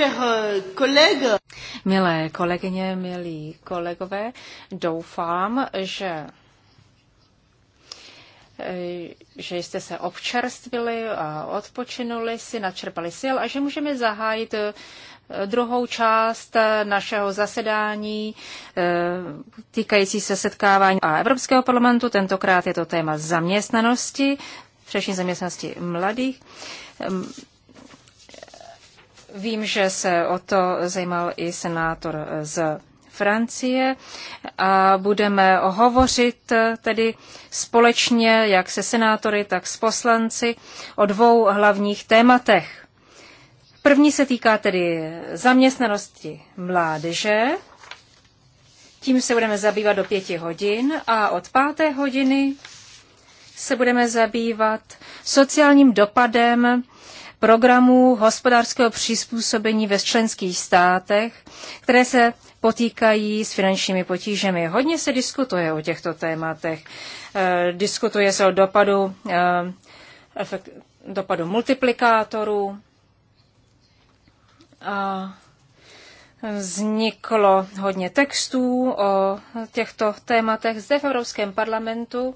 Euh, Milé kolegyně, milí kolegové, doufám, že eh, že jste se občerstvili a odpočinuli si, načerpali sil a že můžeme zahájit eh, druhou část eh, našeho zasedání týkající se setkávání a Evropského parlamentu. Tentokrát je to téma zaměstnanosti, především zaměstnanosti mladých. Vím, že se o to zajímal i senátor z Francie a budeme hovořit tedy společně jak se senátory, tak s poslanci o dvou hlavních tématech. První se týká tedy zaměstnanosti mládeže. Tím se budeme zabývat do pěti hodin a od páté hodiny se budeme zabývat sociálním dopadem programů hospodářského přizpůsobení ve členských státech, které se potýkají s finančními potížemi. Hodně se diskutuje o těchto tématech. E, diskutuje se o dopadu, e, efekt, dopadu multiplikátorů. A vzniklo hodně textů o těchto tématech zde v Evropském parlamentu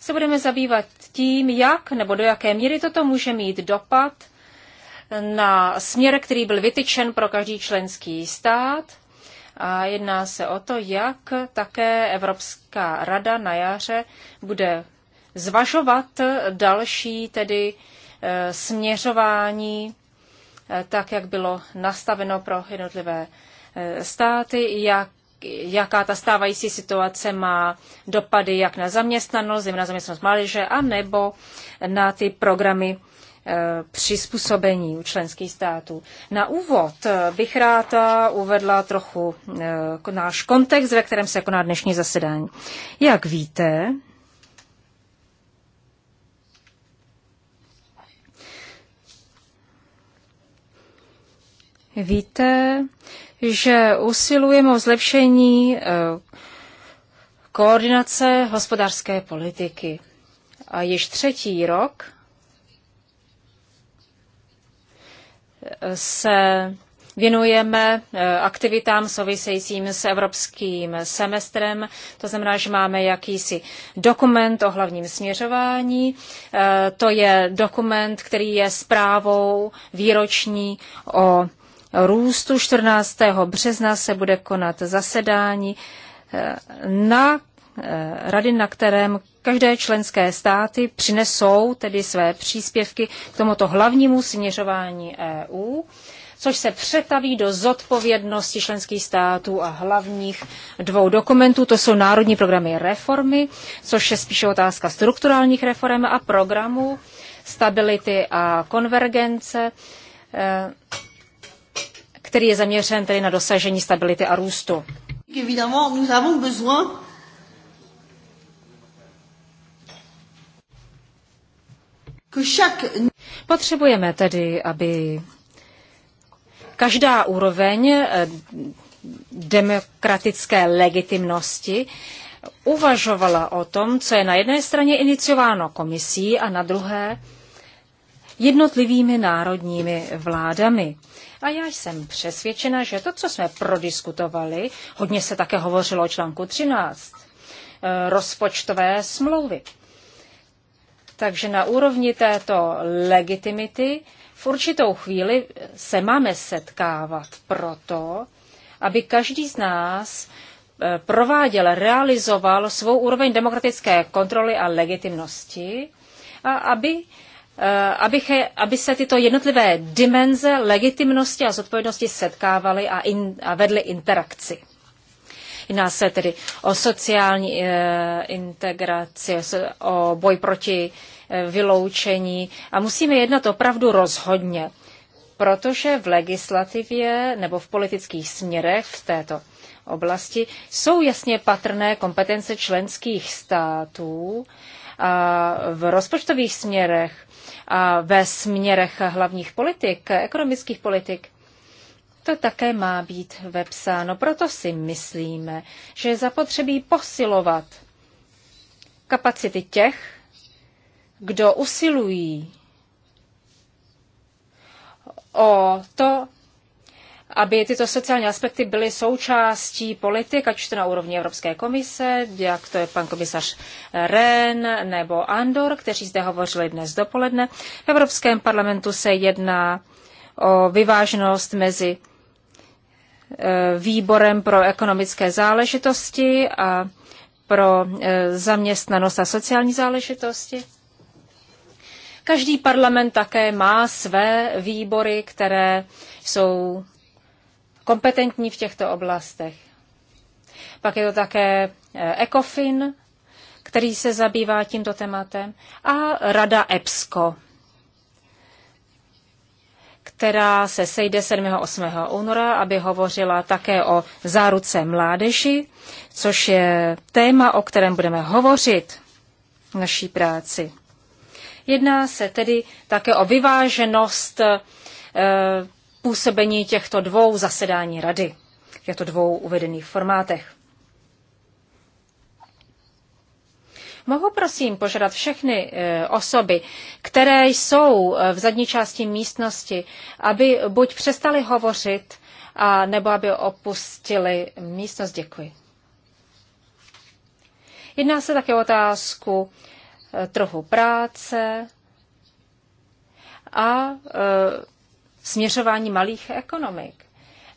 se budeme zabývat tím, jak nebo do jaké míry toto může mít dopad na směr, který byl vytyčen pro každý členský stát. A jedná se o to, jak také Evropská rada na jaře bude zvažovat další tedy eh, směřování, eh, tak jak bylo nastaveno pro jednotlivé eh, státy, jak jaká ta stávající situace má dopady jak na zaměstnanost, zejména zaměstnanost mládeže, a nebo na ty programy eh, přizpůsobení u členských států. Na úvod eh, bych ráda uvedla trochu eh, náš kontext, ve kterém se koná dnešní zasedání. Jak víte, Víte, že usilujeme o zlepšení eh, koordinace hospodářské politiky. A již třetí rok eh, se věnujeme eh, aktivitám souvisejícím s evropským semestrem. To znamená, že máme jakýsi dokument o hlavním směřování. To je dokument, který je zprávou výroční o růstu. 14. března se bude konat zasedání eh, na eh, rady, na kterém každé členské státy přinesou tedy své příspěvky k tomuto hlavnímu směřování EU, což se přetaví do zodpovědnosti členských států a hlavních dvou dokumentů. To jsou národní programy reformy, což je spíše otázka strukturálních reform a programů stability a konvergence eh, který je zaměřen tedy na dosažení stability a růstu. Potřebujeme tedy, aby každá úroveň eh, demokratické legitimnosti uvažovala o tom, co je na jedné straně iniciováno komisí a na druhé jednotlivými národními vládami. A já jsem přesvědčena, že to, co jsme prodiskutovali, hodně se také hovořilo o článku 13, eh, rozpočtové smlouvy. Takže na úrovni této legitimity v určitou chvíli se máme setkávat proto, aby každý z nás eh, prováděl, realizoval svou úroveň demokratické kontroly a legitimnosti a aby Eh, aby, aby se tyto jednotlivé dimenze legitimnosti a zodpovědnosti setkávaly a, in, a vedly interakci. Jedná se tedy o sociální eh, integraci, o boj proti eh, vyloučení a musíme jednat opravdu rozhodně, protože v legislativě nebo v politických směrech v této oblasti jsou jasně patrné kompetence členských států a v rozpočtových směrech a ve směrech hlavních politik, ekonomických politik, to také má být vepsáno. Proto si myslíme, že je zapotřebí posilovat kapacity těch, kdo usilují o to, aby tyto sociální aspekty byly součástí politik, ať už to na úrovni Evropské komise, jak to je pan komisař Ren nebo Andor, kteří zde hovořili dnes dopoledne. V Evropském parlamentu se jedná o vyváženost mezi e, výborem pro ekonomické záležitosti a pro e, zaměstnanost a sociální záležitosti. Každý parlament také má své výbory, které jsou kompetentní v těchto oblastech. Pak je to také eh, ECOFIN, který se zabývá tímto tématem, a Rada EPSCO, která se sejde 7. 8. února, aby hovořila také o záruce mládeži, což je téma, o kterém budeme hovořit v naší práci. Jedná se tedy také o vyváženost eh, působení těchto dvou zasedání rady těchto dvou uvedených formátech. Mohu prosím požádat všechny e, osoby, které jsou e, v zadní části místnosti, aby buď přestali hovořit, a nebo aby opustili místnost. Děkuji. Jedná se také o otázku e, trhu práce a směřování malých ekonomik.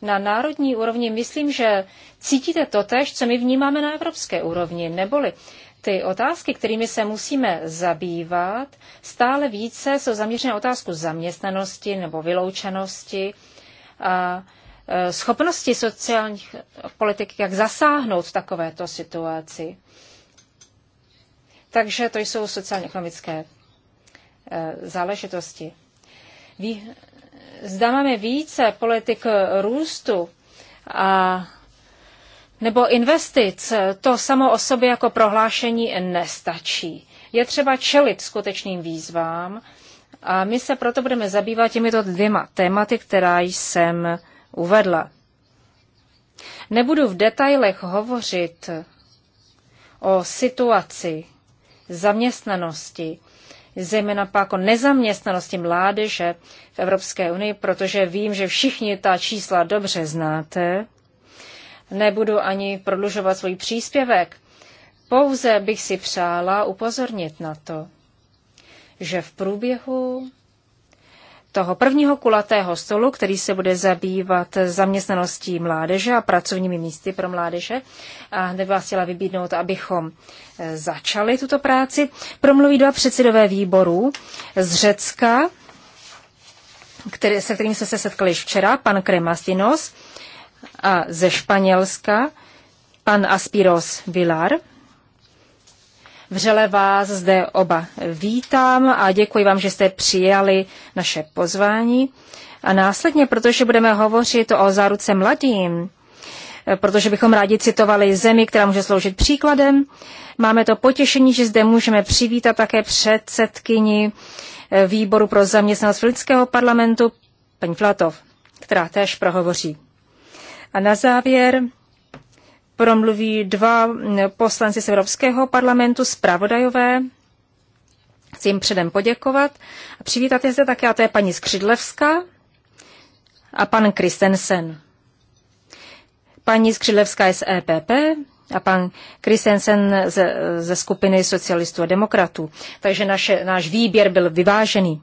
Na národní úrovni myslím, že cítíte to tež, co my vnímáme na evropské úrovni, neboli ty otázky, kterými se musíme zabývat, stále více jsou zaměřené na otázku zaměstnanosti nebo vyloučenosti a e, schopnosti sociálních politik, jak zasáhnout v takovéto situaci. Takže to jsou sociálně-ekonomické e, záležitosti zda máme více politik růstu a nebo investic, to samo o sobě jako prohlášení nestačí. Je třeba čelit skutečným výzvám a my se proto budeme zabývat těmito dvěma tématy, která jsem uvedla. Nebudu v detailech hovořit o situaci zaměstnanosti zejména pak o nezaměstnanosti mládeže v Evropské unii, protože vím, že všichni ta čísla dobře znáte. Nebudu ani prodlužovat svůj příspěvek. Pouze bych si přála upozornit na to, že v průběhu toho prvního kulatého stolu, který se bude zabývat zaměstnaností mládeže a pracovními místy pro mládeže. A hned vás chtěla vybídnout, abychom eh, začali tuto práci. Promluví dva předsedové výborů z Řecka, který, se kterým jste se setkali včera, pan Kremastinos a ze Španělska, pan Aspiros Vilar. Vřele vás zde oba vítám a děkuji vám, že jste přijali naše pozvání. A následně, protože budeme hovořit o záruce mladým, protože bychom rádi citovali zemi, která může sloužit příkladem, máme to potěšení, že zde můžeme přivítat také předsedkyni eh, výboru pro zaměstnanost Lidského parlamentu, paní Flatov, která též prohovoří. A na závěr promluví dva mm, poslanci z Evropského parlamentu, zpravodajové. Chci jim předem poděkovat. A přivítat je zde také, a to je paní Skřidlevská a pan Kristensen. Paní Skřidlevská je z EPP a pan Kristensen ze, ze skupiny socialistů a demokratů. Takže naše, náš výběr byl vyvážený.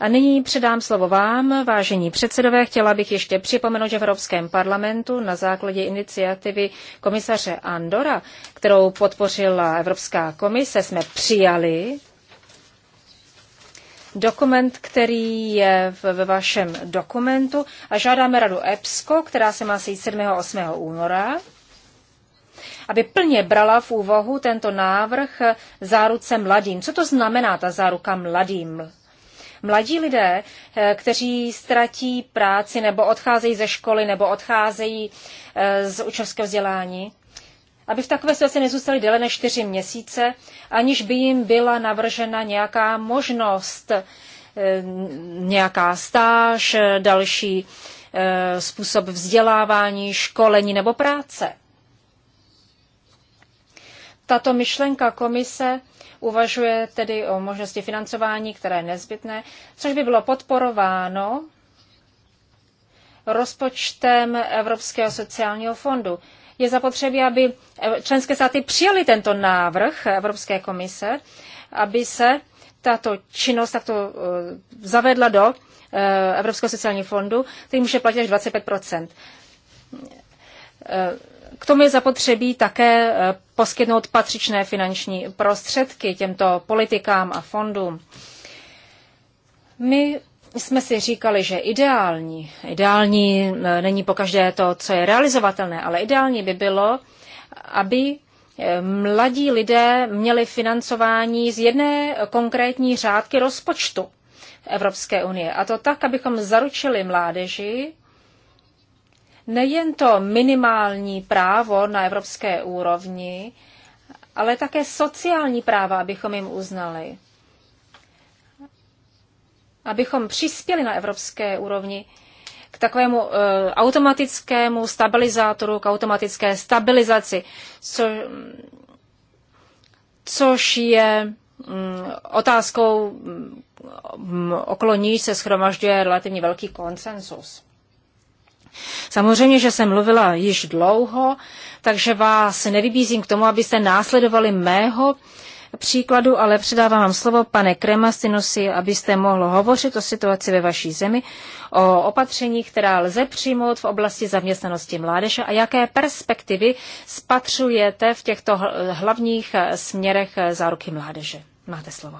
A nyní předám slovo vám, vážení předsedové. Chtěla bych ještě připomenout, že v Evropském parlamentu na základě iniciativy komisaře Andora, kterou podpořila Evropská komise, jsme přijali dokument, který je ve vašem dokumentu a žádáme radu EPSCO, která se má sejít 7. a 8. února, aby plně brala v úvahu tento návrh záruce mladým. Co to znamená ta záruka mladým? Mladí lidé, eh, kteří ztratí práci nebo odcházejí ze školy nebo odcházejí eh, z učovského vzdělání, aby v takové situaci nezůstali déle než čtyři měsíce, aniž by jim byla navržena nějaká možnost, eh, nějaká stáž, další způsob vzdělávání, školení nebo práce. Tato myšlenka komise Uvažuje tedy o možnosti financování, které je nezbytné, což by bylo podporováno rozpočtem Evropského sociálního fondu. Je zapotřebí, aby členské státy přijali tento návrh Evropské komise, aby se tato činnost takto eh, zavedla do eh, Evropského sociálního fondu, který může platit až 25 k tomu je zapotřebí také eh, poskytnout patřičné finanční prostředky těmto politikám a fondům. My jsme si říkali, že ideální, ideální eh, není po každé to, co je realizovatelné, ale ideální by bylo, aby eh, mladí lidé měli financování z jedné konkrétní řádky rozpočtu Evropské unie. A to tak, abychom zaručili mládeži, nejen to minimální právo na evropské úrovni, ale také sociální práva, abychom jim uznali. Abychom přispěli na evropské úrovni k takovému eh, automatickému stabilizátoru, k automatické stabilizaci, co, což je mm, otázkou, mm, okolo níž se schromažďuje relativně velký konsensus. Samozřejmě, že jsem mluvila již dlouho, takže vás nevybízím k tomu, abyste následovali mého příkladu, ale předávám vám slovo, pane Kremastinosi, abyste mohl hovořit o situaci ve vaší zemi, o opatření, která lze přijmout v oblasti zaměstnanosti mládeže a jaké perspektivy spatřujete v těchto hlavních směrech záruky mládeže. Máte slovo.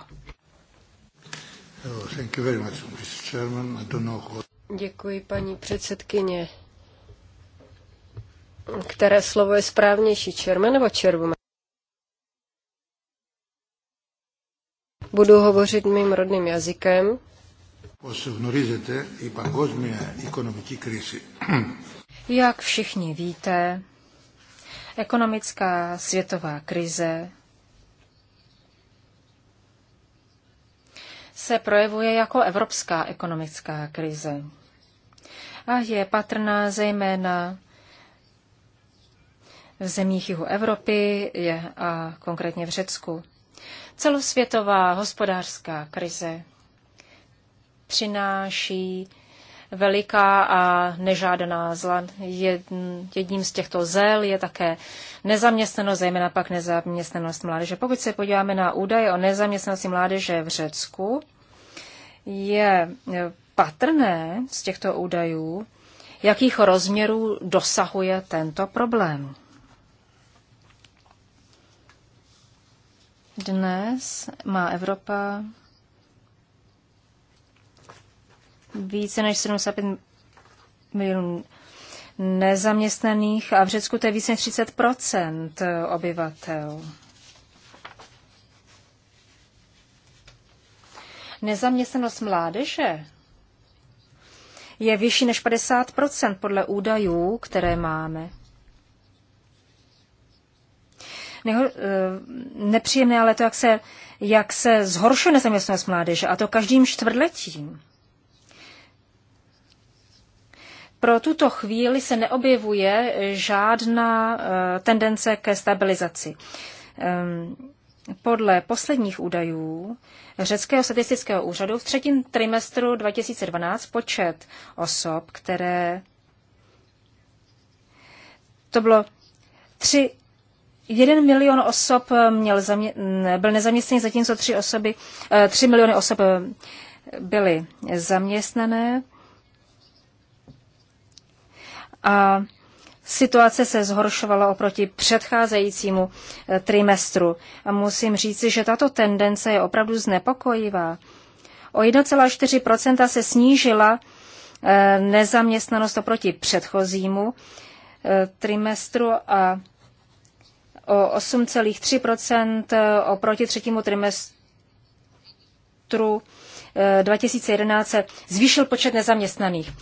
Oh, Děkuji, paní předsedkyně. Které slovo je správnější, červen nebo červen? Budu hovořit mým rodným jazykem. Jak všichni víte, ekonomická světová krize se projevuje jako evropská ekonomická krize a je patrná zejména v zemích jihu Evropy a konkrétně v Řecku. Celosvětová hospodářská krize přináší veliká a nežádaná zla. Jedním z těchto zel je také nezaměstnanost, zejména pak nezaměstnanost mládeže. Pokud se podíváme na údaje o nezaměstnanosti mládeže v Řecku, je patrné z těchto údajů, jakých rozměrů dosahuje tento problém. Dnes má Evropa více než 75 milionů nezaměstnaných a v Řecku to je více než 30 obyvatel. Nezaměstnanost mládeže je vyšší než 50 podle údajů, které máme. Neho, eh, nepříjemné ale to, jak se, jak se zhoršuje nezaměstnanost mládeže, a to každým čtvrtletím. Pro tuto chvíli se neobjevuje žádná eh, tendence ke stabilizaci. E, podle posledních údajů Řeckého statistického úřadu v třetím trimestru 2012 počet osob, které to bylo 3, 1 milion osob eh, měl zamě, byl nezaměstný, zatímco 3, osoby, 3 eh, miliony osob eh, byly zaměstnané. A Situace se zhoršovala oproti předcházejícímu eh, trimestru a musím říci, že tato tendence je opravdu znepokojivá. O 1,4 se snížila eh, nezaměstnanost oproti předchozímu eh, trimestru a o 8,3 oproti třetímu trimestru 2011 se zvýšil počet nezaměstnaných.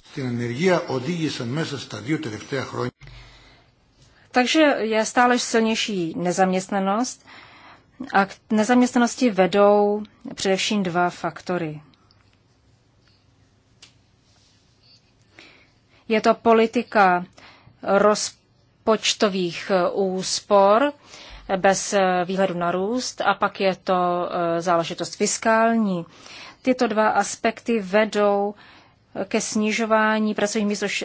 Takže je stále silnější nezaměstnanost a k nezaměstnanosti vedou především dva faktory. Je to politika rozpočtových eh, úspor bez eh, výhledu na růst a pak je to eh, záležitost fiskální. Tyto dva aspekty vedou ke snižování pracovních míst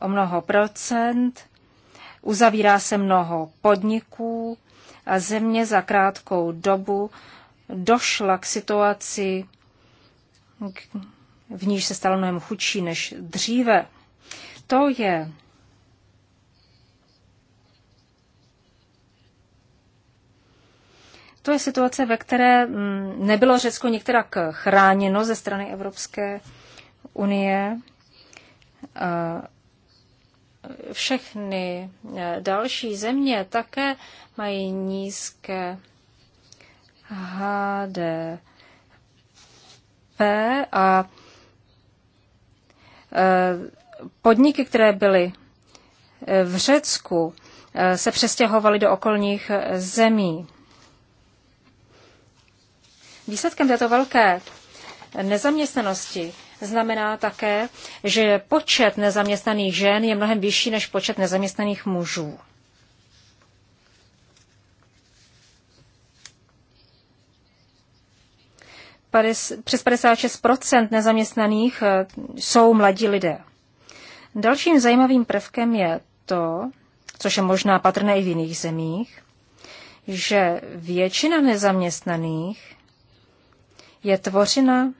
o mnoho procent, uzavírá se mnoho podniků a země za krátkou dobu došla k situaci, v níž se stalo mnohem chudší než dříve. To je To je situace, ve které mm, nebylo Řecko některak chráněno ze strany Evropské unie. Všechny e, další země také mají nízké HDP a e, podniky, které byly e, v Řecku, se přestěhovaly do okolních zemí. Výsledkem této velké nezaměstnanosti znamená také, že počet nezaměstnaných žen je mnohem vyšší než počet nezaměstnaných mužů. Přes 56 nezaměstnaných eh, jsou mladí lidé. Dalším zajímavým prvkem je to, což je možná patrné i v jiných zemích, že většina nezaměstnaných je tvořena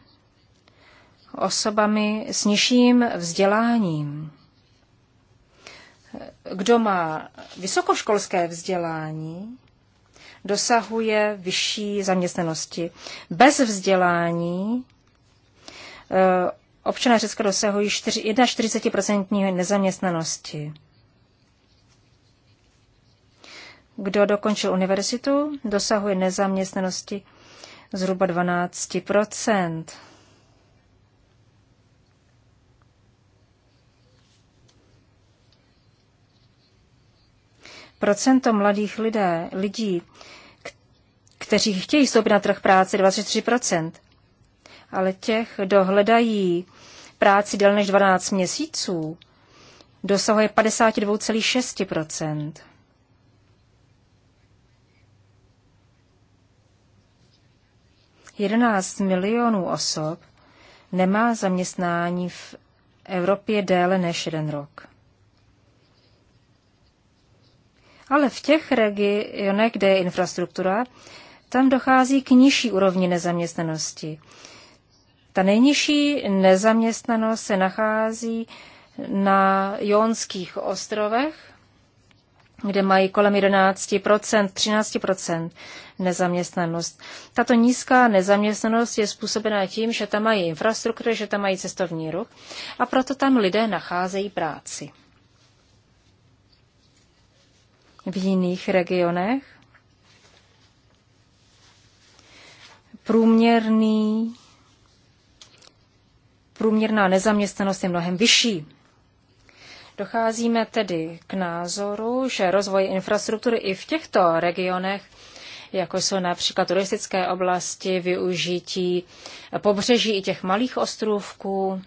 osobami s nižším vzděláním. Kdo má vysokoškolské vzdělání, dosahuje vyšší zaměstnanosti. Bez vzdělání eh, občané Řecka dosahují 41% nezaměstnanosti. Kdo dokončil univerzitu, dosahuje nezaměstnanosti zhruba 12 Procento mladých lidé, lidí, kteří chtějí vstoupit na trh práce, 23 Ale těch, kdo hledají práci déle než 12 měsíců, dosahuje 52,6%. 11 milionů osob nemá zaměstnání v Evropě déle než jeden rok. Ale v těch regionech, kde je infrastruktura, tam dochází k nižší úrovni nezaměstnanosti. Ta nejnižší nezaměstnanost se nachází na Jonských ostrovech, kde mají kolem 11%, 13% nezaměstnanost. Tato nízká nezaměstnanost je způsobená tím, že tam mají infrastruktury, že tam mají cestovní ruch a proto tam lidé nacházejí práci. V jiných regionech průměrný, průměrná nezaměstnanost je mnohem vyšší. Docházíme tedy k názoru, že rozvoj infrastruktury i v těchto regionech jako jsou například turistické oblasti, využití pobřeží i těch malých ostrůvků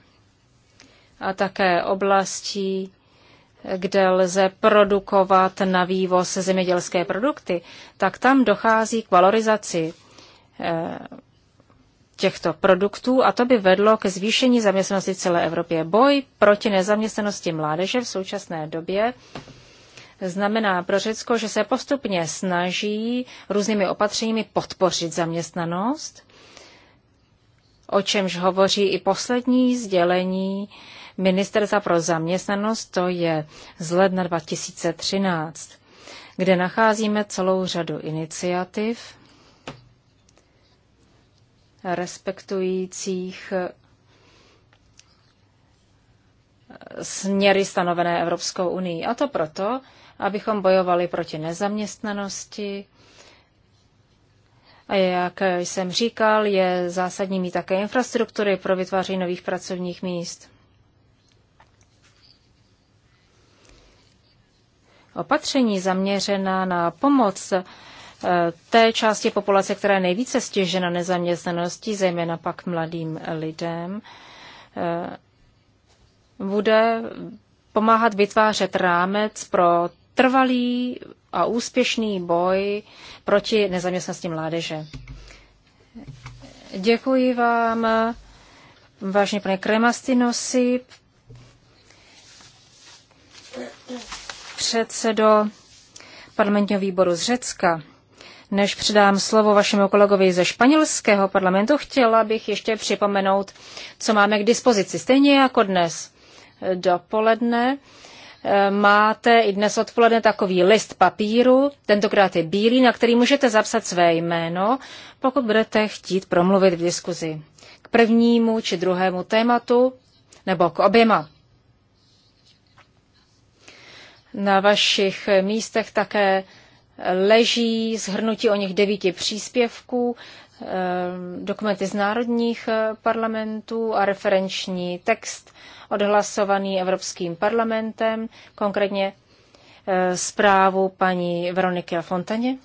a také oblastí, kde lze produkovat na vývoz zemědělské produkty, tak tam dochází k valorizaci eh, těchto produktů a to by vedlo ke zvýšení zaměstnanosti v celé Evropě. Boj proti nezaměstnanosti mládeže v současné době znamená pro Řecko, že se postupně snaží různými opatřeními podpořit zaměstnanost, o čemž hovoří i poslední sdělení Ministerstva pro zaměstnanost, to je z ledna 2013, kde nacházíme celou řadu iniciativ, respektujících eh, směry stanovené Evropskou unii. A to proto, abychom bojovali proti nezaměstnanosti. A jak jsem říkal, je zásadní mít také infrastruktury pro vytváření nových pracovních míst. Opatření zaměřená na pomoc Eh, té části populace, která je nejvíce stěžena nezaměstnaností, zejména pak mladým lidem, eh, bude pomáhat vytvářet rámec pro trvalý a úspěšný boj proti nezaměstnanosti mládeže. Děkuji vám, vážně pane Kremastinosi, předsedo parlamentního výboru z Řecka. Než předám slovo vašemu kolegovi ze španělského parlamentu, chtěla bych ještě připomenout, co máme k dispozici. Stejně jako dnes dopoledne eh, máte i dnes odpoledne takový list papíru, tentokrát je bílý, na který můžete zapsat své jméno, pokud budete chtít promluvit v diskuzi k prvnímu či druhému tématu nebo k oběma. Na vašich místech také leží zhrnutí o nich devíti příspěvků, eh, dokumenty z národních eh, parlamentů a referenční text odhlasovaný Evropským parlamentem, konkrétně eh, zprávu paní Veroniky Fontaně,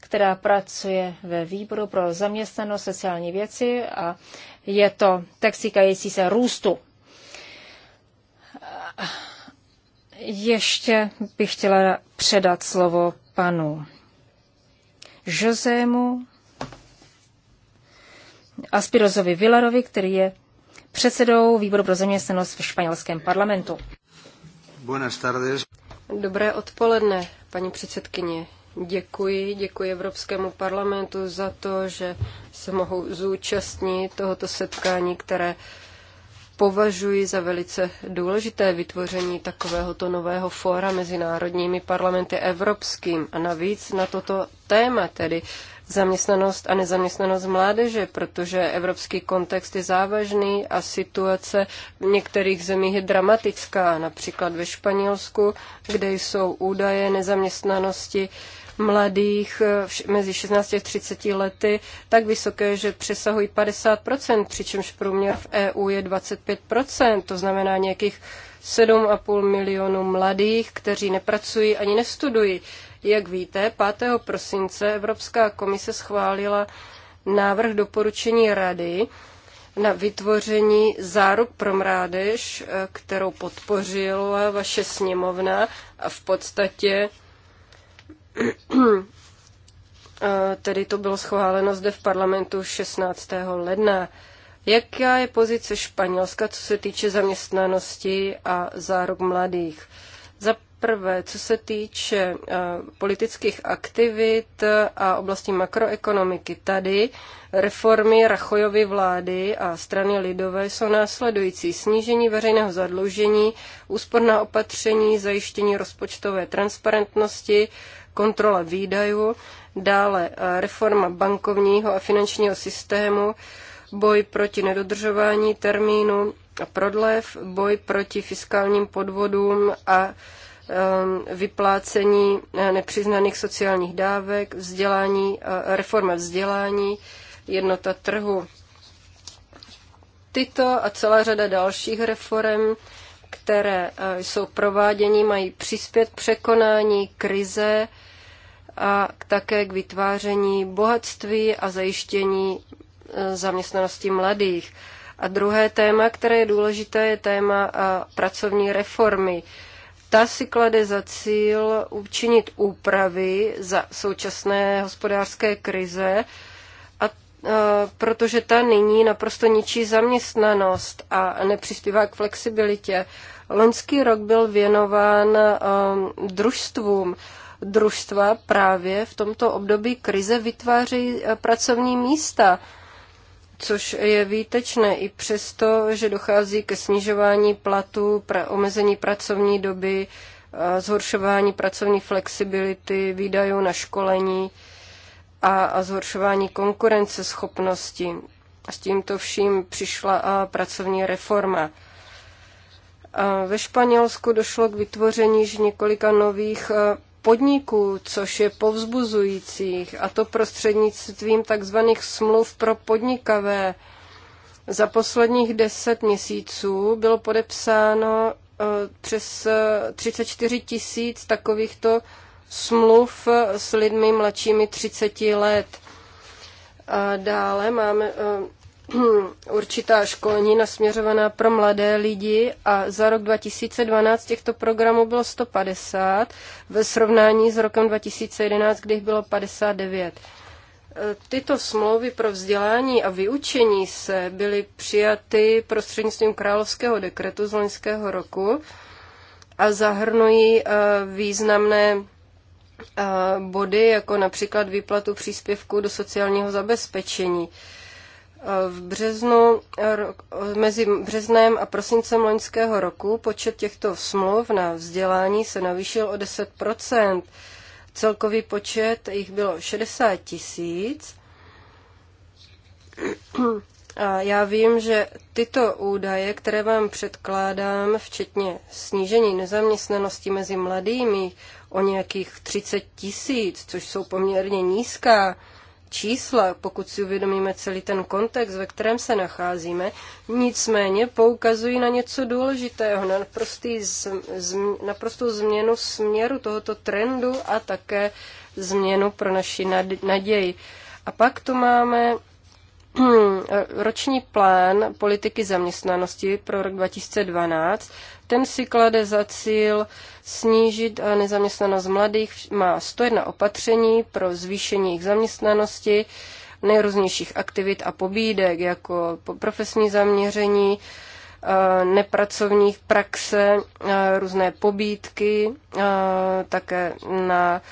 která pracuje ve výboru pro zaměstnanost sociální věci a je to text týkající se růstu. Ještě bych chtěla předat slovo panu Josému Aspirozovi Villarovi, který je předsedou výboru pro zaměstnanost v španělském parlamentu. Buenas tardes. Dobré odpoledne, paní předsedkyně. Děkuji, děkuji Evropskému parlamentu za to, že se mohou zúčastnit tohoto setkání, které považuji za velice důležité vytvoření takovéhoto nového fóra mezinárodními parlamenty evropským a navíc na toto téma, tedy zaměstnanost a nezaměstnanost mládeže, protože evropský kontext je závažný a situace v některých zemích je dramatická, například ve Španělsku, kde jsou údaje nezaměstnanosti mladých mezi 16 a 30 lety tak vysoké, že přesahují 50%, přičemž průměr v EU je 25%, to znamená nějakých 7,5 milionu mladých, kteří nepracují ani nestudují. Jak víte, 5. prosince Evropská komise schválila návrh doporučení Rady na vytvoření záruk pro mládež, eh, kterou podpořila vaše sněmovna a v podstatě tedy to bylo schváleno zde v parlamentu 16. ledna. Jaká je pozice Španělska, co se týče zaměstnanosti a zárok mladých? Za prvé, co se týče e, politických aktivit a oblasti makroekonomiky, tady reformy Rachojovy vlády a strany lidové jsou následující. Snížení veřejného zadlužení, úsporná opatření, zajištění rozpočtové transparentnosti, kontrola výdajů, dále eh, reforma bankovního a finančního systému, boj proti nedodržování termínu a prodlev, boj proti fiskálním podvodům a ehm, vyplácení eh, nepřiznaných sociálních dávek, vzdělání, eh, reforma vzdělání, jednota trhu. Tyto a celá řada dalších reform které eh, jsou provádění, mají přispět překonání krize a také k vytváření bohatství a zajištění eh, zaměstnanosti mladých. A druhé téma, které je důležité, je téma eh, pracovní reformy. Ta si klade za cíl učinit úpravy za současné hospodářské krize, Eh, protože ta nyní naprosto ničí zaměstnanost a nepřispívá k flexibilitě. Loňský rok byl věnován ehm, družstvům. Družstva právě v tomto období krize vytvářejí eh, pracovní místa, což je výtečné i přesto, že dochází ke snižování platů, pra, omezení pracovní doby, eh, zhoršování pracovní flexibility, výdajů na školení a, a zhoršování konkurenceschopnosti. S tímto vším přišla a pracovní reforma. A ve Španělsku došlo k vytvoření již několika nových podniků, což je povzbuzujících, a to prostřednictvím tzv. smluv pro podnikavé. Za posledních deset měsíců bylo podepsáno přes 34 tisíc takovýchto smluv s lidmi mladšími 30 let. A dále máme eh, určitá školní nasměřovaná pro mladé lidi a za rok 2012 těchto programů bylo 150 ve srovnání s rokem 2011, kdy jich bylo 59. Eh, tyto smlouvy pro vzdělání a vyučení se byly přijaty prostřednictvím královského dekretu z loňského roku a zahrnují eh, významné body, jako například výplatu příspěvku do sociálního zabezpečení. V březnu, mezi březnem a prosincem loňského roku počet těchto smluv na vzdělání se navýšil o 10 Celkový počet jich bylo 60 tisíc. A já vím, že tyto údaje, které vám předkládám, včetně snížení nezaměstnanosti mezi mladými, o nějakých 30 tisíc, což jsou poměrně nízká čísla, pokud si uvědomíme celý ten kontext, ve kterém se nacházíme, nicméně poukazují na něco důležitého, na, prostý, zm, naprostou změnu směru tohoto trendu a také změnu pro naši naději. A pak tu máme Hmm, roční plán politiky zaměstnanosti pro rok 2012, ten si klade za cíl snížit eh, nezaměstnanost mladých, má 101 opatření pro zvýšení jejich zaměstnanosti, nejrůznějších aktivit a pobídek, jako profesní zaměření, Eh, nepracovních praxe, eh, různé pobídky, eh, také na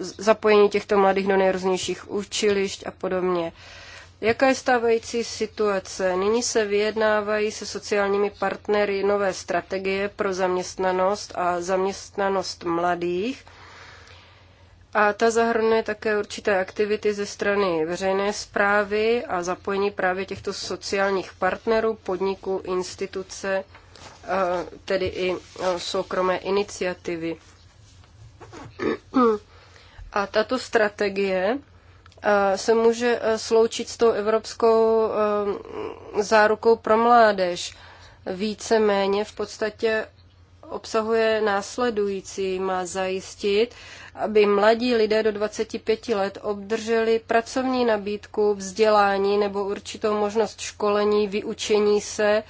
zapojení těchto mladých do nejrůznějších učilišť a podobně. Jaká je stávající situace? Nyní se vyjednávají se sociálními partnery nové strategie pro zaměstnanost a zaměstnanost mladých – a ta zahrnuje také určité aktivity ze strany veřejné zprávy a zapojení právě těchto sociálních partnerů, podniků, instituce, eh, tedy i eh, soukromé iniciativy. A tato strategie eh, se může sloučit s tou evropskou zárukou pro mládež. Víceméně v podstatě obsahuje následující. Má zajistit, aby mladí lidé do 25 let obdrželi pracovní nabídku, vzdělání nebo určitou možnost školení, vyučení se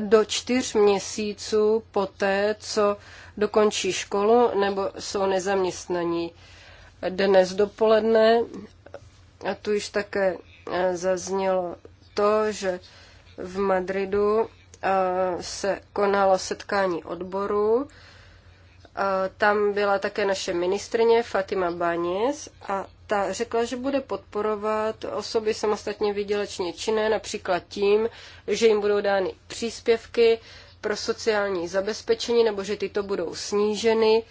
do čtyř měsíců poté, co dokončí školu nebo jsou nezaměstnaní. Dnes dopoledne, a tu již také e, zaznělo to, že v Madridu se konalo setkání odboru. Tam byla také naše ministrině Fatima Banis a ta řekla, že bude podporovat osoby samostatně výdělečně činné, například tím, že jim budou dány příspěvky pro sociální zabezpečení nebo že tyto budou sníženy.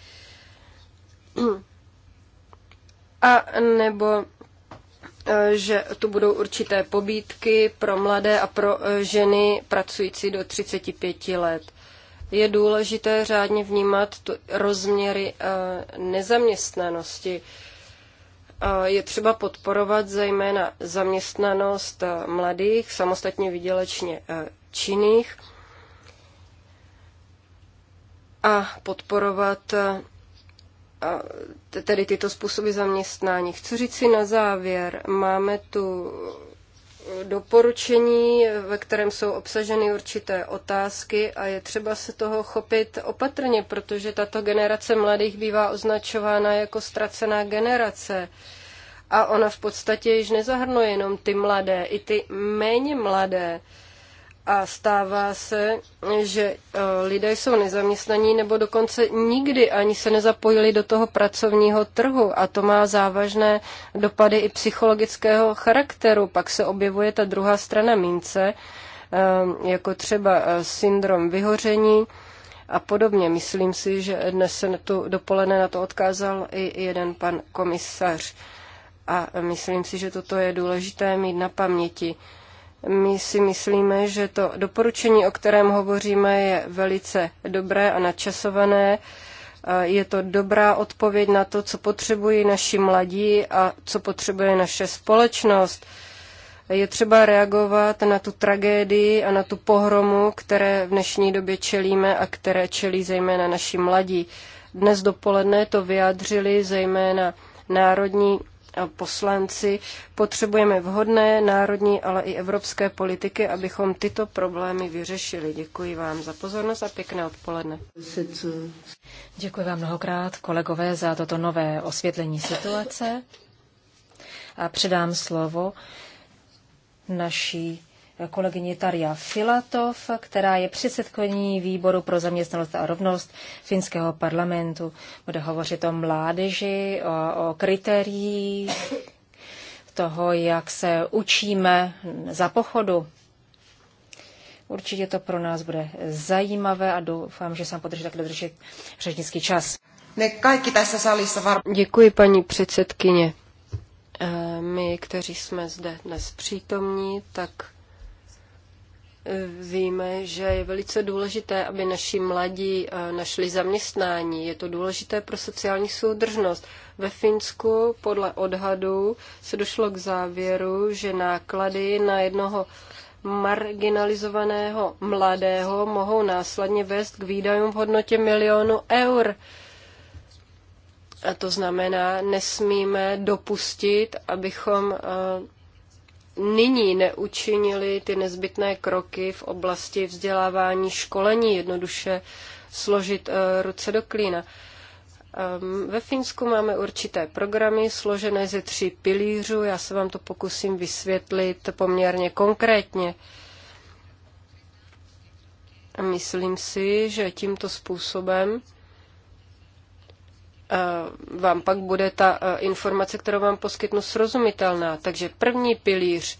A nebo Eh, že tu budou určité pobídky pro mladé a pro eh, ženy pracující do 35 let. Je důležité řádně vnímat tu rozměry eh, nezaměstnanosti. Je třeba podporovat zejména zaměstnanost mladých, samostatně vydělečně činných a podporovat tedy tyto způsoby zaměstnání. Chci říct si na závěr, máme tu doporučení, ve kterém jsou obsaženy určité otázky a je třeba se toho chopit opatrně, protože tato generace mladých bývá označována jako ztracená generace. A ona v podstatě již nezahrnuje jenom ty mladé, i ty méně mladé. Uh, a stává se, že e, lidé jsou nezaměstnaní nebo dokonce nikdy ani se nezapojili do toho pracovního trhu a to má závažné dopady i psychologického charakteru. Pak se objevuje ta druhá strana mince, e, jako třeba e, syndrom vyhoření a podobně. Myslím si, že dnes se tu dopoledne na to odkázal i jeden pan komisař. A myslím si, že toto je důležité mít na paměti. My si myslíme, že to doporučení, o kterém hovoříme, je velice dobré a načasované. Je to dobrá odpověď na to, co potřebují naši mladí a co potřebuje naše společnost. Je třeba reagovat na tu tragédii a na tu pohromu, které v dnešní době čelíme a které čelí zejména naši mladí. Dnes dopoledne to vyjádřili zejména národní poslanci, potřebujeme vhodné národní, ale i evropské politiky, abychom tyto problémy vyřešili. Děkuji vám za pozornost a pěkné odpoledne. Děkuji vám mnohokrát, kolegové, za toto nové osvětlení situace a předám slovo naší kolegyně Tarja Filatov, která je předsedkyní výboru pro zaměstnanost a rovnost finského parlamentu. Bude hovořit o mládeži, o, o kritériích toho, jak se učíme za pochodu. Určitě to pro nás bude zajímavé a doufám, že jsem podrží takhle držet řečnický čas. Děkuji, paní předsedkyně. E, my, kteří jsme zde dnes přítomní, tak Víme, že je velice důležité, aby naši mladí eh, našli zaměstnání. Je to důležité pro sociální soudržnost. Ve Finsku podle odhadů se došlo k závěru, že náklady na jednoho marginalizovaného mladého mohou následně vést k výdajům v hodnotě milionu eur. A to znamená, nesmíme dopustit, abychom eh, nyní neučinili ty nezbytné kroky v oblasti vzdělávání, školení, jednoduše složit eh, ruce do klína. Ehm, ve Finsku máme určité programy složené ze tří pilířů. Já se vám to pokusím vysvětlit poměrně konkrétně. Myslím si, že tímto způsobem Eh, vám pak bude ta eh, informace, kterou vám poskytnu, srozumitelná. Takže první pilíř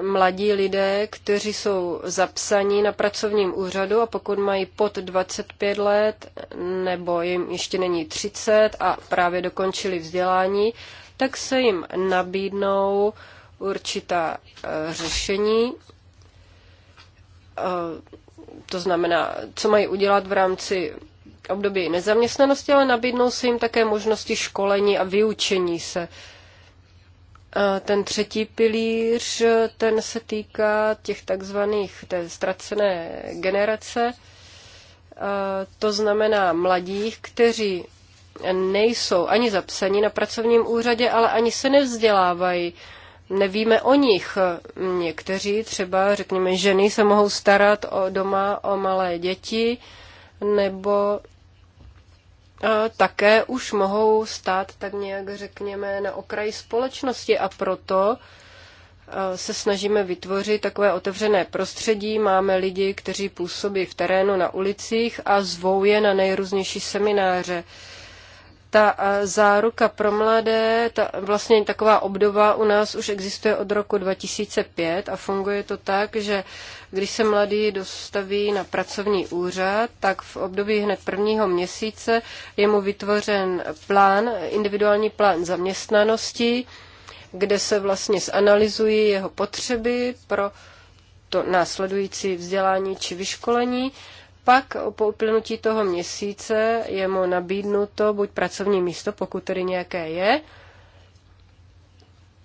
mladí lidé, kteří jsou zapsaní na pracovním úřadu a pokud mají pod 25 let nebo jim ještě není 30 a právě dokončili vzdělání, tak se jim nabídnou určitá eh, řešení. To znamená, co mají udělat v rámci období nezaměstnanosti, ale nabídnou se jim také možnosti školení a vyučení se. A ten třetí pilíř, ten se týká těch takzvaných té ztracené generace. A to znamená mladých, kteří nejsou ani zapsaní na pracovním úřadě, ale ani se nevzdělávají. Nevíme o nich. Někteří třeba, řekněme, ženy se mohou starat o doma o malé děti, nebo také už mohou stát tak nějak, řekněme, na okraji společnosti a proto e, se snažíme vytvořit takové otevřené prostředí. Máme lidi, kteří působí v terénu na ulicích a zvou je na nejrůznější semináře ta záruka pro mladé, ta, vlastně taková obdoba u nás už existuje od roku 2005 a funguje to tak, že když se mladý dostaví na pracovní úřad, tak v období hned prvního měsíce je mu vytvořen plán, individuální plán zaměstnanosti, kde se vlastně zanalizují jeho potřeby pro to následující vzdělání či vyškolení pak po uplynutí toho měsíce je mu nabídnuto buď pracovní místo, pokud tedy nějaké je,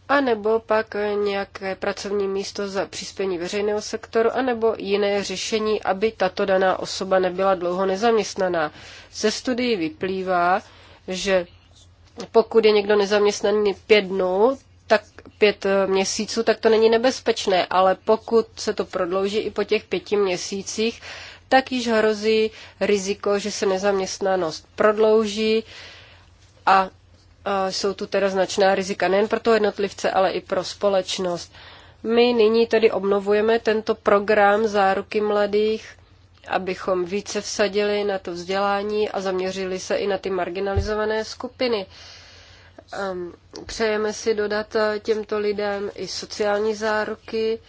a nebo pak nějaké pracovní místo za přispění veřejného sektoru, anebo jiné řešení, aby tato daná osoba nebyla dlouho nezaměstnaná. Ze studií vyplývá, že pokud je někdo nezaměstnaný pět dnů, tak pět měsíců, tak to není nebezpečné, ale pokud se to prodlouží i po těch pěti měsících, tak již hrozí riziko, že se nezaměstnanost prodlouží a jsou tu teda značná rizika nejen pro toho jednotlivce, ale i pro společnost. My nyní tedy obnovujeme tento program záruky mladých, abychom více vsadili na to vzdělání a zaměřili se i na ty marginalizované skupiny. Ehm, přejeme si dodat eh, těmto lidem i sociální záruky.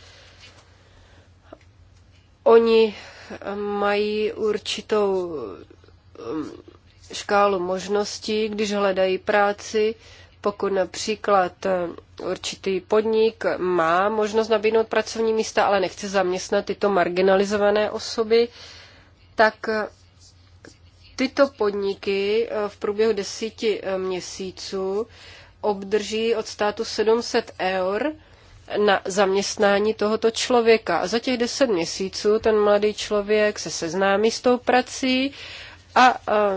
Oni mají určitou um, škálu možností, když hledají práci. Pokud například eh, určitý podnik má možnost nabídnout pracovní místa, ale nechce zaměstnat tyto marginalizované osoby, tak eh, tyto podniky eh, v průběhu desíti měsíců obdrží od státu 700 eur na zaměstnání tohoto člověka. A za těch deset měsíců ten mladý člověk se seznámí s tou prací a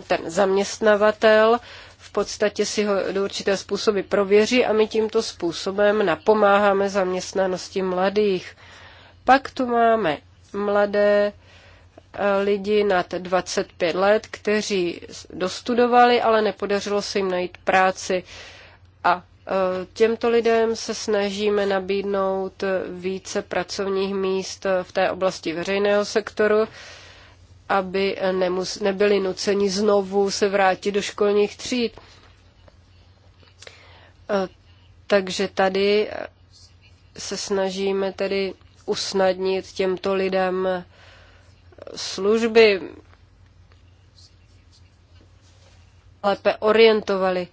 ten zaměstnavatel v podstatě si ho do určité způsoby prověří a my tímto způsobem napomáháme zaměstnanosti mladých. Pak tu máme mladé e, lidi nad 25 let, kteří dostudovali, ale nepodařilo se jim najít práci. A Těmto lidem se snažíme nabídnout více pracovních míst v té oblasti veřejného sektoru, aby nemus- nebyli nuceni znovu se vrátit do školních tříd. E, takže tady se snažíme tedy usnadnit těmto lidem služby, lépe orientovali.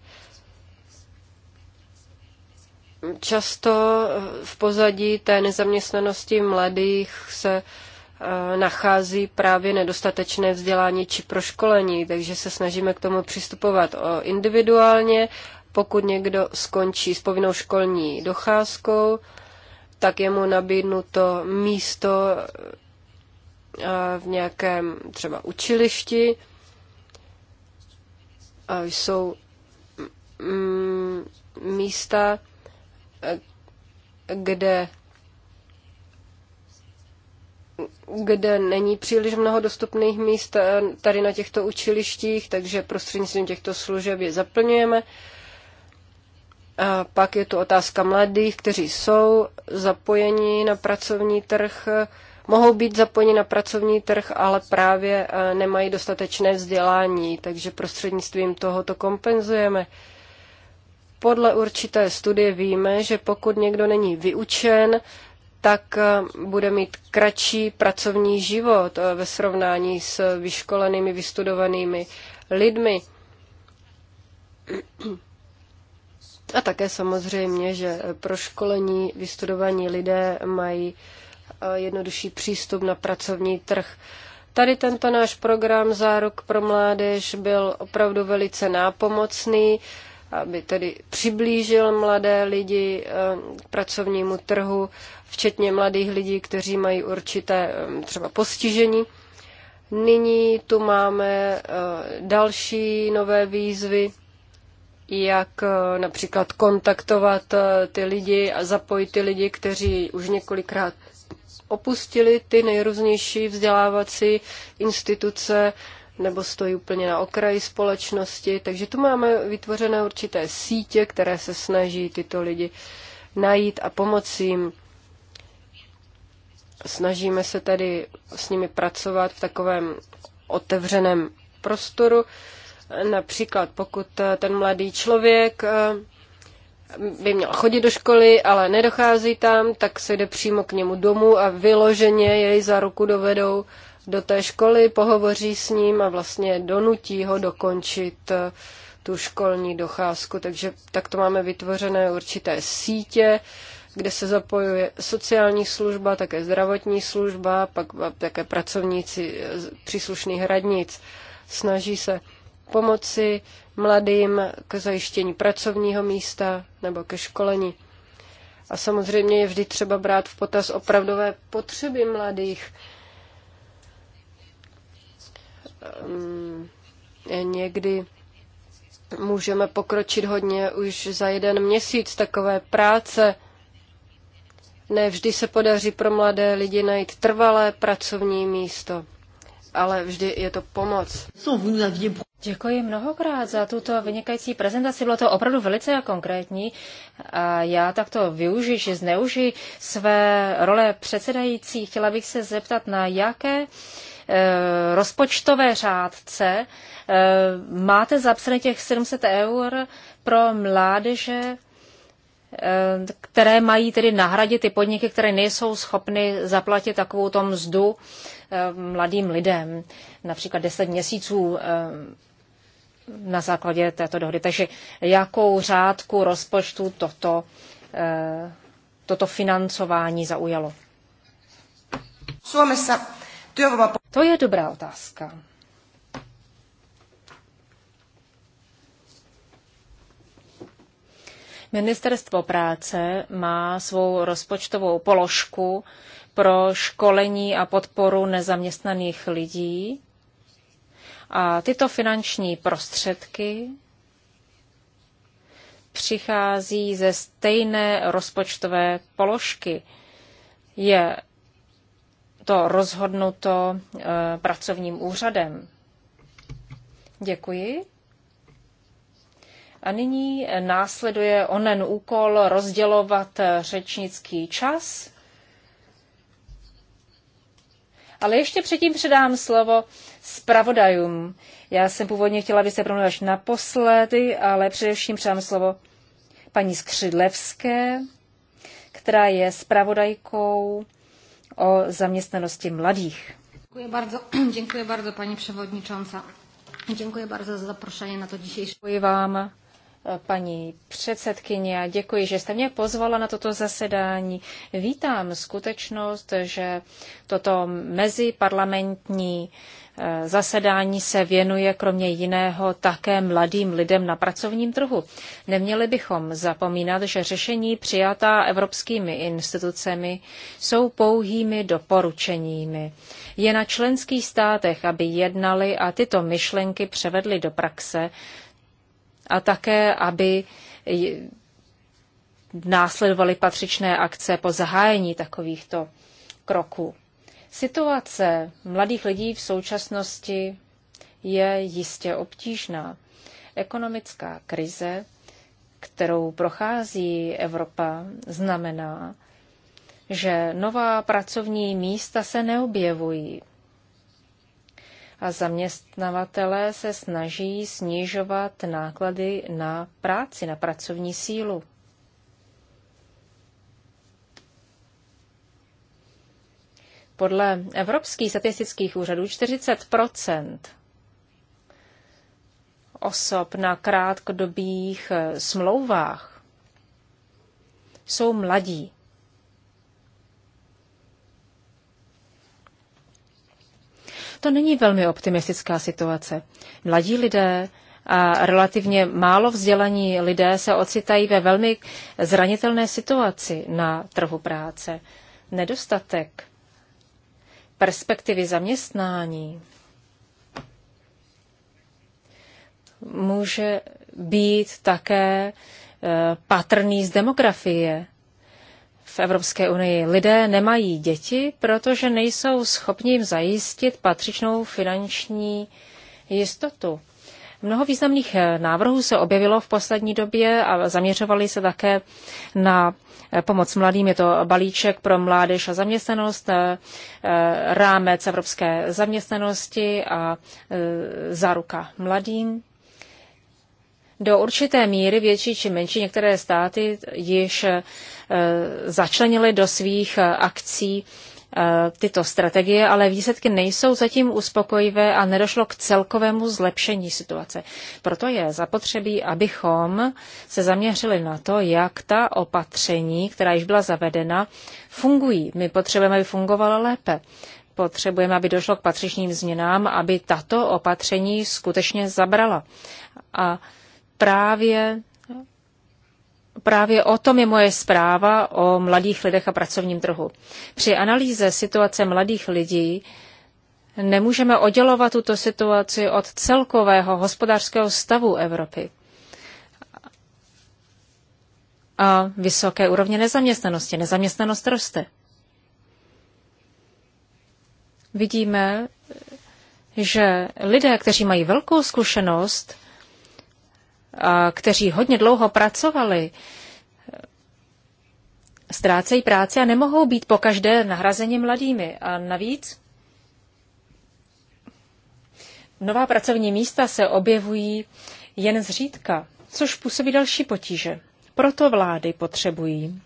Často v pozadí té nezaměstnanosti mladých se eh, nachází právě nedostatečné vzdělání či proškolení, takže se snažíme k tomu přistupovat eh, individuálně. Pokud někdo skončí s povinnou školní docházkou, tak je mu nabídnuto místo eh, v nějakém třeba učilišti. Jsou mm, mm, místa, kde kde není příliš mnoho dostupných míst eh, tady na těchto učilištích, takže prostřednictvím těchto služeb je zaplňujeme. A pak je tu otázka mladých, kteří jsou zapojeni na pracovní trh, mohou být zapojeni na pracovní trh, ale právě eh, nemají dostatečné vzdělání, takže prostřednictvím tohoto kompenzujeme. Podle určité studie víme, že pokud někdo není vyučen, tak eh, bude mít kratší pracovní život eh, ve srovnání s vyškolenými, vystudovanými lidmi. A také samozřejmě, že eh, pro školení vystudovaní lidé mají jednodušší přístup na pracovní trh. Tady tento náš program Záruk pro mládež byl opravdu velice nápomocný aby tedy přiblížil mladé lidi eh, k pracovnímu trhu, včetně mladých lidí, kteří mají určité eh, třeba postižení. Nyní tu máme eh, další nové výzvy, jak například kontaktovat ty lidi a zapojit ty lidi, kteří už několikrát opustili ty nejrůznější vzdělávací instituce, nebo stojí úplně na okraji společnosti. Takže tu máme vytvořené určité sítě, které se snaží tyto lidi najít a pomoci jim. Snažíme se tedy s nimi pracovat v takovém otevřeném prostoru. Například pokud eh, ten mladý člověk eh, by měl chodit do školy, ale nedochází tam, tak se jde přímo k němu domů a vyloženě jej za ruku dovedou do té školy, pohovoří s ním a vlastně donutí ho dokončit eh, tu školní docházku. Takže tak to máme vytvořené určité sítě, kde se zapojuje sociální služba, také zdravotní služba, pak také pracovníci eh, příslušných radnic. Snaží se pomoci mladým k zajištění pracovního místa nebo ke školení. A samozřejmě je vždy třeba brát v potaz opravdové potřeby mladých. Ehm, někdy můžeme pokročit hodně už za jeden měsíc takové práce. Ne vždy se podaří pro mladé lidi najít trvalé pracovní místo, ale vždy je to pomoc. Děkuji mnohokrát za tuto vynikající prezentaci. Bylo to opravdu velice konkrétní. A já takto využiji, že zneužiji své role předsedající. Chtěla bych se zeptat, na jaké Eh, rozpočtové řádce eh, máte zapsané těch 700 eur pro mládeže, eh, které mají tedy nahradit ty podniky, které nejsou schopny zaplatit takovou tom mzdu mladým lidem, například 10 měsíců na základě této dohody. Takže jakou řádku rozpočtu toto, toto financování zaujalo? Suomessa työvoima to je dobrá otázka. Ministerstvo práce má svou rozpočtovou položku pro školení a podporu nezaměstnaných lidí. A tyto finanční prostředky přichází ze stejné rozpočtové položky. Je to rozhodnuto eh, pracovním úřadem. Děkuji. A nyní následuje onen úkol rozdělovat eh, řečnický čas. Ale ještě předtím předám slovo zpravodajům. Já jsem původně chtěla, aby se promluvila až naposledy, ale především předám slovo paní Skřidlevské, která je zpravodajkou o zaměstnanosti mladých. Děkuji bardzo, děkuji bardzo, paní převodničonca. Děkuji bardzo za zaprošení na to dzisiejsze. Děkuji vám, paní předsedkyně, a děkuji, že jste mě pozvala na toto zasedání. Vítám skutečnost, že toto meziparlamentní Eh, zasedání se věnuje kromě jiného také mladým lidem na pracovním trhu. Neměli bychom zapomínat, že řešení přijatá evropskými institucemi jsou pouhými doporučeními. Je na členských státech, aby jednali a tyto myšlenky převedli do praxe a také, aby následovaly patřičné akce po zahájení takovýchto kroků. Situace mladých lidí v současnosti je jistě obtížná. Ekonomická krize, kterou prochází Evropa, znamená, že nová pracovní místa se neobjevují a zaměstnavatelé se snaží snižovat náklady na práci, na pracovní sílu. Podle evropských statistických úřadů 40 osob na krátkodobých eh, smlouvách jsou mladí. To není velmi optimistická situace. Mladí lidé a relativně málo vzdělaní lidé se ocitají ve velmi zranitelné situaci na trhu práce. Nedostatek perspektivy zaměstnání může být také eh, patrný z demografie v Evropské unii. Lidé nemají děti, protože nejsou schopni jim zajistit patřičnou finanční jistotu. Mnoho významných eh, návrhů se objevilo v poslední době a zaměřovali se také na eh, pomoc mladým. Je to balíček pro mládež a zaměstnanost, eh, rámec evropské zaměstnanosti a záruka mladým. Do určité míry větší či menší některé státy již začlenily do svých akcí Eh, tyto strategie, ale výsledky nejsou zatím uspokojivé a nedošlo k celkovému zlepšení situace. Proto je zapotřebí, abychom se zaměřili na to, jak ta opatření, která již byla zavedena, fungují. My potřebujeme, aby fungovala lépe. Potřebujeme, aby došlo k patřičným změnám, aby tato opatření skutečně zabrala. A právě Právě o tom je moje zpráva o mladých lidech a pracovním trhu. Při analýze situace mladých lidí nemůžeme oddělovat tuto situaci od celkového hospodářského stavu Evropy a vysoké úrovně nezaměstnanosti. Nezaměstnanost roste. Vidíme, že lidé, kteří mají velkou zkušenost, kteří hodně dlouho pracovali, ztrácejí práci a nemohou být po každé nahrazeni mladými. A navíc nová pracovní místa se objevují jen zřídka, což působí další potíže. Proto vlády potřebují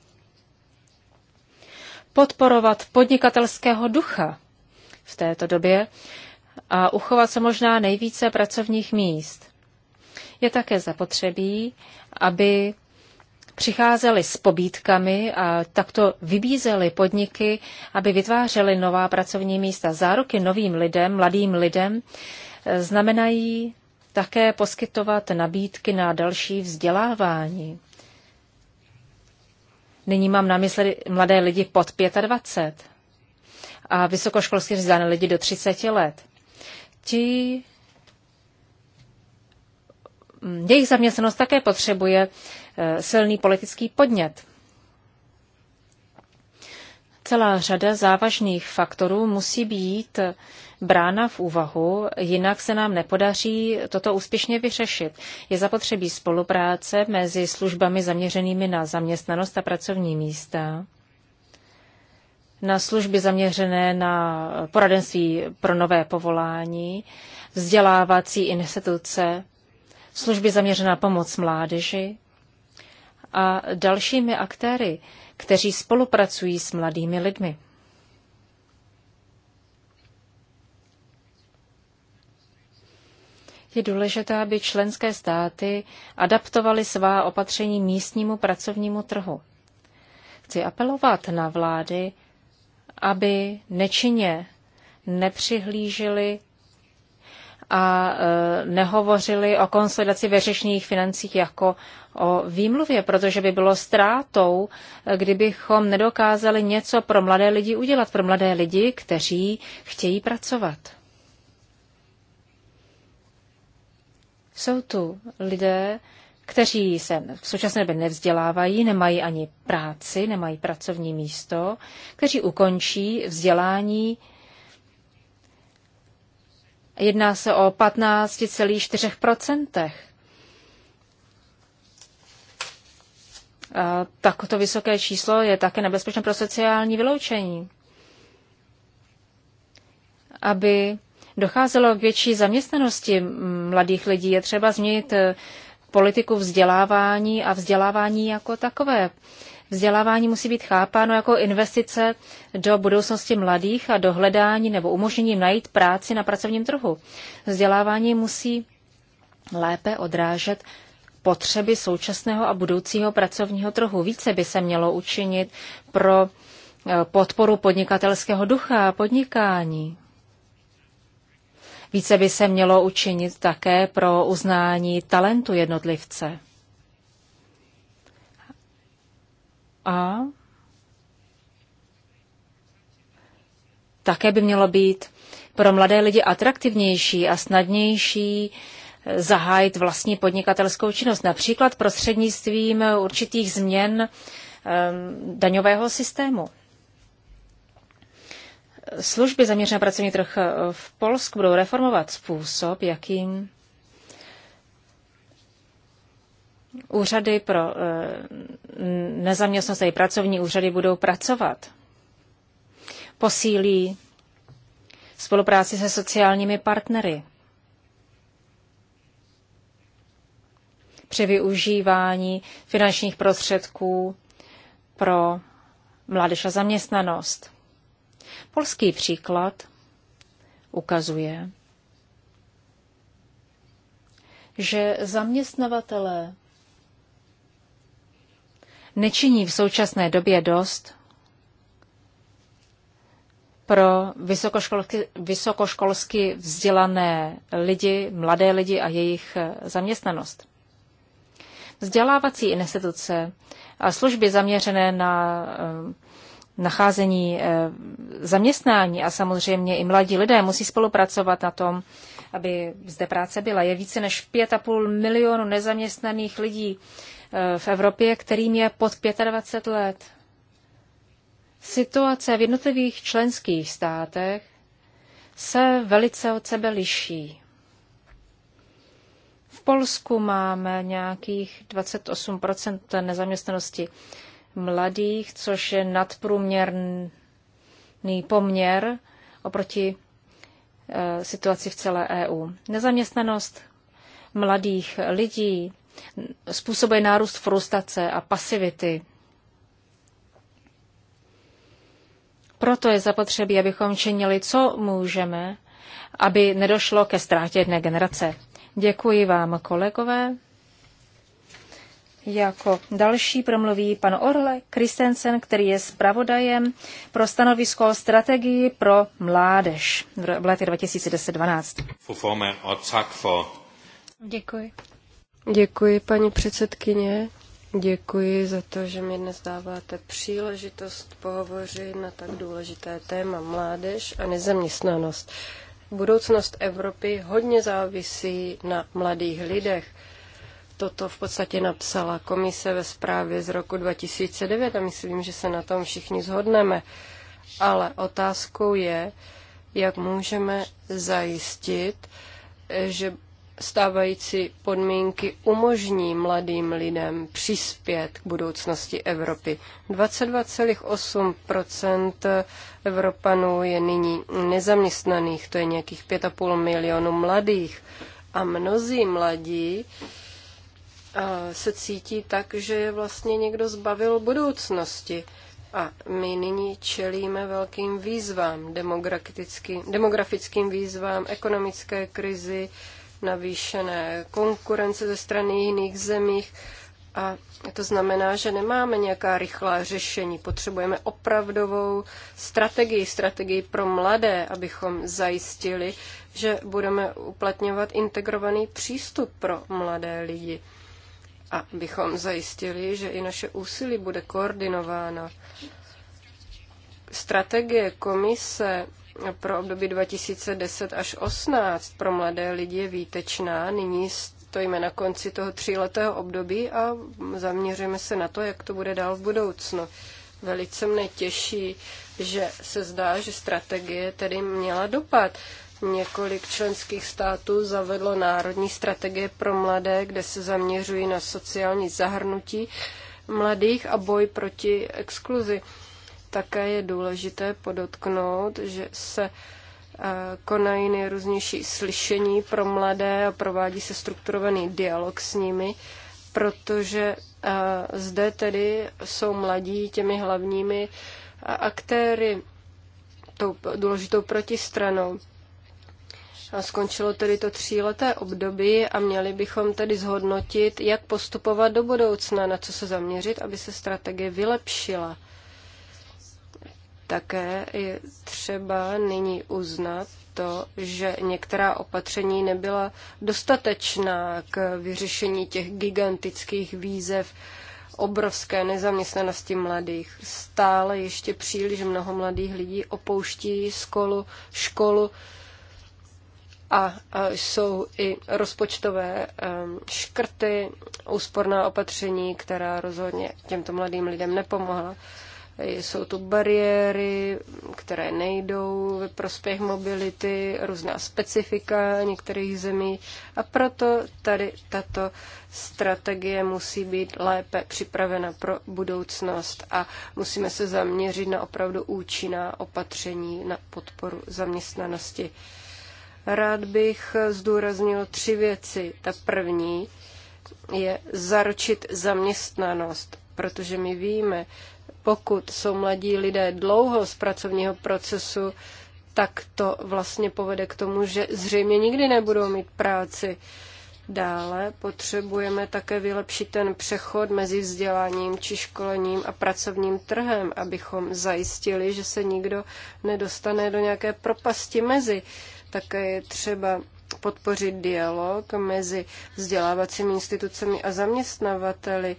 podporovat podnikatelského ducha v této době a uchovat se možná nejvíce pracovních míst je také zapotřebí, aby přicházeli s pobídkami a takto vybízeli podniky, aby vytvářely nová pracovní místa. Záruky novým lidem, mladým lidem, eh, znamenají také poskytovat nabídky na další vzdělávání. Nyní mám na mysli mladé lidi pod 25 a vysokoškolsky vzdělané lidi do 30 let. Ti Mm, jejich zaměstnanost také potřebuje e, silný politický podnět. Celá řada závažných faktorů musí být brána v úvahu, jinak se nám nepodaří toto úspěšně vyřešit. Je zapotřebí spolupráce mezi službami zaměřenými na zaměstnanost a pracovní místa, na služby zaměřené na poradenství pro nové povolání, vzdělávací instituce, služby zaměřená pomoc mládeži a dalšími aktéry, kteří spolupracují s mladými lidmi. Je důležité, aby členské státy adaptovaly svá opatření místnímu pracovnímu trhu. Chci apelovat na vlády, aby nečině nepřihlíželi a e, nehovořili o konsolidaci veřejných financích jako o výmluvě, protože by bylo ztrátou, e, kdybychom nedokázali něco pro mladé lidi udělat, pro mladé lidi, kteří chtějí pracovat. Jsou tu lidé, kteří se v současné době nevzdělávají, nemají ani práci, nemají pracovní místo, kteří ukončí vzdělání Jedná se o 15,4 Takto vysoké číslo je také nebezpečné pro sociální vyloučení. Aby docházelo k větší zaměstnanosti mladých lidí, je třeba změnit politiku vzdělávání a vzdělávání jako takové. Vzdělávání musí být chápáno jako investice do budoucnosti mladých a do hledání nebo umožnění najít práci na pracovním trhu. Vzdělávání musí lépe odrážet potřeby současného a budoucího pracovního trhu. Více by se mělo učinit pro e, podporu podnikatelského ducha a podnikání. Více by se mělo učinit také pro uznání talentu jednotlivce. A také by mělo být pro mladé lidi atraktivnější a snadnější zahájit vlastní podnikatelskou činnost, například prostřednictvím určitých změn ehm, daňového systému. Služby zaměřené pracovní trh v Polsku budou reformovat způsob, jakým úřady pro eh, nezaměstnanost a pracovní úřady budou pracovat. Posílí spolupráci se sociálními partnery. Při využívání finančních prostředků pro mládež a zaměstnanost. Polský příklad ukazuje, že zaměstnavatelé nečiní v současné době dost pro vysokoškolsky, vysokoškolsky vzdělané lidi, mladé lidi a jejich eh, zaměstnanost. Vzdělávací instituce a služby zaměřené na eh, nacházení eh, zaměstnání a samozřejmě i mladí lidé musí spolupracovat na tom, aby zde práce byla. Je více než 5,5 milionu nezaměstnaných lidí Eh, v Evropě, kterým je pod 25 let. Situace v jednotlivých členských státech se velice od sebe liší. V Polsku máme nějakých 28 nezaměstnanosti mladých, což je nadprůměrný poměr oproti eh, situaci v celé EU. Nezaměstnanost mladých lidí způsobuje nárůst frustrace a pasivity. Proto je zapotřebí, abychom činili, co můžeme, aby nedošlo ke ztrátě jedné generace. Děkuji vám, kolegové. Jako další promluví pan Orle Kristensen, který je zpravodajem pro stanovisko strategii pro mládež v letech 2012 Děkuji. Děkuji, paní předsedkyně. Děkuji za to, že mi dnes dáváte příležitost pohovořit na tak důležité téma mládež a nezaměstnanost. Budoucnost Evropy hodně závisí na mladých lidech. Toto v podstatě napsala komise ve zprávě z roku 2009 a myslím, že se na tom všichni zhodneme. Ale otázkou je, jak můžeme zajistit, že stávající podmínky umožní mladým lidem přispět k budoucnosti Evropy. 22,8 Evropanů je nyní nezaměstnaných, to je nějakých 5,5 milionu mladých. A mnozí mladí se cítí tak, že je vlastně někdo zbavil budoucnosti. A my nyní čelíme velkým výzvám, demografickým, demografickým výzvám, ekonomické krizi, navýšené konkurence ze strany jiných zemích a to znamená, že nemáme nějaká rychlá řešení. Potřebujeme opravdovou strategii, strategii pro mladé, abychom zajistili, že budeme uplatňovat integrovaný přístup pro mladé lidi. A abychom zajistili, že i naše úsilí bude koordinováno. Strategie komise pro období 2010 až 2018 pro mladé lidi je výtečná. Nyní stojíme na konci toho tříletého období a zaměříme se na to, jak to bude dál v budoucnu. Velice mne těší, že se zdá, že strategie tedy měla dopad. Několik členských států zavedlo národní strategie pro mladé, kde se zaměřují na sociální zahrnutí mladých a boj proti exkluzi. Také je důležité podotknout, že se eh, konají nejrůznější slyšení pro mladé a provádí se strukturovaný dialog s nimi, protože eh, zde tedy jsou mladí těmi hlavními eh, aktéry, tou důležitou protistranou. A skončilo tedy to tříleté období a měli bychom tedy zhodnotit, jak postupovat do budoucna, na co se zaměřit, aby se strategie vylepšila. Také je třeba nyní uznat to, že některá opatření nebyla dostatečná k vyřešení těch gigantických výzev, obrovské nezaměstnanosti mladých. Stále ještě příliš mnoho mladých lidí opouští školu, školu a, a jsou i rozpočtové škrty, úsporná opatření, která rozhodně těmto mladým lidem nepomohla. Jsou tu bariéry, které nejdou ve prospěch mobility, různá specifika některých zemí a proto tady tato strategie musí být lépe připravena pro budoucnost a musíme se zaměřit na opravdu účinná opatření na podporu zaměstnanosti. Rád bych zdůraznil tři věci. Ta první je zaručit zaměstnanost, protože my víme, pokud jsou mladí lidé dlouho z pracovního procesu, tak to vlastně povede k tomu, že zřejmě nikdy nebudou mít práci. Dále potřebujeme také vylepšit ten přechod mezi vzděláním či školením a pracovním trhem, abychom zajistili, že se nikdo nedostane do nějaké propasti mezi. Také je třeba podpořit dialog mezi vzdělávacími institucemi a zaměstnavateli,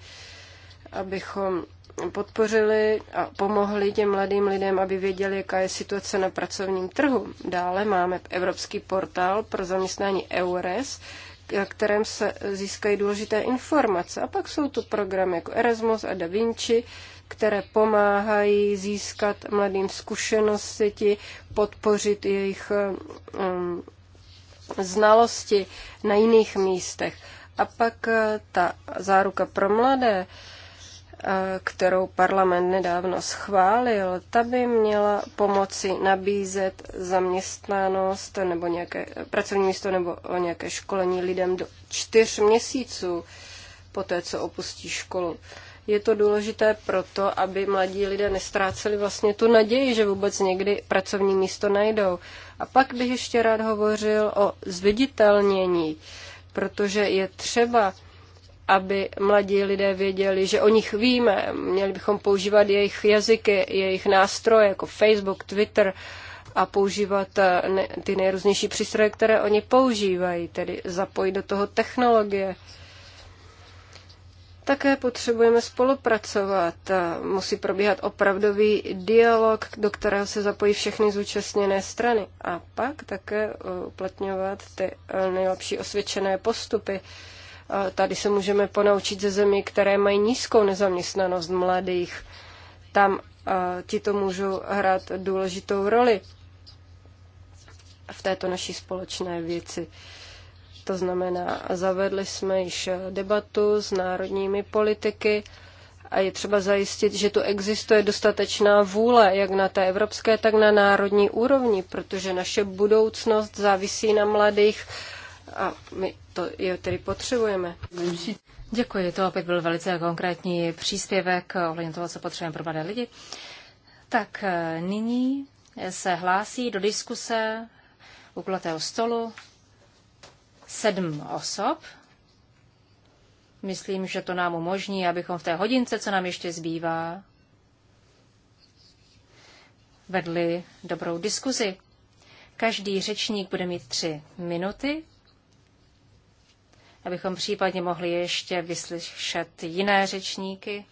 abychom podpořili a pomohli těm mladým lidem, aby věděli, jaká je situace na pracovním trhu. Dále máme Evropský portál pro zaměstnání EURES, na kterém se získají důležité informace. A pak jsou tu programy jako Erasmus a Da Vinci, které pomáhají získat mladým zkušenosti, podpořit jejich um, znalosti na jiných místech. A pak eh, ta záruka pro mladé, uh, kterou parlament nedávno schválil, ta by měla pomoci nabízet zaměstnanost nebo nějaké pracovní místo nebo nějaké školení lidem do čtyř měsíců po té, co opustí školu. Je to důležité proto, aby mladí lidé nestráceli vlastně tu naději, že vůbec někdy pracovní místo najdou. A pak bych ještě rád hovořil o zviditelnění, protože je třeba aby mladí lidé věděli, že o nich víme. Měli bychom používat jejich jazyky, jejich nástroje, jako Facebook, Twitter a používat eh, ty nejrůznější přístroje, které oni používají, tedy zapojit do toho technologie. Také potřebujeme spolupracovat. Eh, musí probíhat opravdový dialog, do kterého se zapojí všechny zúčastněné strany. A pak také uplatňovat ty eh, nejlepší osvědčené postupy. Tady se můžeme ponaučit ze zemí, které mají nízkou nezaměstnanost mladých. Tam ti to můžou hrát důležitou roli v této naší společné věci. To znamená, zavedli jsme již debatu s národními politiky a je třeba zajistit, že tu existuje dostatečná vůle, jak na té evropské, tak na národní úrovni, protože naše budoucnost závisí na mladých a my to je tedy potřebujeme. Děkuji, to opět byl velice konkrétní příspěvek ohledně toho, co potřebujeme pro mladé lidi. Tak e, nyní se hlásí do diskuse u kulatého stolu sedm osob. Myslím, že to nám umožní, abychom v té hodince, co nám ještě zbývá, vedli dobrou diskuzi. Každý řečník bude mít tři minuty abychom případně mohli ještě vyslyšet jiné řečníky,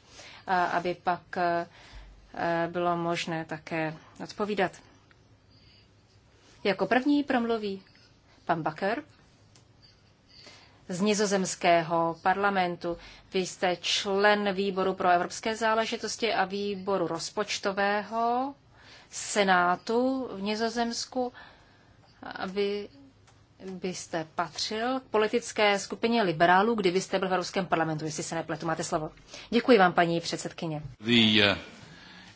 a aby pak eh, bylo možné také odpovídat. Jako první promluví pan Baker z nizozemského parlamentu. Vy jste člen výboru pro evropské záležitosti a výboru rozpočtového senátu v Nizozemsku. Vy byste patřil k politické skupině liberálů, kdybyste byl v Evropském parlamentu, jestli se nepletu. Máte slovo. Děkuji vám, paní předsedkyně. The, uh,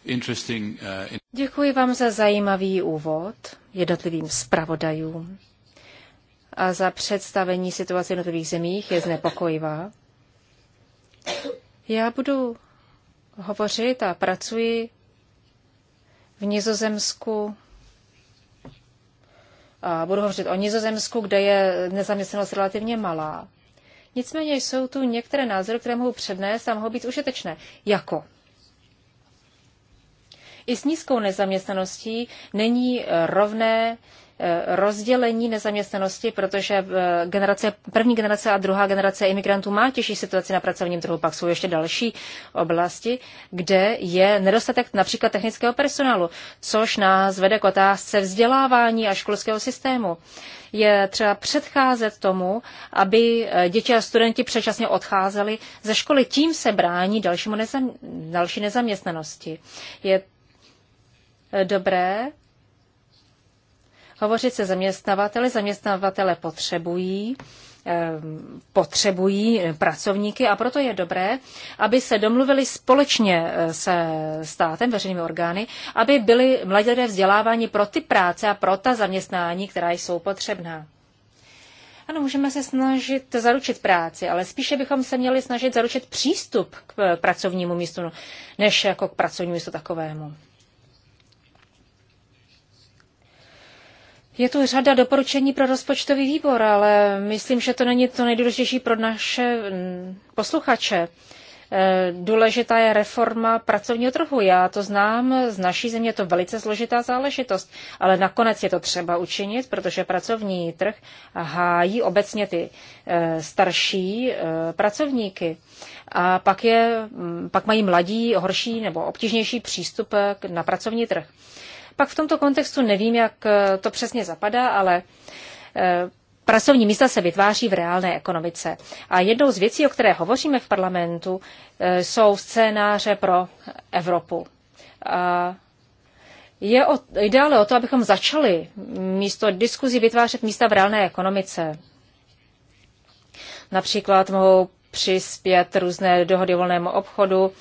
interesting, uh, in... Děkuji vám za zajímavý úvod jednotlivým zpravodajům a za představení situace v jednotlivých zemích je znepokojivá. Já budu hovořit a pracuji v Nizozemsku a budu hovořit o Nizozemsku, kde je nezaměstnanost relativně malá. Nicméně jsou tu některé názory, které mohou přednést a mohou být užitečné. Jako i s nízkou nezaměstnaností není rovné rozdělení nezaměstnanosti, protože eh, generace, první generace a druhá generace imigrantů má těžší situaci na pracovním trhu. Pak jsou ještě další oblasti, kde je nedostatek například technického personálu, což nás vede k otázce vzdělávání a školského systému. Je třeba předcházet tomu, aby eh, děti a studenti předčasně odcházeli ze školy. Tím se brání dalšímu nezam, další nezaměstnanosti. Je eh, dobré hovořit se zaměstnavateli. Zaměstnavatele potřebují eh, potřebují pracovníky a proto je dobré, aby se domluvili společně eh, se státem, veřejnými orgány, aby byly mladí lidé vzděláváni pro ty práce a pro ta zaměstnání, která jsou potřebná. Ano, můžeme se snažit zaručit práci, ale spíše bychom se měli snažit zaručit přístup k pracovnímu místu, než jako k pracovnímu místu takovému. Je tu řada doporučení pro rozpočtový výbor, ale myslím, že to není to nejdůležitější pro naše mm, posluchače. E, důležitá je reforma pracovního trhu. Já to znám, z naší země je to velice složitá záležitost, ale nakonec je to třeba učinit, protože pracovní trh hájí obecně ty e, starší e, pracovníky. A pak, je, mm, pak mají mladí horší nebo obtížnější přístup na pracovní trh. Pak v tomto kontextu nevím, jak eh, to přesně zapadá, ale eh, Pracovní místa se vytváří v reálné ekonomice. A jednou z věcí, o které hovoříme v parlamentu, eh, jsou scénáře pro Evropu. A je o, jde ale o to, abychom začali místo diskuzí vytvářet místa v reálné ekonomice. Například mohou přispět různé dohody o volném obchodu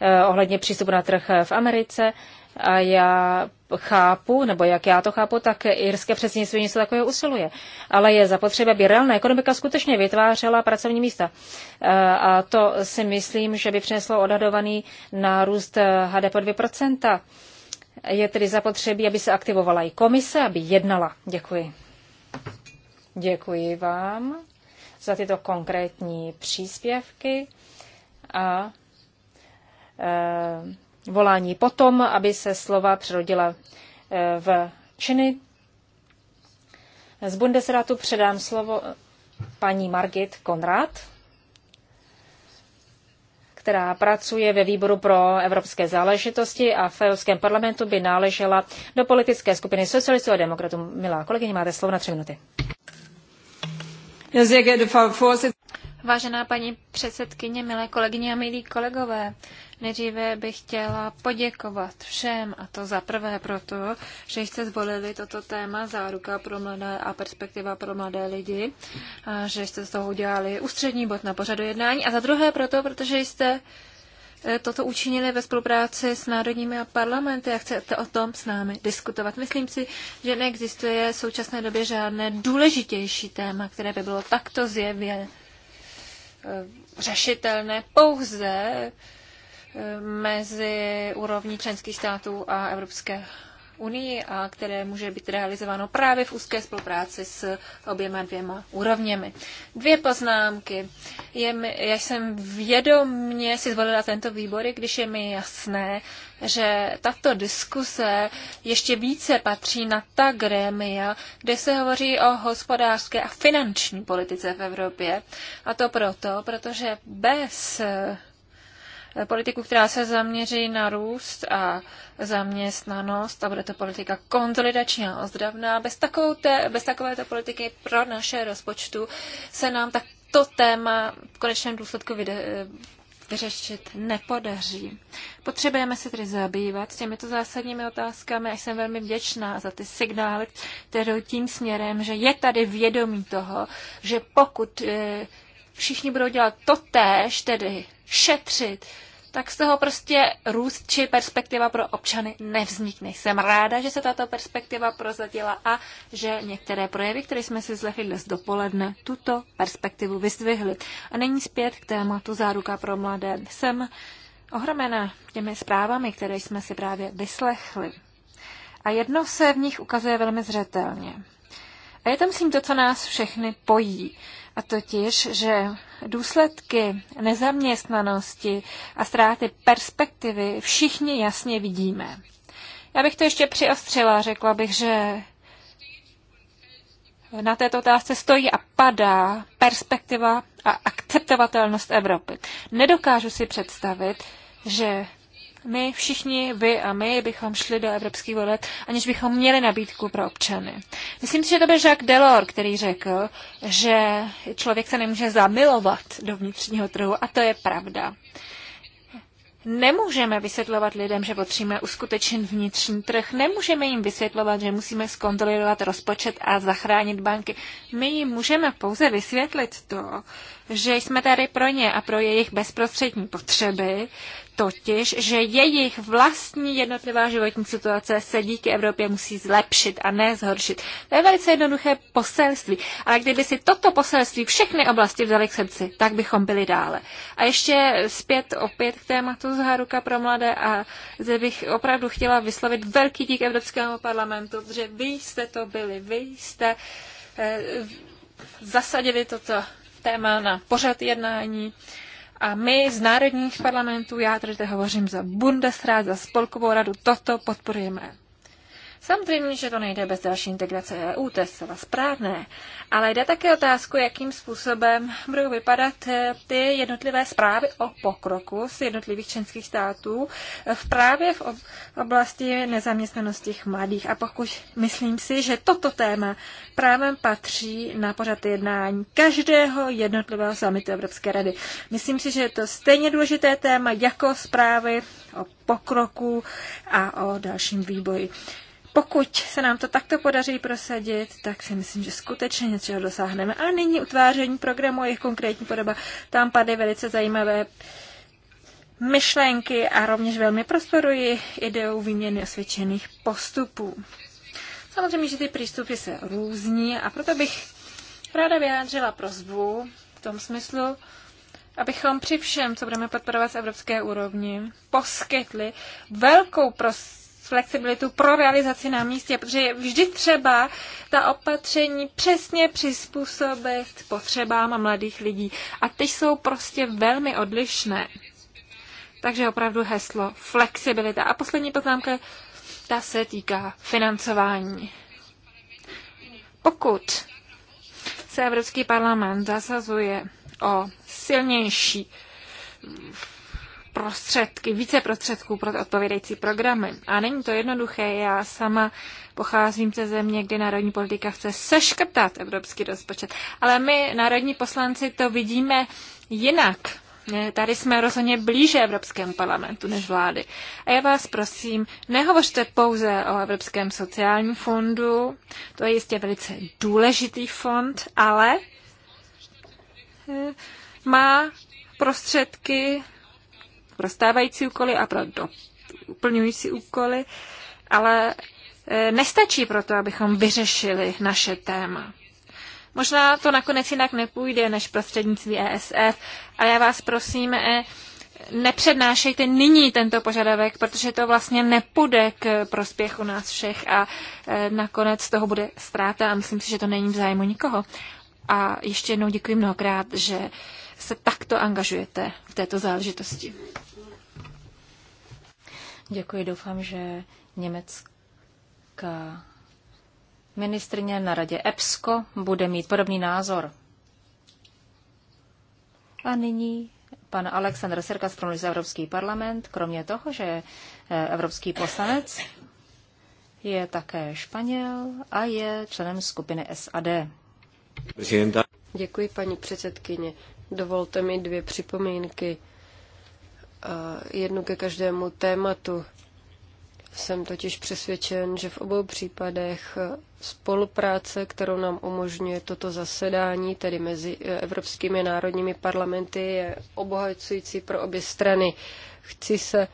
eh, ohledně přístupu na trh v Americe. Eh, a já chápu, nebo jak já to chápu, tak irské předsednictví něco takového usiluje. Ale je zapotřebí, aby reálná ekonomika skutečně vytvářela pracovní místa. E, a to si myslím, že by přineslo odhadovaný nárůst e, HDP 2%. Je tedy zapotřebí, aby se aktivovala i komise, aby jednala. Děkuji. Děkuji vám za tyto konkrétní příspěvky a e, volání potom, aby se slova přerodila eh, v činy. Z Bundesratu předám slovo eh, paní Margit Konrad, která pracuje ve výboru pro evropské záležitosti a v Evropském parlamentu by náležela do politické skupiny socialistů a demokratů. Milá kolegyně, máte slovo na tři minuty. Vážená paní předsedkyně, milé kolegyně a milí kolegové, nejdříve bych chtěla poděkovat všem, a to za prvé proto, že jste zvolili toto téma záruka pro mladé a perspektiva pro mladé lidi, a že jste z toho udělali ústřední bod na pořadu jednání, a za druhé proto, protože jste e, toto učinili ve spolupráci s národními a parlamenty a chcete o tom s námi diskutovat. Myslím si, že neexistuje v současné době žádné důležitější téma, které by bylo takto zjevně Eh, řešitelné pouze eh, mezi úrovní členských států a Evropské unii a které může být realizováno právě v úzké spolupráci s oběma dvěma úrovněmi. Dvě poznámky. Je mi, já jsem vědomně si zvolila tento výbor, když je mi jasné, že tato diskuse ještě více patří na ta grémia, kde se hovoří o hospodářské a finanční politice v Evropě. A to proto, protože bez Eh, politiku, která se zaměří na růst a zaměstnanost a bude to politika konzolidační a ozdravná. Bez, té, bez takovéto politiky pro naše rozpočtu se nám tak to téma v konečném důsledku vyde, eh, vyřešit nepodaří. Potřebujeme se tedy zabývat s těmito zásadními otázkami a jsem velmi vděčná za ty signály, které tím směrem, že je tady vědomí toho, že pokud eh, všichni budou dělat to též, tedy šetřit, tak z toho prostě růst či perspektiva pro občany nevznikne. Jsem ráda, že se tato perspektiva prozadila a že některé projevy, které jsme si zlehli dnes dopoledne, tuto perspektivu vyzdvihly. A není zpět k tématu záruka pro mladé. Jsem ohromena těmi zprávami, které jsme si právě vyslechli. A jedno se v nich ukazuje velmi zřetelně. A je to, myslím, to, co nás všechny pojí. A totiž, že důsledky nezaměstnanosti a ztráty perspektivy všichni jasně vidíme. Já bych to ještě přiostřila, řekla bych, že na této otázce stojí a padá perspektiva a akceptovatelnost Evropy. Nedokážu si představit, že my všichni, vy a my, bychom šli do evropských voleb, aniž bychom měli nabídku pro občany. Myslím si, že to byl Jacques Delors, který řekl, že člověk se nemůže zamilovat do vnitřního trhu a to je pravda. Nemůžeme vysvětlovat lidem, že potřebujeme uskutečnit vnitřní trh, nemůžeme jim vysvětlovat, že musíme zkontrolovat rozpočet a zachránit banky. My jim můžeme pouze vysvětlit to, že jsme tady pro ně a pro jejich bezprostřední potřeby, totiž, že jejich vlastní jednotlivá životní situace se díky Evropě musí zlepšit a ne zhoršit. To je velice jednoduché poselství, ale kdyby si toto poselství všechny oblasti vzali k srdci, tak bychom byli dále. A ještě zpět opět k tématu Haruka pro mladé a zde bych opravdu chtěla vyslovit velký dík Evropskému parlamentu, protože vy jste to byli, vy jste eh, zasadili toto téma na pořad jednání. Eh, a my z národních parlamentů, já tady hovořím za Bundesrat, za Spolkovou radu, toto podporujeme. Samozřejmě, že to nejde bez další integrace EU, to je zcela správné, ale jde také otázku, jakým způsobem budou vypadat eh, ty jednotlivé zprávy o pokroku z jednotlivých členských států eh, v právě v oblasti nezaměstnanosti mladých. A pokud myslím si, že toto téma právem patří na pořad jednání každého jednotlivého samitu Evropské rady. Myslím si, že je to stejně důležité téma jako zprávy o pokroku a o dalším výboji. Pokud se nám to takto podaří prosadit, tak si myslím, že skutečně něčeho dosáhneme. A nyní utváření programu a jejich konkrétní podoba. Tam padly velice zajímavé myšlenky a rovněž velmi prosporuji ideou výměny osvědčených postupů. Samozřejmě, že ty přístupy se různí a proto bych ráda vyjádřila prozbu v tom smyslu, abychom při všem, co budeme podporovat z evropské úrovni, poskytli velkou pros- flexibilitu pro realizaci na místě, protože je vždy třeba ta opatření přesně přizpůsobit potřebám a mladých lidí. A ty jsou prostě velmi odlišné. Takže opravdu heslo flexibilita. A poslední poznámka, ta se týká financování. Pokud se Evropský parlament zasazuje o silnější prostředky, více prostředků pro odpovědající programy. A není to jednoduché. Já sama pocházím ze země, kdy národní politika chce seškrtat evropský rozpočet. Ale my, národní poslanci, to vidíme jinak. Tady jsme rozhodně blíže Evropskému parlamentu než vlády. A já vás prosím, nehovořte pouze o Evropském sociálním fondu, to je jistě velice důležitý fond, ale eh, má prostředky pro stávající úkoly a pro doplňující úkoly, ale e, nestačí pro to, abychom vyřešili naše téma. Možná to nakonec jinak nepůjde než prostřednictví ESF, ale já vás prosím, e, nepřednášejte nyní tento požadavek, protože to vlastně nepůjde k prospěchu nás všech a e, nakonec toho bude ztráta a myslím si, že to není v zájmu nikoho. A ještě jednou děkuji mnohokrát, že se takto angažujete v této záležitosti. Děkuji, doufám, že německá ministrině na radě EPSCO bude mít podobný názor. A nyní pan Aleksandr Serka z za Evropský parlament, kromě toho, že je eh, evropský poslanec, je také Španěl a je členem skupiny SAD. Děkuji, paní předsedkyně. Dovolte mi dvě připomínky. Eh, jednu ke každému tématu. Jsem totiž přesvědčen, že v obou případech eh, spolupráce, kterou nám umožňuje toto zasedání, tedy mezi eh, evropskými národními parlamenty, je obohacující pro obě strany. Chci se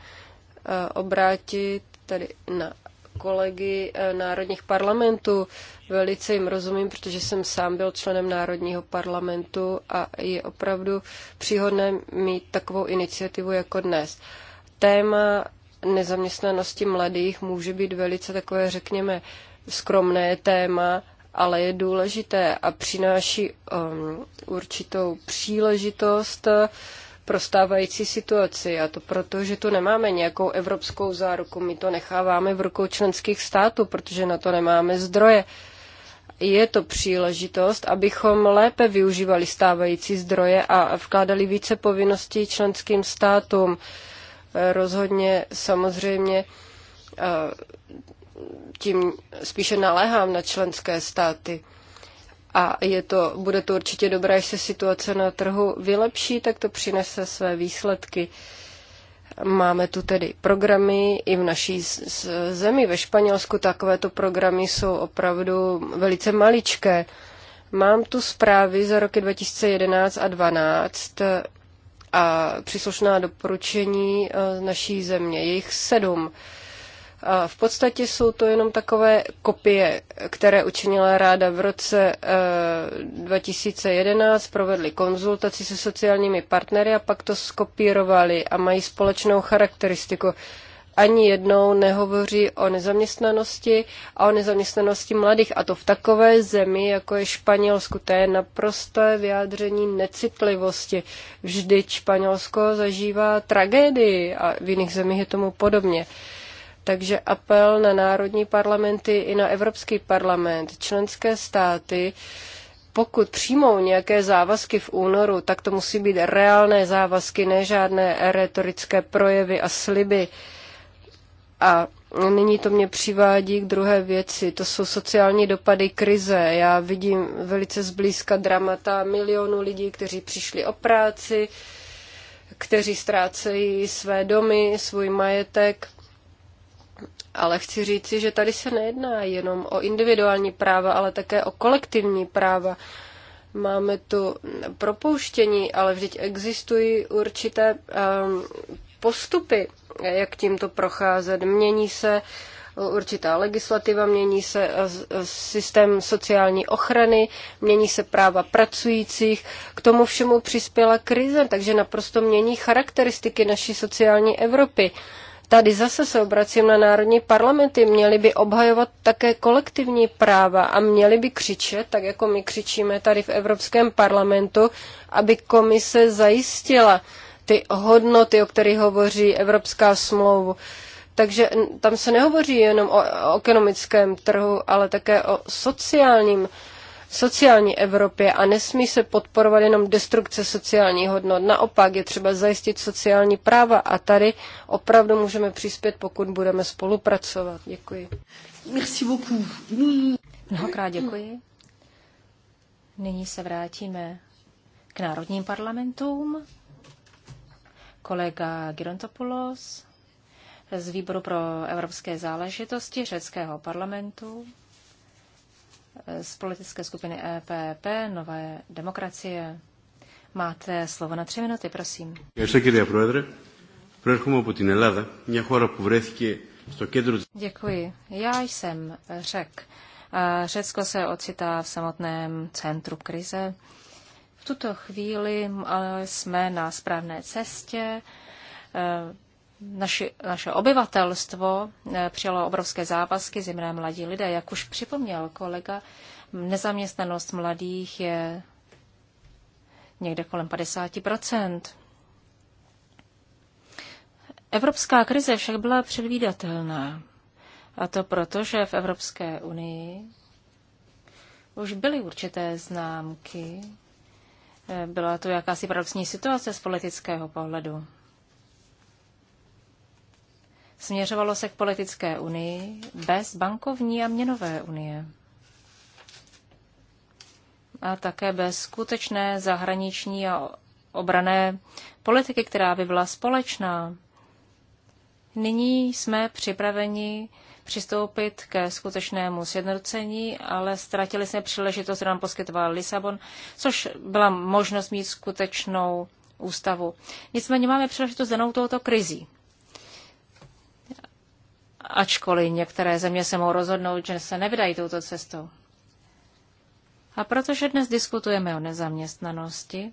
obrátit tedy na kolegy eh, národních parlamentů. Velice jim rozumím, protože jsem sám byl členem národního parlamentu a je opravdu příhodné mít takovou iniciativu jako dnes. Téma nezaměstnanosti mladých může být velice takové, řekněme, skromné téma, ale je důležité a přináší um, určitou příležitost uh, pro stávající situaci. A to proto, že tu nemáme nějakou evropskou záruku. My to necháváme v rukou členských států, protože na to nemáme zdroje. Je to příležitost, abychom lépe využívali stávající zdroje a vkládali více povinností členským státům. Rozhodně samozřejmě eh, tím spíše naléhám na členské státy a je to, bude to určitě dobré, až se situace na trhu vylepší, tak to přinese své výsledky. Máme tu tedy programy i v naší zemi, ve Španělsku takovéto programy jsou opravdu velice maličké. Mám tu zprávy za roky 2011 a 2012 eh, a příslušná doporučení eh, naší země. Je sedm v podstatě jsou to jenom takové kopie, které učinila ráda v roce 2011, eh, provedli konzultaci se sociálními partnery a pak to skopírovali a mají společnou charakteristiku. Ani jednou nehovoří o nezaměstnanosti a o nezaměstnanosti mladých. A to v takové zemi, jako je Španělsku. To je naprosté vyjádření necitlivosti. Vždyť Španělsko zažívá tragédii a v jiných zemích je tomu podobně. Uh, takže apel na národní parlamenty i na Evropský parlament, členské státy, pokud přijmou nějaké závazky v únoru, tak to musí být reálné závazky, ne žádné retorické projevy a sliby. A nyní to mě přivádí k druhé věci. To jsou sociální dopady krize. Já vidím velice zblízka dramata milionů lidí, kteří přišli o práci, kteří ztrácejí své domy, svůj majetek ale chci říci, že tady se nejedná jenom o individuální práva, ale také o kolektivní práva. Máme tu propouštění, ale vždyť existují určité um, postupy, jak tímto procházet. Mění se určitá legislativa, mění se eh, eh, systém sociální ochrany, mění se práva pracujících. K tomu všemu přispěla krize, takže naprosto mění charakteristiky naší sociální Evropy. Uh, Tady zase se obracím na národní parlamenty. Měli by obhajovat také kolektivní práva a měli by křičet, tak jako my křičíme tady v Evropském parlamentu, aby komise zajistila ty hodnoty, o kterých hovoří Evropská smlouva. Takže tam se nehovoří jenom o ekonomickém trhu, ale také o sociálním sociální Evropě a nesmí se podporovat jenom destrukce sociálních hodnot. Naopak je třeba zajistit sociální práva a tady opravdu můžeme přispět, pokud budeme spolupracovat. Děkuji. Merci beaucoup. Mnohokrát děkuji. Nyní se vrátíme k národním parlamentům. Kolega Girontopoulos z výboru pro evropské záležitosti řeckého parlamentu z politické skupiny EPP Nové demokracie. Máte slovo na tři minuty, prosím. Děkuji. Já jsem řek. Řecko se ocitá v samotném centru krize. V tuto chvíli jsme na správné cestě naši, naše obyvatelstvo eh, přijalo obrovské závazky, zejména mladí lidé. Jak už připomněl kolega, nezaměstnanost mladých je někde kolem 50 Evropská krize však byla předvídatelná. A to proto, že v Evropské unii už byly určité známky. Eh, byla to jakási paradoxní situace z politického pohledu. Směřovalo se k politické unii bez bankovní a měnové unie. A také bez skutečné zahraniční a obrané politiky, která by byla společná. Nyní jsme připraveni přistoupit ke skutečnému sjednocení, ale ztratili jsme příležitost, kterou nám poskytoval Lisabon, což byla možnost mít skutečnou ústavu. Nicméně máme příležitost danou touto krizí ačkoliv některé země se mohou rozhodnout, že se nevydají touto cestou. A protože dnes diskutujeme o nezaměstnanosti,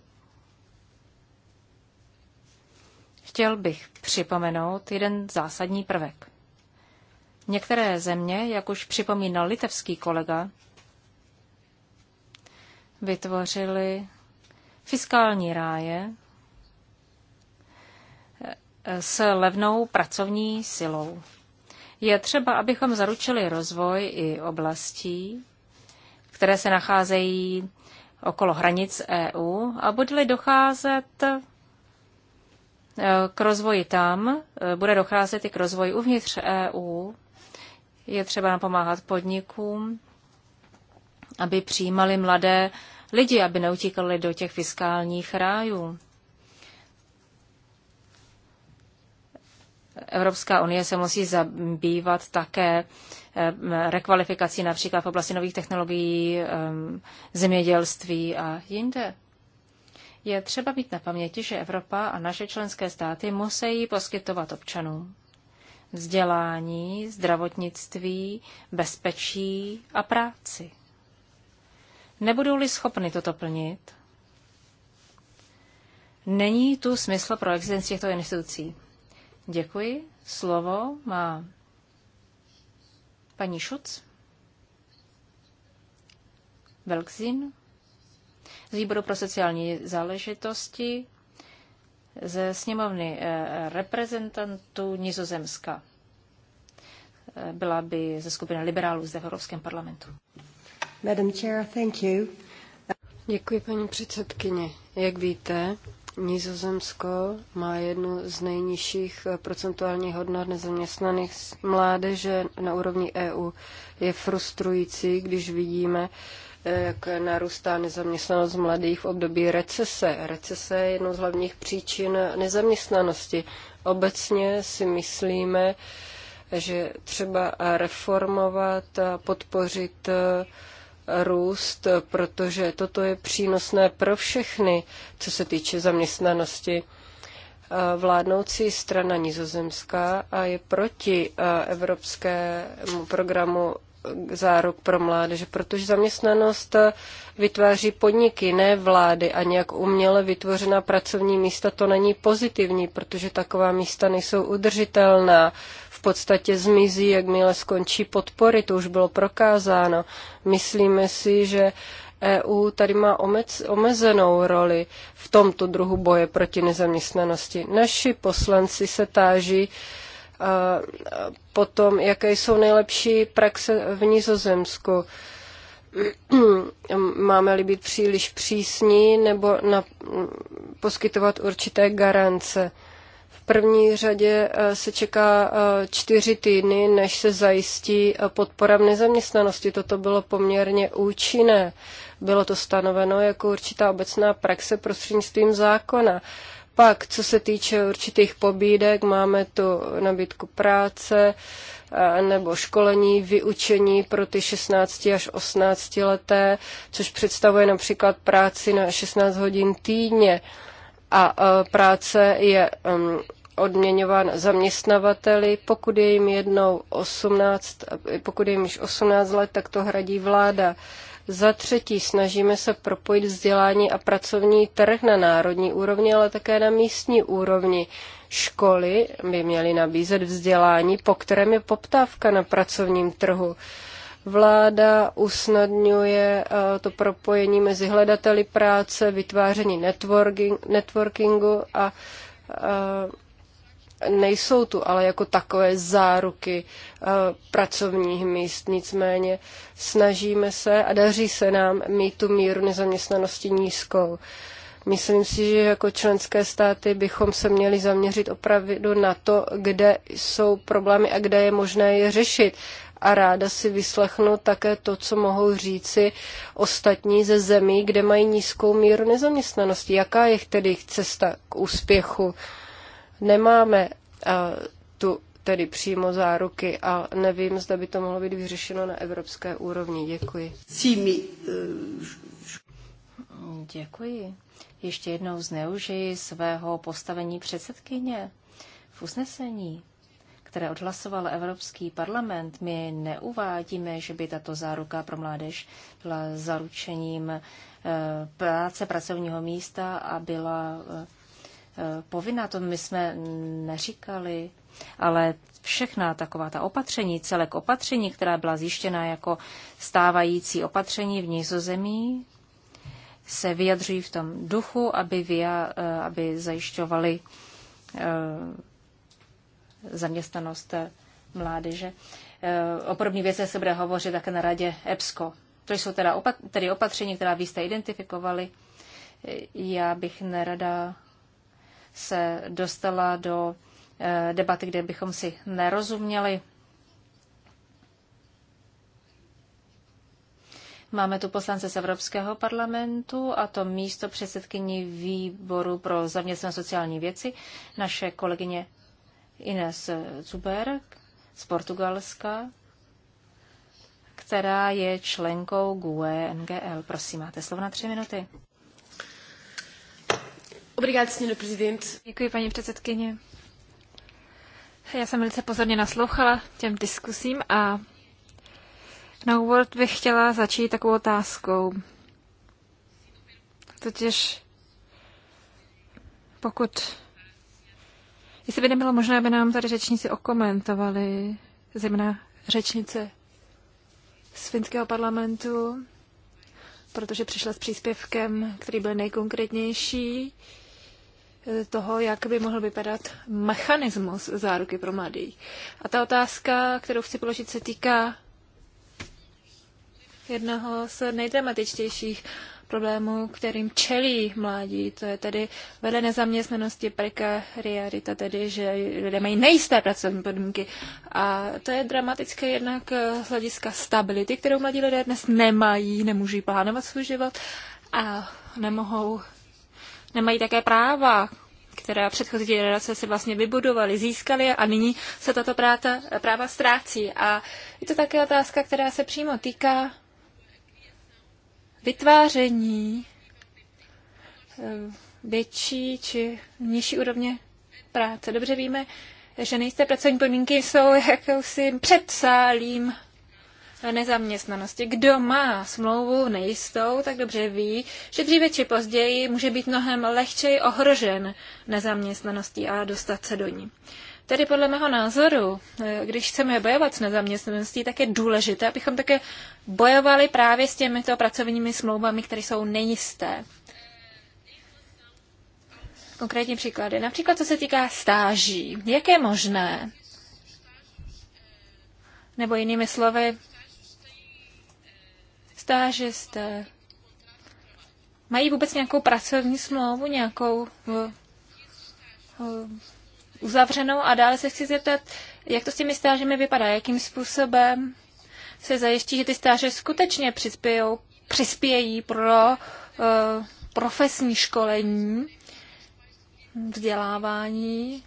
chtěl bych připomenout jeden zásadní prvek. Některé země, jak už připomínal litevský kolega, vytvořily fiskální ráje s levnou pracovní silou. Je třeba, abychom zaručili rozvoj i oblastí, které se nacházejí okolo hranic EU a bude-li docházet e, k rozvoji tam, e, bude docházet i k rozvoji uvnitř EU. Je třeba napomáhat podnikům, aby přijímali mladé lidi, aby neutíkali do těch fiskálních rájů. Evropská unie se musí zabývat také eh, rekvalifikací například v oblasti nových technologií, ehm, zemědělství a jinde. Je třeba mít na paměti, že Evropa a naše členské státy musí poskytovat občanům vzdělání, zdravotnictví, bezpečí a práci. Nebudou-li schopny toto plnit, není tu smysl pro existenci těchto institucí. Děkuji. Slovo má paní Šuc. Velkzin z výboru pro sociální záležitosti ze sněmovny eh, reprezentantů Nizozemska. Eh, byla by ze skupiny liberálů zde v Evropském parlamentu. Madam Chair, thank you. Děkuji, paní předsedkyně. Jak víte, Nizozemsko má jednu z nejnižších eh, procentuálních hodnot nezaměstnaných mládeže na úrovni EU. Je frustrující, když vidíme, eh, jak narůstá nezaměstnanost mladých v období recese. Recese je jednou z hlavních příčin nezaměstnanosti. Obecně si myslíme, že třeba reformovat a podpořit eh, růst, protože toto je přínosné pro všechny, co se týče zaměstnanosti. Vládnoucí strana nizozemská a je proti evropskému programu záruk pro mládeže, protože zaměstnanost vytváří podniky, ne vlády a nějak uměle vytvořená pracovní místa to není pozitivní, protože taková místa nejsou udržitelná. V podstatě zmizí, jakmile skončí podpory, to už bylo prokázáno. Myslíme si, že EU tady má omezenou roli v tomto druhu boje proti nezaměstnanosti. Naši poslanci se táží, potom, jaké jsou nejlepší praxe v Nizozemsku. Máme-li být příliš přísní nebo na, poskytovat určité garance. V první řadě se čeká čtyři týdny, než se zajistí podpora v nezaměstnanosti. Toto bylo poměrně účinné. Bylo to stanoveno jako určitá obecná praxe prostřednictvím zákona. Pak, co se týče určitých pobídek, máme tu nabídku práce nebo školení, vyučení pro ty 16 až 18 leté, což představuje například práci na 16 hodin týdně. A práce je um, odměňován zaměstnavateli, pokud je jim jednou 18, pokud je jim již 18 let, tak to hradí vláda. Za třetí, snažíme se propojit vzdělání a pracovní trh na národní úrovni, ale také na místní úrovni. Školy by měly nabízet vzdělání, po kterém je poptávka na pracovním trhu. Vláda usnadňuje eh, to propojení mezi hledateli práce, vytváření networking, networkingu a eh, nejsou tu ale jako takové záruky eh, pracovních míst. Nicméně snažíme se a daří se nám mít tu míru nezaměstnanosti nízkou. Myslím si, že jako členské státy bychom se měli zaměřit opravdu na to, kde jsou problémy a kde je možné je řešit. A ráda si vyslechnu také to, co mohou říci ostatní ze zemí, kde mají nízkou míru nezaměstnanosti. Jaká je tedy cesta k úspěchu? Nemáme tu tedy přímo záruky a nevím, zda by to mohlo být vyřešeno na evropské úrovni. Děkuji. Eh, Děkuji. Ještě jednou zneužiji svého postavení předsedkyně. V usnesení, které odhlasoval Evropský parlament, my neuvádíme, že by tato záruka pro mládež byla zaručením eh, práce pracovního místa a byla eh, Eh, povinná, to my jsme neříkali, ale všechna taková ta opatření, celek opatření, která byla zjištěna jako stávající opatření v Nizozemí, se vyjadřují v tom duchu, aby, via, eh, aby zajišťovali eh, zaměstnanost mládeže. O podobné věce se bude hovořit také na radě EBSCO. To jsou teda tedy opatření, která vy jste identifikovali. Já bych nerada se dostala do eh, debaty, kde bychom si nerozuměli. Máme tu poslance z Evropského parlamentu a to místo předsedkyni výboru pro zaměstnanost sociální věci, naše kolegyně Ines Zuber z Portugalska, která je členkou GUE NGL. Prosím, máte slovo na tři minuty senhora presidente. Děkuji, paní předsedkyně. Já jsem velice pozorně naslouchala těm diskusím a na úvod bych chtěla začít takovou otázkou. Totiž pokud... Jestli by nebylo možné, aby nám tady řečníci okomentovali, zejména řečnice z finského parlamentu, protože přišla s příspěvkem, který byl nejkonkrétnější toho, jak by mohl vypadat mechanismus záruky pro mladý. A ta otázka, kterou chci položit, se týká jednoho z nejdramatičtějších problémů, kterým čelí mládí. To je tedy vedle nezaměstnanosti prekariarita, tedy že lidé mají nejisté pracovní podmínky. A to je dramatické jednak z hlediska stability, kterou mladí lidé dnes nemají, nemůžou plánovat svůj život a nemohou nemají také práva, která předchozí generace si vlastně vybudovaly, získaly a nyní se tato práta, práva ztrácí. A je to také otázka, která se přímo týká vytváření eh, větší či nižší úrovně práce. Dobře víme, že nejisté pracovní podmínky jsou jakousi předsálím nezaměstnanosti. Kdo má smlouvu nejistou, tak dobře ví, že dříve či později může být mnohem lehčej ohrožen nezaměstnaností a dostat se do ní. Tedy podle mého názoru, eh, když chceme bojovat s nezaměstnaností, tak je důležité, abychom také bojovali právě s těmito pracovními smlouvami, které jsou nejisté. Konkrétní příklady. Například co se týká stáží. Jak je možné, nebo jinými slovy, stážisté, mají vůbec nějakou pracovní smlouvu, nějakou eh, eh, uzavřenou a dále se chci zeptat, jak to s těmi stážemi vypadá, jakým způsobem se zajistí, že ty stáže skutečně přispějou, přispějí pro uh, profesní školení, vzdělávání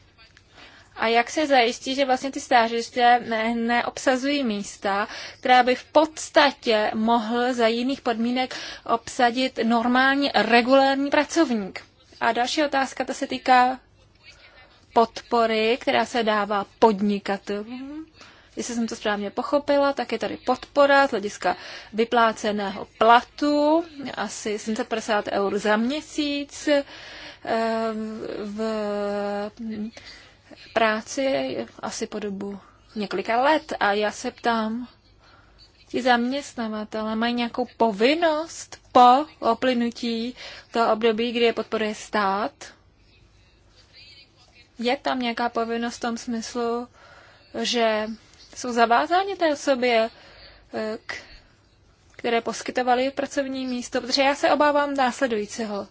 a jak se zajistí, že vlastně ty stážisté ne, neobsazují místa, která by v podstatě mohl za jiných podmínek obsadit normální regulární pracovník? A další otázka, ta se týká podpory, která se dává podnikatelům. Jestli jsem to správně pochopila, tak je tady podpora z hlediska vypláceného platu, asi 750 eur za měsíc. Ehm, v práci asi po dobu několika let a já se ptám, ti zaměstnavatele mají nějakou povinnost po oplynutí toho období, kdy je podporuje stát? Je tam nějaká povinnost v tom smyslu, že jsou zavázáni té osobě, eh, k, které poskytovali pracovní místo, protože já se obávám následujícího.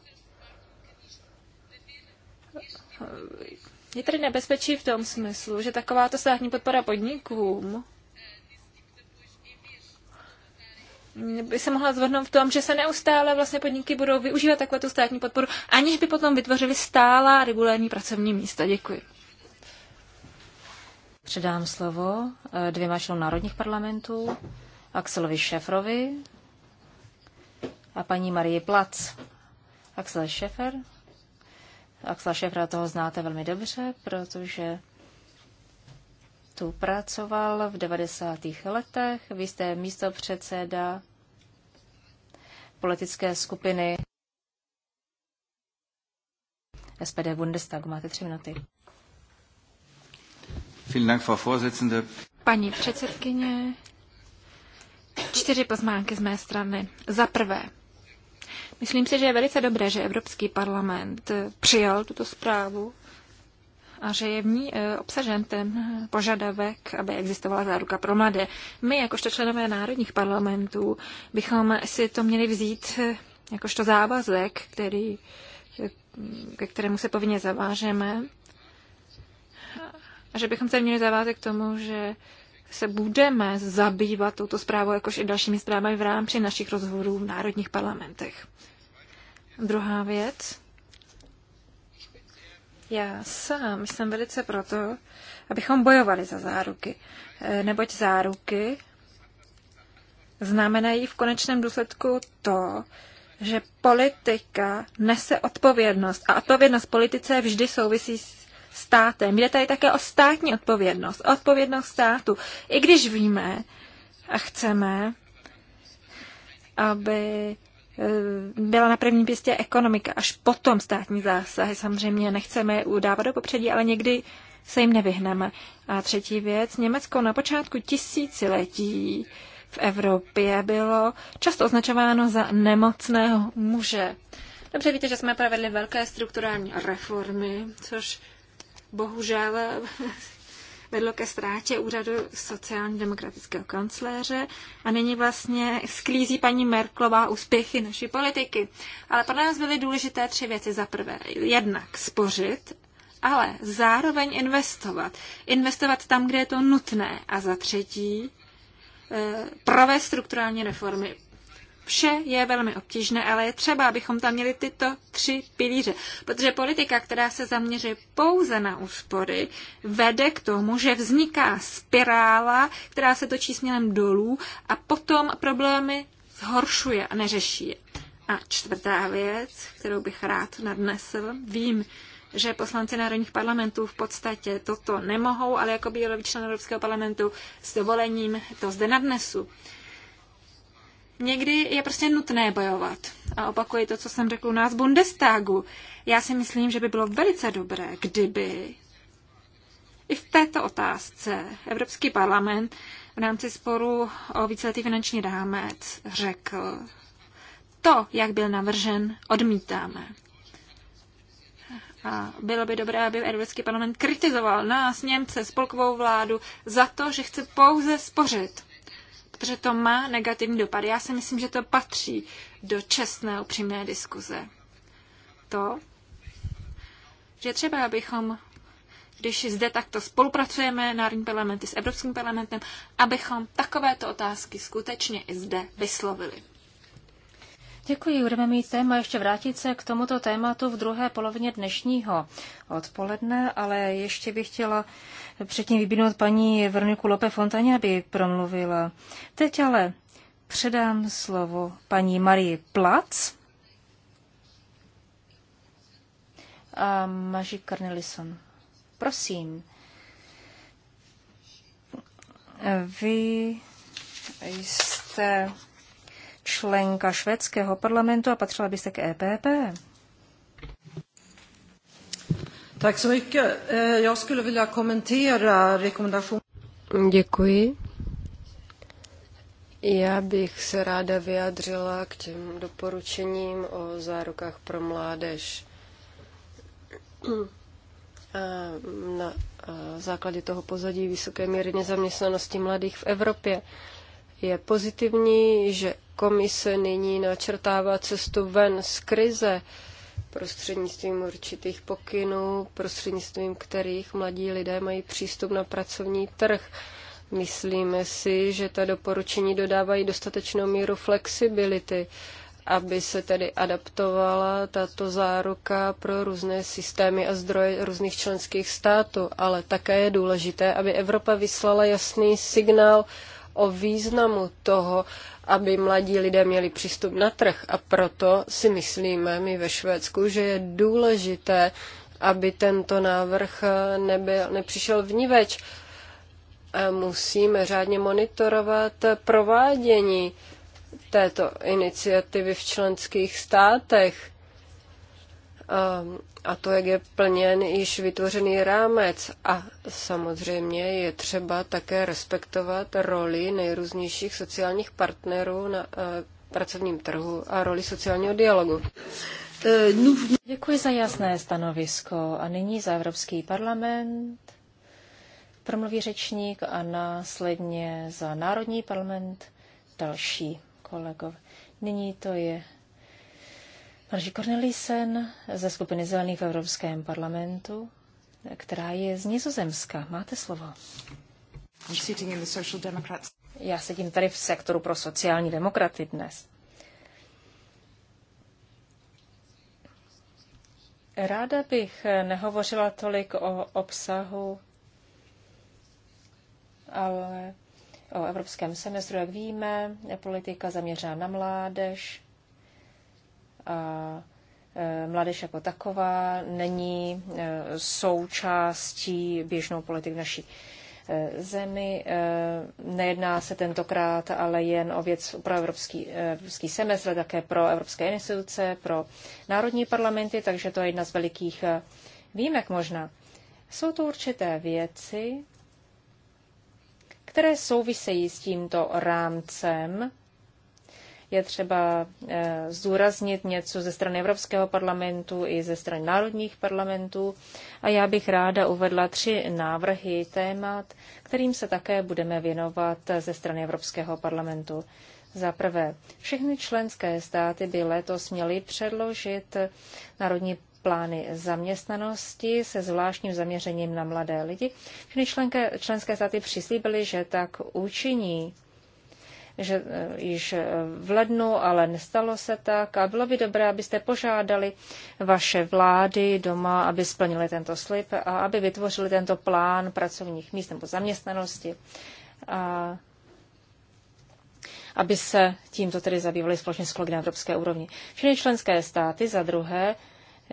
Je tady nebezpečí v tom smyslu, že takováto státní podpora podnikům by se mohla zvrhnout v tom, že se neustále vlastně podniky budou využívat takhle tu státní podporu, aniž by potom vytvořili stálá regulární pracovní místa. Děkuji. Předám slovo eh, dvěma členům národních parlamentů, Axelovi Šefrovi a paní Marie Plac. Axel Šefer Axla Šefra toho znáte velmi dobře, protože tu pracoval v 90. letech. Vy jste místo předseda politické skupiny SPD Bundestag. Máte tři minuty. Paní předsedkyně, čtyři poznámky z mé strany. Za prvé, Myslím si, že je velice dobré, že Evropský parlament eh, přijal tuto zprávu a že je v ní eh, obsažen ten požadavek, aby existovala záruka pro mladé. My, jakožto členové národních parlamentů, bychom si to měli vzít eh, jakožto závazek, který, ke kterému se povinně zavážeme. A že bychom se měli zavázat k tomu, že se budeme zabývat touto zprávou, jakož i dalšími zprávami v rámci našich rozhovorů v národních parlamentech. Druhá věc. Já sám jsem velice proto, abychom bojovali za záruky. Eh, neboť záruky znamenají v konečném důsledku to, že politika nese odpovědnost. A odpovědnost politice vždy souvisí s státem. Jde tady také o státní odpovědnost, o odpovědnost státu. I když víme a chceme, aby eh, byla na prvním pěstě ekonomika, až potom státní zásahy. Samozřejmě nechceme je udávat do popředí, ale někdy se jim nevyhneme. A třetí věc, Německo na počátku tisíciletí v Evropě bylo často označováno za nemocného muže. Dobře víte, že jsme provedli velké strukturální reformy, což bohužel vedlo ke ztrátě úřadu sociálně demokratického kancléře a nyní vlastně sklízí paní Merklová úspěchy naší politiky. Ale pro nás byly důležité tři věci. Za prvé, jednak spořit, ale zároveň investovat. Investovat tam, kde je to nutné. A za třetí, eh, provést strukturální reformy. Vše je velmi obtížné, ale je třeba, abychom tam měli tyto tři pilíře. Protože politika, která se zaměřuje pouze na úspory, vede k tomu, že vzniká spirála, která se točí směrem dolů a potom problémy zhoršuje a neřeší je. A čtvrtá věc, kterou bych rád nadnesl, vím, že poslanci národních parlamentů v podstatě toto nemohou, ale jako bývalý člen Evropského parlamentu s dovolením to zde nadnesu. Někdy je prostě nutné bojovat. A opakuji to, co jsem řekl u nás v Bundestagu. Já si myslím, že by bylo velice dobré, kdyby i v této otázce Evropský parlament v rámci sporu o víceletý finanční rámec řekl, to, jak byl navržen, odmítáme. A bylo by dobré, aby Evropský parlament kritizoval nás, Němce, spolkovou vládu za to, že chce pouze spořit protože to má negativní dopad. Já si myslím, že to patří do čestné upřímné diskuze. To, že třeba abychom, když zde takto spolupracujeme, národní parlamenty s Evropským parlamentem, abychom takovéto otázky skutečně i zde vyslovili. Děkuji. Budeme mít téma ještě vrátit se k tomuto tématu v druhé polovině dnešního odpoledne, ale ještě bych chtěla předtím vybídnout paní Veroniku Lope Fontaně, aby promluvila. Teď ale předám slovo paní Marii Plac a Maži Karnelison. Prosím, vy jste členka švédského parlamentu a patřila byste k EPP så mycket. Eh, jag skulle vilja kommentera rekommendation. Děkuji. Já bych se ráda vyjádřila k těm doporučením o zárukách pro mládež. Na základě toho pozadí vysoké míry nezaměstnanosti mladých v Evropě je pozitivní, že komise nyní načrtává cestu ven z krize prostřednictvím určitých pokynů, prostřednictvím kterých mladí lidé mají přístup na pracovní trh. Myslíme si, že ta doporučení dodávají dostatečnou míru flexibility, aby se tedy adaptovala tato záruka pro různé systémy a zdroje různých členských států, ale také je důležité, aby Evropa vyslala jasný signál o významu toho, aby mladí lidé měli přístup na trh. A proto si myslíme my ve Švédsku, že je důležité, aby tento návrh nebyl, nepřišel vníveč. A musíme řádně monitorovat provádění této iniciativy v členských státech Ehm, a to, jak je plněn již vytvořený rámec. A samozřejmě je třeba také respektovat roli nejrůznějších sociálních partnerů na eh, pracovním trhu a roli sociálního dialogu. Eh, Děkuji za jasné stanovisko. A nyní za Evropský parlament promluví řečník a následně za Národní parlament další kolegov. Nyní to je Marži Cornelisen ze skupiny Zelených v Evropském parlamentu, která je z Nizozemska. Máte slovo. Já sedím tady v sektoru pro sociální demokraty dnes. Ráda bych nehovořila tolik o obsahu, ale o evropském semestru, jak víme, politika zaměřená na mládež, a e, mládež jako taková není e, součástí běžnou politik naší e, zemi. Nejedná se tentokrát ale jen o věc pro evropský, evropský semestr, také pro evropské instituce, pro národní parlamenty, takže to je jedna z velikých výjimek možná. Jsou to určité věci, které souvisejí s tímto rámcem je třeba eh, zdůraznit něco ze strany Evropského parlamentu i ze strany národních parlamentů. A já bych ráda uvedla tři návrhy témat, kterým se také budeme věnovat ze strany Evropského parlamentu. Za prvé, všechny členské státy by letos měly předložit národní plány zaměstnanosti se zvláštním zaměřením na mladé lidi. Všechny členské, státy přislíbily, že tak učiní že eh, již eh, v lednu, ale nestalo se tak. A bylo by dobré, abyste požádali vaše vlády doma, aby splnili tento slib a aby vytvořili tento plán pracovních míst nebo zaměstnanosti. A aby se tímto tedy zabývali společně s kolegy na evropské úrovni. Všechny členské státy za druhé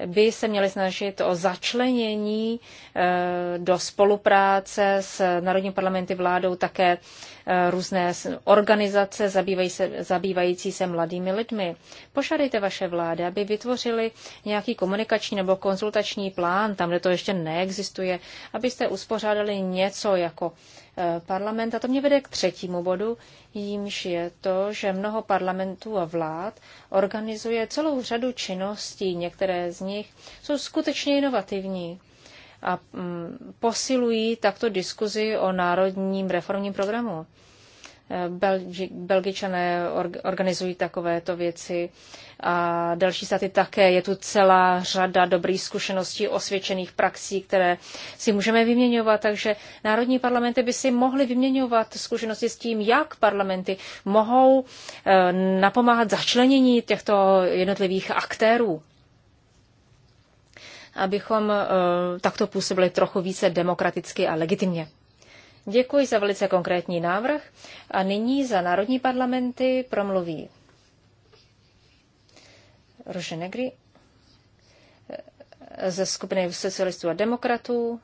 by se měli snažit o začlenění eh, do spolupráce s Národním parlamenty vládou také eh, různé organizace se, zabývající se mladými lidmi. Požádejte vaše vlády, aby vytvořili nějaký komunikační nebo konzultační plán, tam, kde to ještě neexistuje, abyste uspořádali něco jako Eh, parlament. A to mě vede k třetímu bodu, jímž je to, že mnoho parlamentů a vlád organizuje celou řadu činností. Některé z nich jsou skutečně inovativní a mm, posilují takto diskuzi o národním reformním programu. Belgi, Belgičané organizují takovéto věci a další státy také. Je tu celá řada dobrých zkušeností, osvědčených praxí, které si můžeme vyměňovat, takže národní parlamenty by si mohly vyměňovat zkušenosti s tím, jak parlamenty mohou eh, napomáhat začlenění těchto jednotlivých aktérů abychom eh, takto působili trochu více demokraticky a legitimně. Děkuji za velice konkrétní návrh a nyní za národní parlamenty promluví Rože Negri eh, ze skupiny socialistů a demokratů,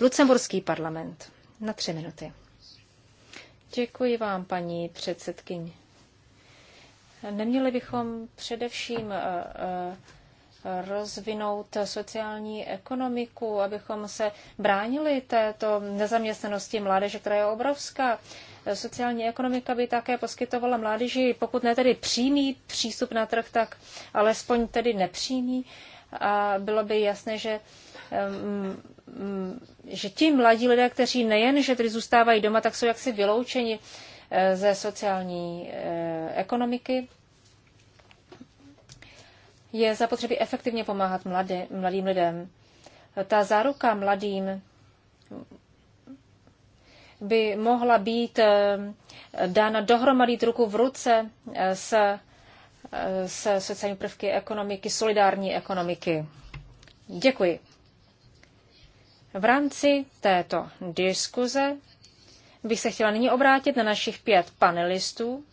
Lucemburský parlament. Na tři minuty. Děkuji vám, paní předsedkyně. Neměli bychom především eh, eh, rozvinout sociální ekonomiku, abychom se bránili této nezaměstnanosti mládeže, která je obrovská. Sociální ekonomika by také poskytovala mládeži, pokud ne tedy přímý přístup na trh, tak alespoň tedy nepřímý. A bylo by jasné, že že ti mladí lidé, kteří nejen, že tedy zůstávají doma, tak jsou jaksi vyloučeni eh, ze sociální eh, ekonomiky, je zapotřebí efektivně pomáhat mladý, mladým lidem. Ta záruka mladým by mohla být eh, dána dohromady ruku v ruce eh, s, eh, s sociální prvky ekonomiky, solidární ekonomiky. Děkuji. V rámci této diskuze bych se chtěla nyní obrátit na našich pět panelistů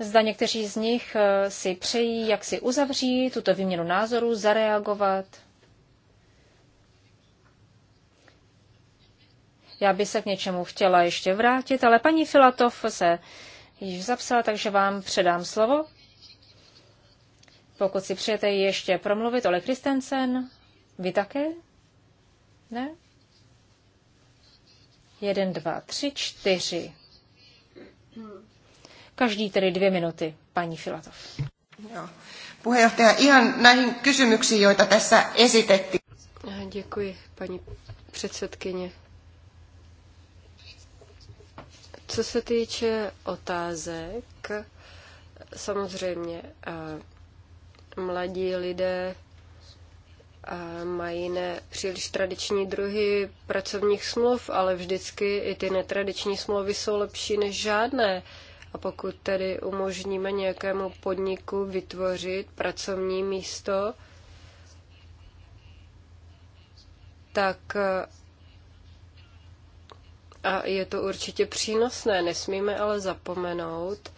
Zda někteří z nich eh, si přejí, jak si uzavří tuto výměnu názorů, zareagovat. Já bych se k něčemu chtěla ještě vrátit, ale paní Filatov se již zapsala, takže vám předám slovo. Pokud si přijete ještě promluvit, Ole Kristensen, vy také? Ne? Jeden, dva, tři, čtyři. Každý tedy dvě minuty, paní Filatov. Jo. Puheenjohtaja, ihan näihin kysymyksiin, joita tässä esitettiin. Děkuji, paní předsedkyně. Co se týče otázek, samozřejmě mladí lidé mají ne příliš tradiční druhy pracovních smluv, ale vždycky i ty netradiční smlouvy jsou lepší než žádné. A pokud tedy umožníme nějakému podniku vytvořit pracovní místo, tak a je to určitě přínosné. Nesmíme ale zapomenout,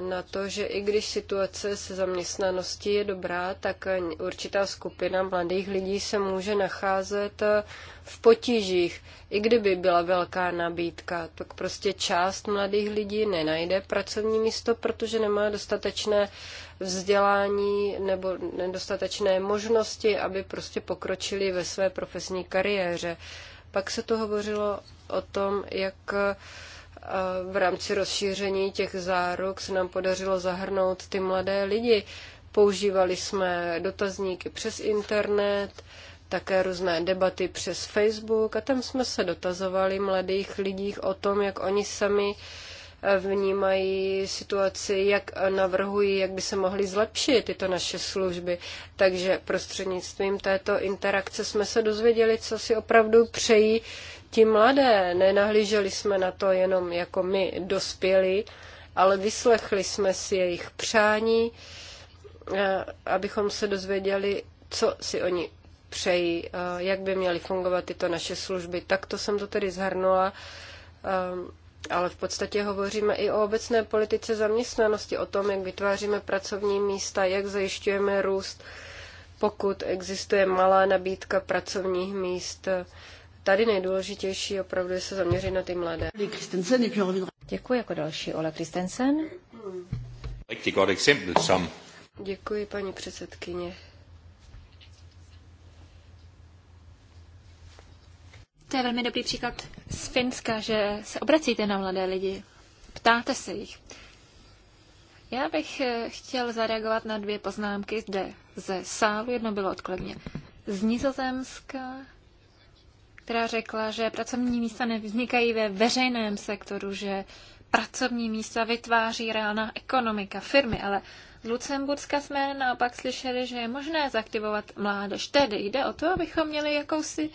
na to, že i když situace se zaměstnaností je dobrá, tak určitá skupina mladých lidí se může nacházet v potížích. I kdyby byla velká nabídka, tak prostě část mladých lidí nenajde pracovní místo, protože nemá dostatečné vzdělání nebo nedostatečné možnosti, aby prostě pokročili ve své profesní kariéře. Pak se tu hovořilo o tom, jak v rámci rozšíření těch záruk se nám podařilo zahrnout ty mladé lidi. Používali jsme dotazníky přes internet, také různé debaty přes Facebook a tam jsme se dotazovali mladých lidí o tom, jak oni sami eh, vnímají situaci, jak eh, navrhují, jak by se mohly zlepšit tyto naše služby. Takže prostřednictvím této interakce jsme se dozvěděli, co si opravdu přejí ti mladé. Nenahlíželi jsme na to jenom jako my dospěli, ale vyslechli jsme si jejich přání, eh, abychom se dozvěděli, co si oni přejí, eh, jak by měly fungovat tyto naše služby. Tak to jsem to tedy zhrnula, eh, ale v podstatě hovoříme i o obecné politice zaměstnanosti, o tom, jak vytváříme pracovní místa, jak zajišťujeme růst, pokud existuje malá nabídka pracovních míst tady nejdůležitější opravdu je se zaměřit na ty mladé. Děkuji jako další Ola Kristensen. Děkuji, paní předsedkyně. To je velmi dobrý příklad z Finska, že se obracíte na mladé lidi, ptáte se jich. Já bych eh, chtěl zareagovat na dvě poznámky zde ze sálu. Jedno bylo odkladně z Nizozemska která řekla, že pracovní místa nevznikají ve veřejném sektoru, že pracovní místa vytváří reálná ekonomika, firmy, ale z Lucemburska jsme naopak slyšeli, že je možné zaktivovat mládež. Tedy jde o to, abychom měli jakousi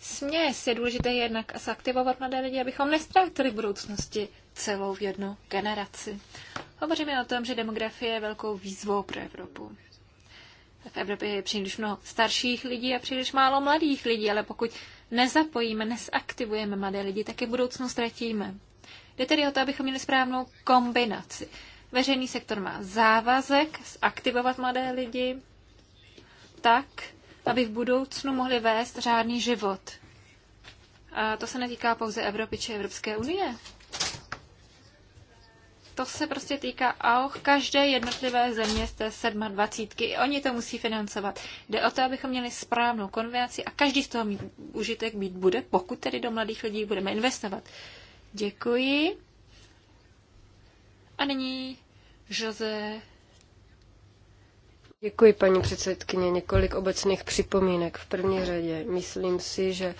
směs. Je důležité jednak zaktivovat mladé lidi, abychom nestrátili v budoucnosti celou jednu generaci. Hovoříme o tom, že demografie je velkou výzvou pro Evropu v Evropě je příliš mnoho starších lidí a příliš málo mladých lidí, ale pokud nezapojíme, nesaktivujeme mladé lidi, tak je budoucnu ztratíme. Jde tedy o to, abychom měli správnou kombinaci. Veřejný sektor má závazek zaktivovat mladé lidi tak, aby v budoucnu mohli vést řádný život. A to se netýká pouze Evropy či Evropské unie to se prostě týká AOH každé jednotlivé země z té 27. I oni to musí financovat. Jde o to, abychom měli správnou konvenci a každý z toho mít užitek mít bude, pokud tedy do mladých lidí budeme investovat. Děkuji. A nyní Jose. Děkuji, paní předsedkyně. Několik obecných připomínek. V první řadě myslím si, že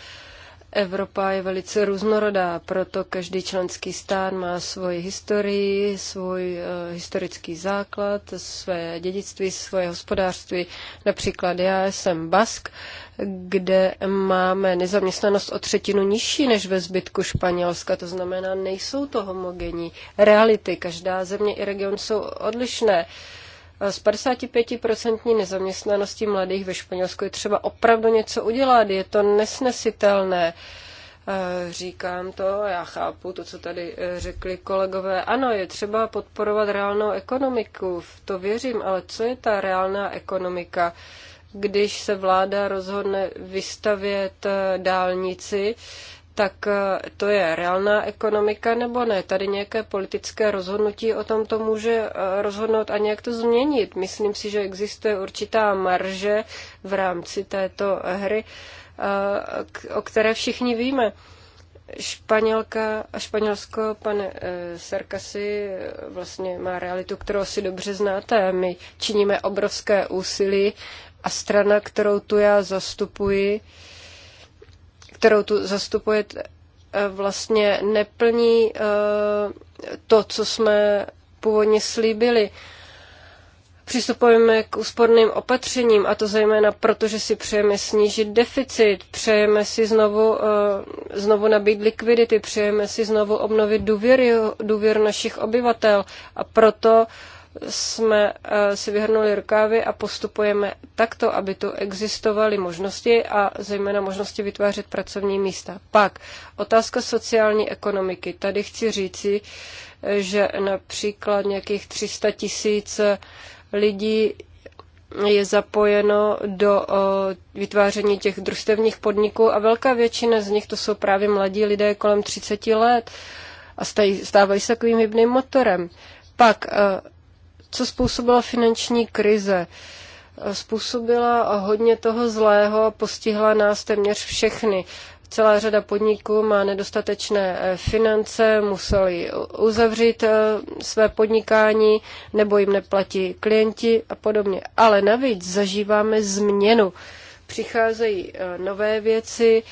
Evropa je velice různorodá, proto každý členský stát má svoji historii, svůj eh, historický základ, své dědictví, svoje hospodářství. Například já jsem Bask, kde máme nezaměstnanost o třetinu nižší než ve zbytku Španělska. To znamená, nejsou to homogenní reality. Každá země i region jsou odlišné. Uh, s 55% nezaměstnaností mladých ve Španělsku je třeba opravdu něco udělat. Je to nesnesitelné. Eh, říkám to, já chápu to, co tady eh, řekli kolegové. Ano, je třeba podporovat reálnou ekonomiku, v to věřím, ale co je ta reálná ekonomika? Když se vláda rozhodne vystavět eh, dálnici, tak e, to je reálná ekonomika nebo ne? Tady nějaké politické rozhodnutí o tom to může e, rozhodnout a nějak to změnit. Myslím si, že existuje určitá marže v rámci této hry, e, o které všichni víme. Španělka a Španělsko, pane Sarkasy, vlastně má realitu, kterou si dobře znáte. My činíme obrovské úsilí a strana, kterou tu já zastupuji, kterou tu zastupuje eh, vlastně neplní eh, to, co jsme původně slíbili. Přistupujeme k úsporným opatřením, a to zejména proto, že si přejeme snížit deficit, přejeme si znovu, eh, znovu nabít likvidity, přejeme si znovu obnovit důvěr, důvěr našich obyvatel a proto uh, jsme eh, si vyhrnuli rukávy a postupujeme takto, aby tu existovaly možnosti a zejména možnosti vytvářet pracovní místa. Pak otázka sociální ekonomiky. Tady chci říci, eh, že například nějakých 300 tisíc eh, lidí je zapojeno do vytváření těch družstevních podniků a velká většina z nich to jsou právě mladí lidé kolem 30 let a stávají se takovým hybným motorem. Pak co způsobila finanční krize? Způsobila hodně toho zlého a postihla nás téměř všechny. Celá řada podniků má nedostatečné eh, finance, museli uzavřít eh, své podnikání, nebo jim neplatí klienti a podobně. Ale navíc zažíváme změnu přicházejí eh, nové věci,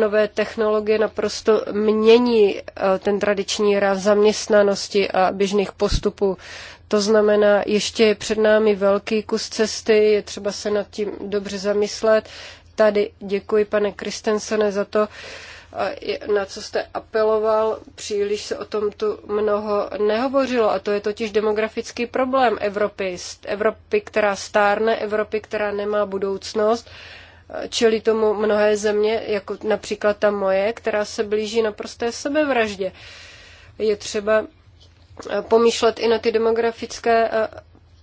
nové technologie naprosto mění ten tradiční ráz zaměstnanosti a běžných postupů. To znamená, ještě je před námi velký kus cesty, je třeba se nad tím dobře zamyslet. Tady děkuji, pane Kristensene, za to, na co jste apeloval, příliš se o tom tu mnoho nehovořilo a to je totiž demografický problém Evropy. Evropy, která stárne, Evropy, která nemá budoucnost, čili tomu mnohé země, jako například ta moje, která se blíží naprosté sebevraždě. Je třeba Eh, pomýšlet i na ty demografické eh,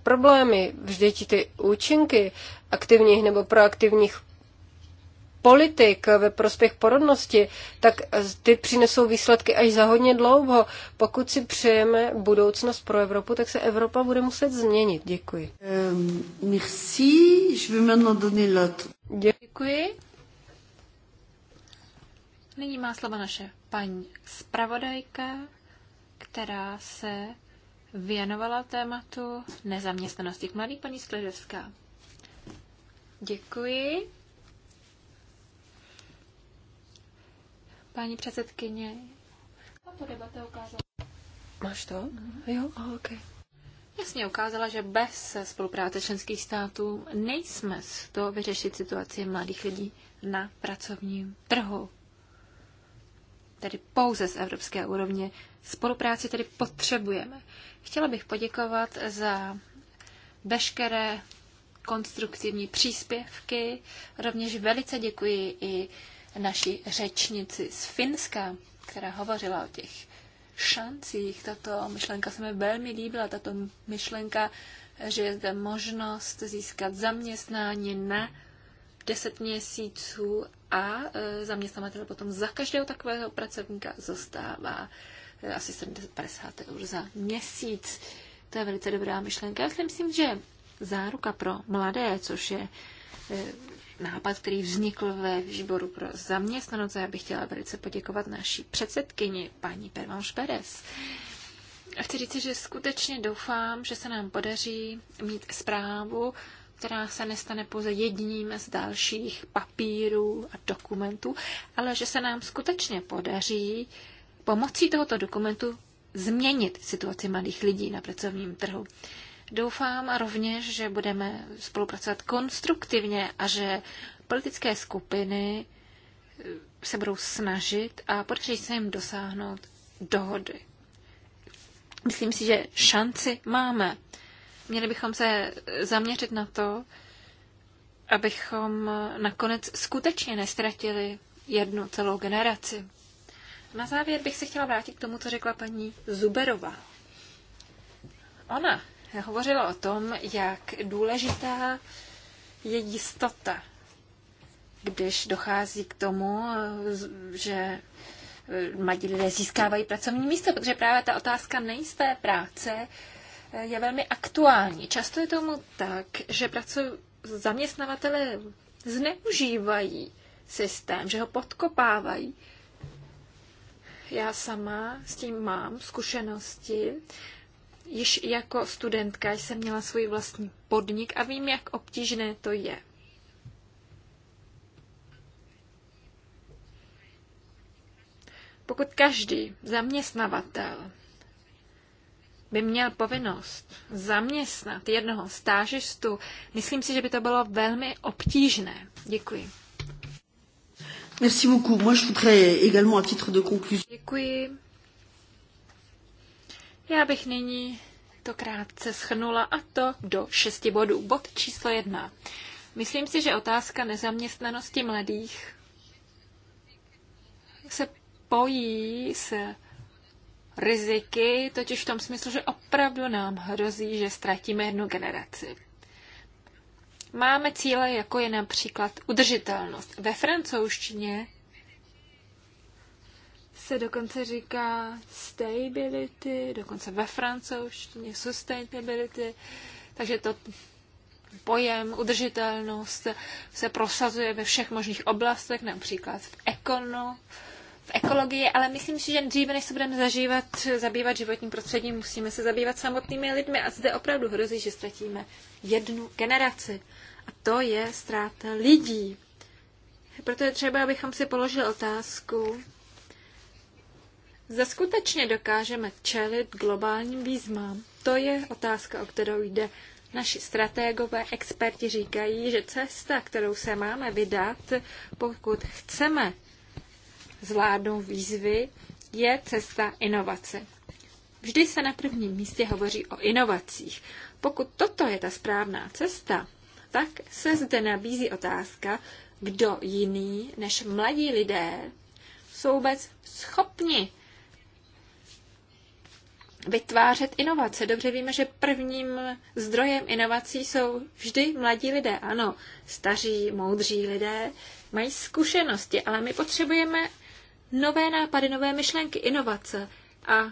problémy, vždyť ty účinky aktivních nebo proaktivních politik ve prospěch porodnosti, tak ty přinesou výsledky až za hodně dlouho. Pokud si přejeme budoucnost pro Evropu, tak se Evropa bude muset změnit. Děkuji. Ehm, merci, je vais maintenant donner Děkuji. Nyní má slovo naše paní zpravodajka která se věnovala tématu nezaměstnanosti. mladý paní Skledevská. Děkuji. Paní předsedkyně. po debata ukázala. Máš to? Mm. Jo, oh, ok. Jasně ukázala, že bez spolupráce členských států nejsme z to vyřešit situaci mladých lidí na pracovním trhu tedy pouze z evropské úrovně. Spolupráci tedy potřebujeme. Chtěla bych poděkovat za veškeré konstruktivní příspěvky. Rovněž velice děkuji i naší řečnici z Finska, která hovořila o těch šancích. Tato myšlenka se mi velmi líbila, tato myšlenka, že je zde možnost získat zaměstnání na 10 měsíců a e, zaměstnavatel potom za každého takového pracovníka zůstává e, asi 750 eur za měsíc. To je velice dobrá myšlenka. Já si myslím, že záruka pro mladé, což je e, nápad, který vznikl ve výboru pro zaměstnanost, já bych chtěla velice poděkovat naší předsedkyni, paní Permanš Perez. A chci říct, že skutečně doufám, že se nám podaří mít zprávu, která se nestane pouze jedním z dalších papírů a dokumentů, ale že se nám skutečně podaří pomocí tohoto dokumentu změnit situaci mladých lidí na pracovním trhu. Doufám rovněž, že budeme spolupracovat konstruktivně a že politické skupiny eh, se budou snažit a podaří se jim dosáhnout dohody. Myslím si, že šanci máme. Měli bychom se zaměřit na to, abychom nakonec skutečně nestratili jednu celou generaci. Na závěr bych se chtěla vrátit k tomu, co řekla paní Zuberová. Ona hovořila o tom, jak důležitá je jistota, když dochází k tomu, že mladí lidé získávají pracovní místo, protože právě ta otázka nejisté práce je velmi aktuální. Často je tomu tak, že pracu zaměstnavatele zneužívají systém, že ho podkopávají. Já sama s tím mám zkušenosti. Již jako studentka jsem měla svůj vlastní podnik a vím, jak obtížné to je. Pokud každý zaměstnavatel by měl povinnost zaměstnat jednoho stážistu, myslím si, že by to bylo velmi obtížné. Děkuji. Merci beaucoup. Moi, je voudrais également à titre de conclusion. Děkuji. Já bych nyní to krátce schrnula a to do šesti bodů. Bod číslo jedna. Myslím si, že otázka nezaměstnanosti mladých se pojí se riziky, totiž v tom smyslu, že opravdu nám hrozí, že ztratíme jednu generaci. Máme cíle, jako je například udržitelnost. Ve francouzštině se dokonce říká stability, dokonce ve francouzštině sustainability, takže to pojem udržitelnost se prosazuje ve všech možných oblastech, například v ekonomii, v ekologii, ale myslím si, že dříve, než se budeme zažívat, zabývat životním prostředím, musíme se zabývat samotnými lidmi a zde opravdu hrozí, že ztratíme jednu generaci. A to je ztráta lidí. Proto je třeba, abychom si položili otázku, zda skutečně dokážeme čelit globálním výzvám. To je otázka, o kterou jde. Naši strategové experti říkají, že cesta, kterou se máme vydat, pokud chceme zvládnou výzvy, je cesta inovace. Vždy se na prvním místě hovoří o inovacích. Pokud toto je ta správná cesta, tak se zde nabízí otázka, kdo jiný než mladí lidé jsou vůbec schopni vytvářet inovace. Dobře víme, že prvním zdrojem inovací jsou vždy mladí lidé. Ano, staří, moudří lidé mají zkušenosti, ale my potřebujeme nové nápady, nové myšlenky, inovace. A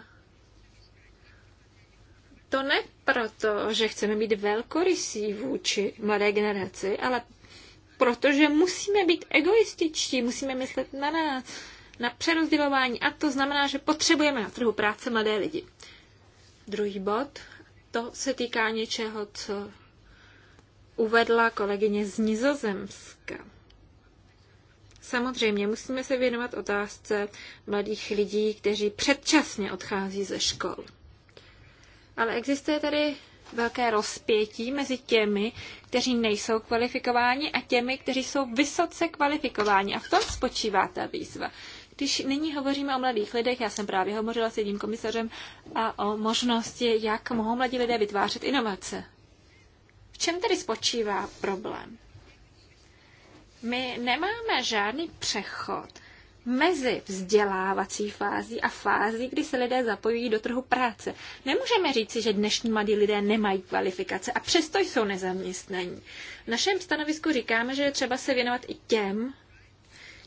to ne proto, že chceme být velkorysí vůči mladé generaci, ale protože musíme být egoističtí, musíme myslet na nás, na přerozdělování a to znamená, že potřebujeme na trhu práce mladé lidi. Druhý bod, to se týká něčeho, co uvedla kolegyně z Nizozemska. Samozřejmě musíme se věnovat otázce mladých lidí, kteří předčasně odchází ze škol. Ale existuje tady velké rozpětí mezi těmi, kteří nejsou kvalifikováni a těmi, kteří jsou vysoce kvalifikováni. A v tom spočívá ta výzva. Když nyní hovoříme o mladých lidech, já jsem právě hovořila s jedním komisařem a o možnosti, jak mohou mladí lidé vytvářet inovace. V čem tedy spočívá problém? my nemáme žádný přechod mezi vzdělávací fází a fází, kdy se lidé zapojují do trhu práce. Nemůžeme říci, že dnešní mladí lidé nemají kvalifikace a přesto jsou nezaměstnaní. V našem stanovisku říkáme, že je třeba se věnovat i těm,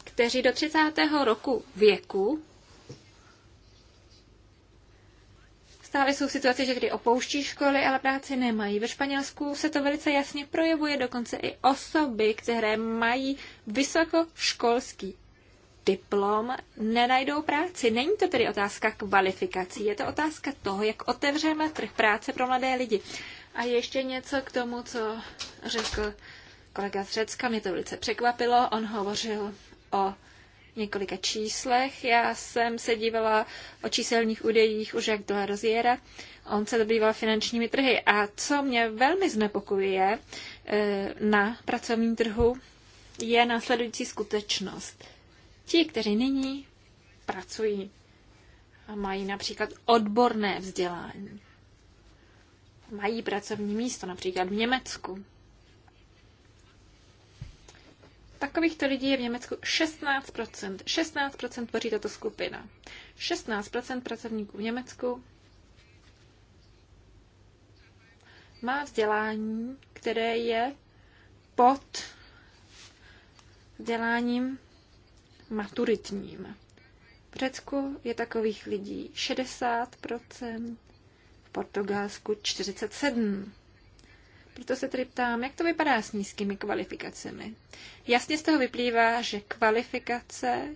kteří do 30. roku věku Stále jsou situace, že kdy opouští školy, ale práci nemají. Ve Španělsku se to velice jasně projevuje, dokonce i osoby, které mají vysokoškolský diplom, nenajdou práci. Není to tedy otázka kvalifikací, je to otázka toho, jak otevřeme trh práce pro mladé lidi. A ještě něco k tomu, co řekl kolega z Řecka, mě to velice překvapilo. On hovořil o několika číslech. Já jsem se dívala o číselních údajích už jak dlouho rozjera. On se zabýval finančními trhy. A co mě velmi znepokojuje eh, na pracovním trhu, je následující skutečnost. Ti, kteří nyní pracují a mají například odborné vzdělání, mají pracovní místo například v Německu, Takovýchto lidí je v Německu 16%. 16% tvoří tato skupina. 16% pracovníků v Německu má vzdělání, které je pod vzděláním maturitním. V Řecku je takových lidí 60%, v Portugalsku 47%. Proto se tedy ptám, jak to vypadá s nízkými kvalifikacemi. Jasně z toho vyplývá, že kvalifikace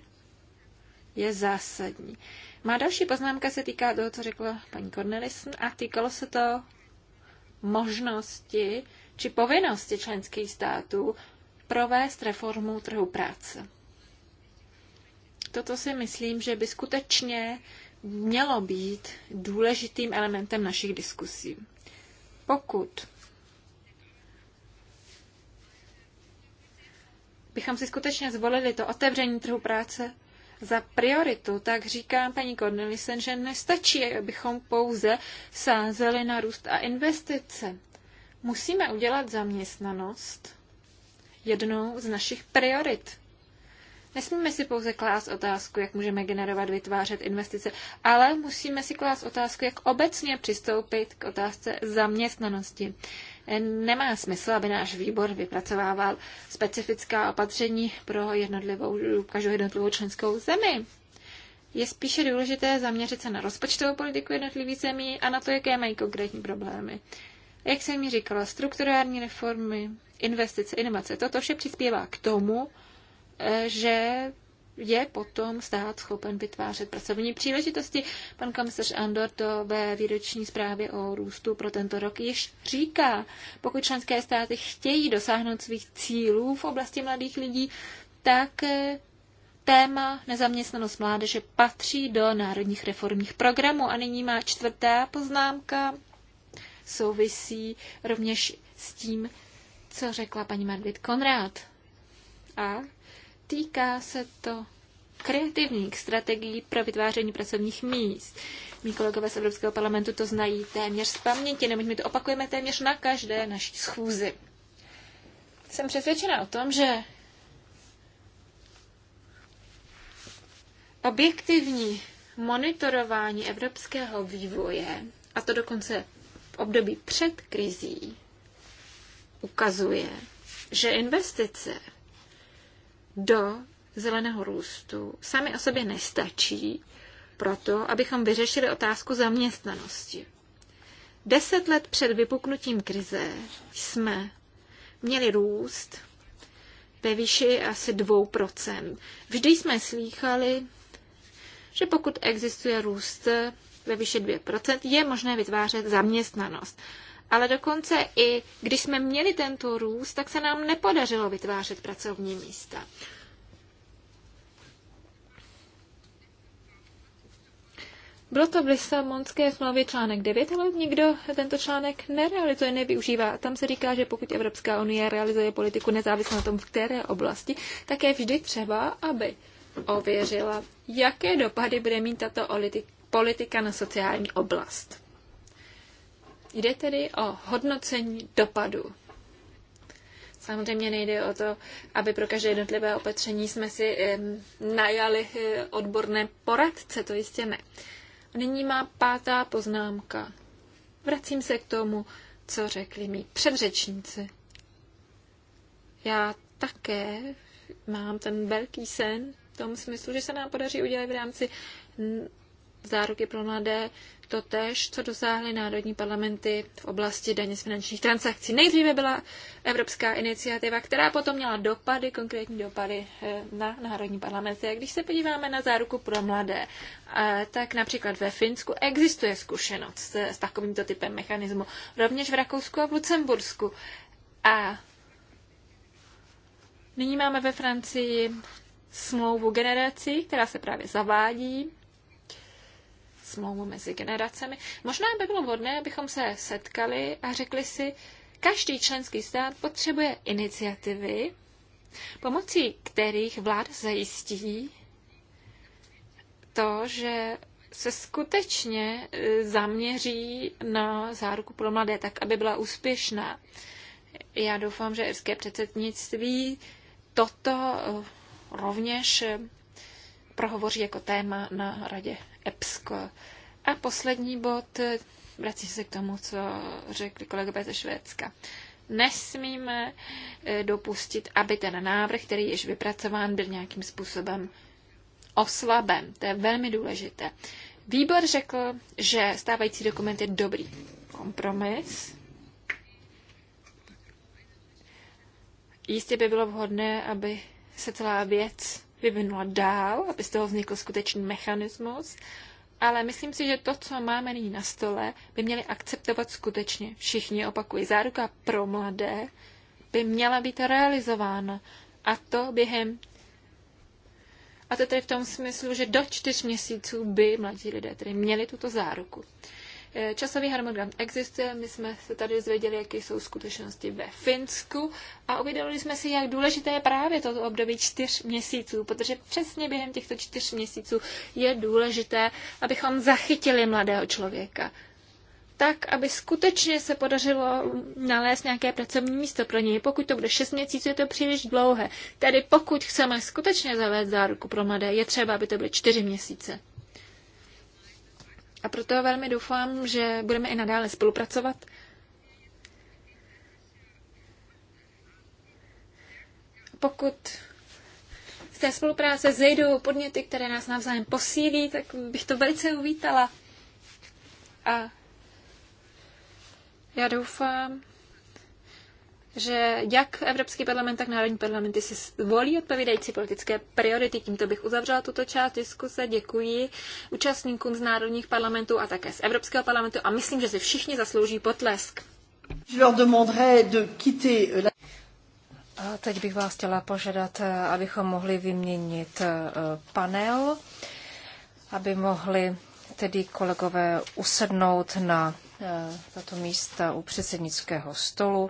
je zásadní. Má další poznámka se týká toho, co řekla paní Cornelison, a týkalo se to možnosti či povinnosti členských států provést reformu trhu práce. Toto si myslím, že by skutečně mělo být důležitým elementem našich diskusí. Pokud bychom si skutečně zvolili to otevření trhu práce za prioritu, tak říkám paní Cornelisen, že nestačí, abychom pouze sázeli na růst a investice. Musíme udělat zaměstnanost jednou z našich priorit. Nesmíme si pouze klást otázku, jak můžeme generovat, vytvářet investice, ale musíme si klást otázku, jak obecně přistoupit k otázce zaměstnanosti nemá smysl, aby náš výbor vypracovával specifická opatření pro jednotlivou, každou jednotlivou členskou zemi. Je spíše důležité zaměřit se na rozpočtovou politiku jednotlivých zemí a na to, jaké mají konkrétní problémy. Jak jsem mi říkala, strukturální reformy, investice, inovace, toto vše přispívá k tomu, eh, že je potom stát schopen vytvářet pracovní příležitosti. Pan komisař Andor to ve výroční zprávě o růstu pro tento rok již říká. Pokud členské státy chtějí dosáhnout svých cílů v oblasti mladých lidí, tak eh, téma nezaměstnanost mládeže patří do národních reformních programů. A nyní má čtvrtá poznámka, souvisí rovněž s tím, co řekla paní Margit Konrád. A Týká se to kreativních strategií pro vytváření pracovních míst. Mí kolegové z Evropského parlamentu to znají téměř z paměti, neboť my to opakujeme téměř na každé naší schůzi. Jsem přesvědčena o tom, že objektivní monitorování evropského vývoje, a to dokonce v období před krizí, ukazuje, že investice do zeleného růstu sami o sobě nestačí proto, abychom vyřešili otázku zaměstnanosti. Deset let před vypuknutím krize jsme měli růst ve výši asi 2%. Vždy jsme slýchali, že pokud existuje růst ve výši 2%, je možné vytvářet zaměstnanost ale dokonce i když jsme měli tento růst, tak se nám nepodařilo vytvářet pracovní místa. Bylo to v Lisabonské smlouvě článek 9, ale nikdo tento článek nerealizuje, nevyužívá. Tam se říká, že pokud Evropská unie realizuje politiku nezávisle na tom, v které oblasti, tak je vždy třeba, aby ověřila, jaké dopady bude mít tato politika na sociální oblast. Jde tedy o hodnocení dopadu. Samozřejmě nejde o to, aby pro každé jednotlivé opatření jsme si najali eh, odborné poradce, to jistě ne. Nyní má pátá poznámka. Vracím se k tomu, co řekli mi předřečníci. Já také mám ten velký sen v tom smyslu, že se nám podaří udělat v rámci záruky pro mladé, to tež, co dosáhly národní parlamenty v oblasti daně z finančních transakcí. Nejdříve byla evropská iniciativa, která potom měla dopady, konkrétní dopady eh, na národní parlamenty. A když se podíváme na záruku pro mladé, eh, tak například ve Finsku existuje zkušenost s, s takovýmto typem mechanismu. Rovněž v Rakousku a v Lucembursku. A nyní máme ve Francii smlouvu generací, která se právě zavádí smlouvu mezi generacemi. Možná by bylo vhodné, abychom se setkali a řekli si, každý členský stát potřebuje iniciativy, pomocí kterých vláda zajistí to, že se skutečně e, zaměří na záruku pro mladé, tak aby byla úspěšná. Já doufám, že irské předsednictví toto e, rovněž e, prohovoří jako téma na radě EPSCO. A poslední bod, vracím se k tomu, co řekli kolegové ze Švédska. Nesmíme eh, dopustit, aby ten návrh, který již vypracován, byl nějakým způsobem oslaben. To je velmi důležité. Výbor řekl, že stávající dokument je dobrý kompromis. Jistě by bylo vhodné, aby se celá věc vyvinula dál, aby z toho vznikl skutečný mechanismus, ale myslím si, že to, co máme nyní na stole, by měli akceptovat skutečně všichni. Opakuji, záruka pro mladé by měla být realizována a to během a to tedy v tom smyslu, že do čtyř měsíců by mladí lidé tedy měli tuto záruku. Časový harmonogram existuje, my jsme se tady zvěděli, jaké jsou skutečnosti ve Finsku a uvědomili jsme si, jak důležité je právě toto období čtyř měsíců, protože přesně během těchto čtyř měsíců je důležité, abychom zachytili mladého člověka tak, aby skutečně se podařilo nalézt nějaké pracovní místo pro něj. Pokud to bude 6 měsíců, je to příliš dlouhé. Tedy pokud chceme skutečně zavést záruku pro mladé, je třeba, aby to byly 4 měsíce. A proto velmi doufám, že budeme i nadále spolupracovat. Pokud z té spolupráce zejdou podněty, které nás navzájem posílí, tak bych to velice uvítala. A já doufám, že jak Evropský parlament, tak národní parlamenty si volí odpovídající politické priority. Tímto bych uzavřela tuto část diskuse. Děkuji účastníkům z národních parlamentů a také z Evropského parlamentu a myslím, že si všichni zaslouží potlesk. A teď bych vás chtěla požadat, abychom mohli vyměnit eh, panel, aby mohli tedy kolegové usednout na eh, tato místa u předsednického stolu.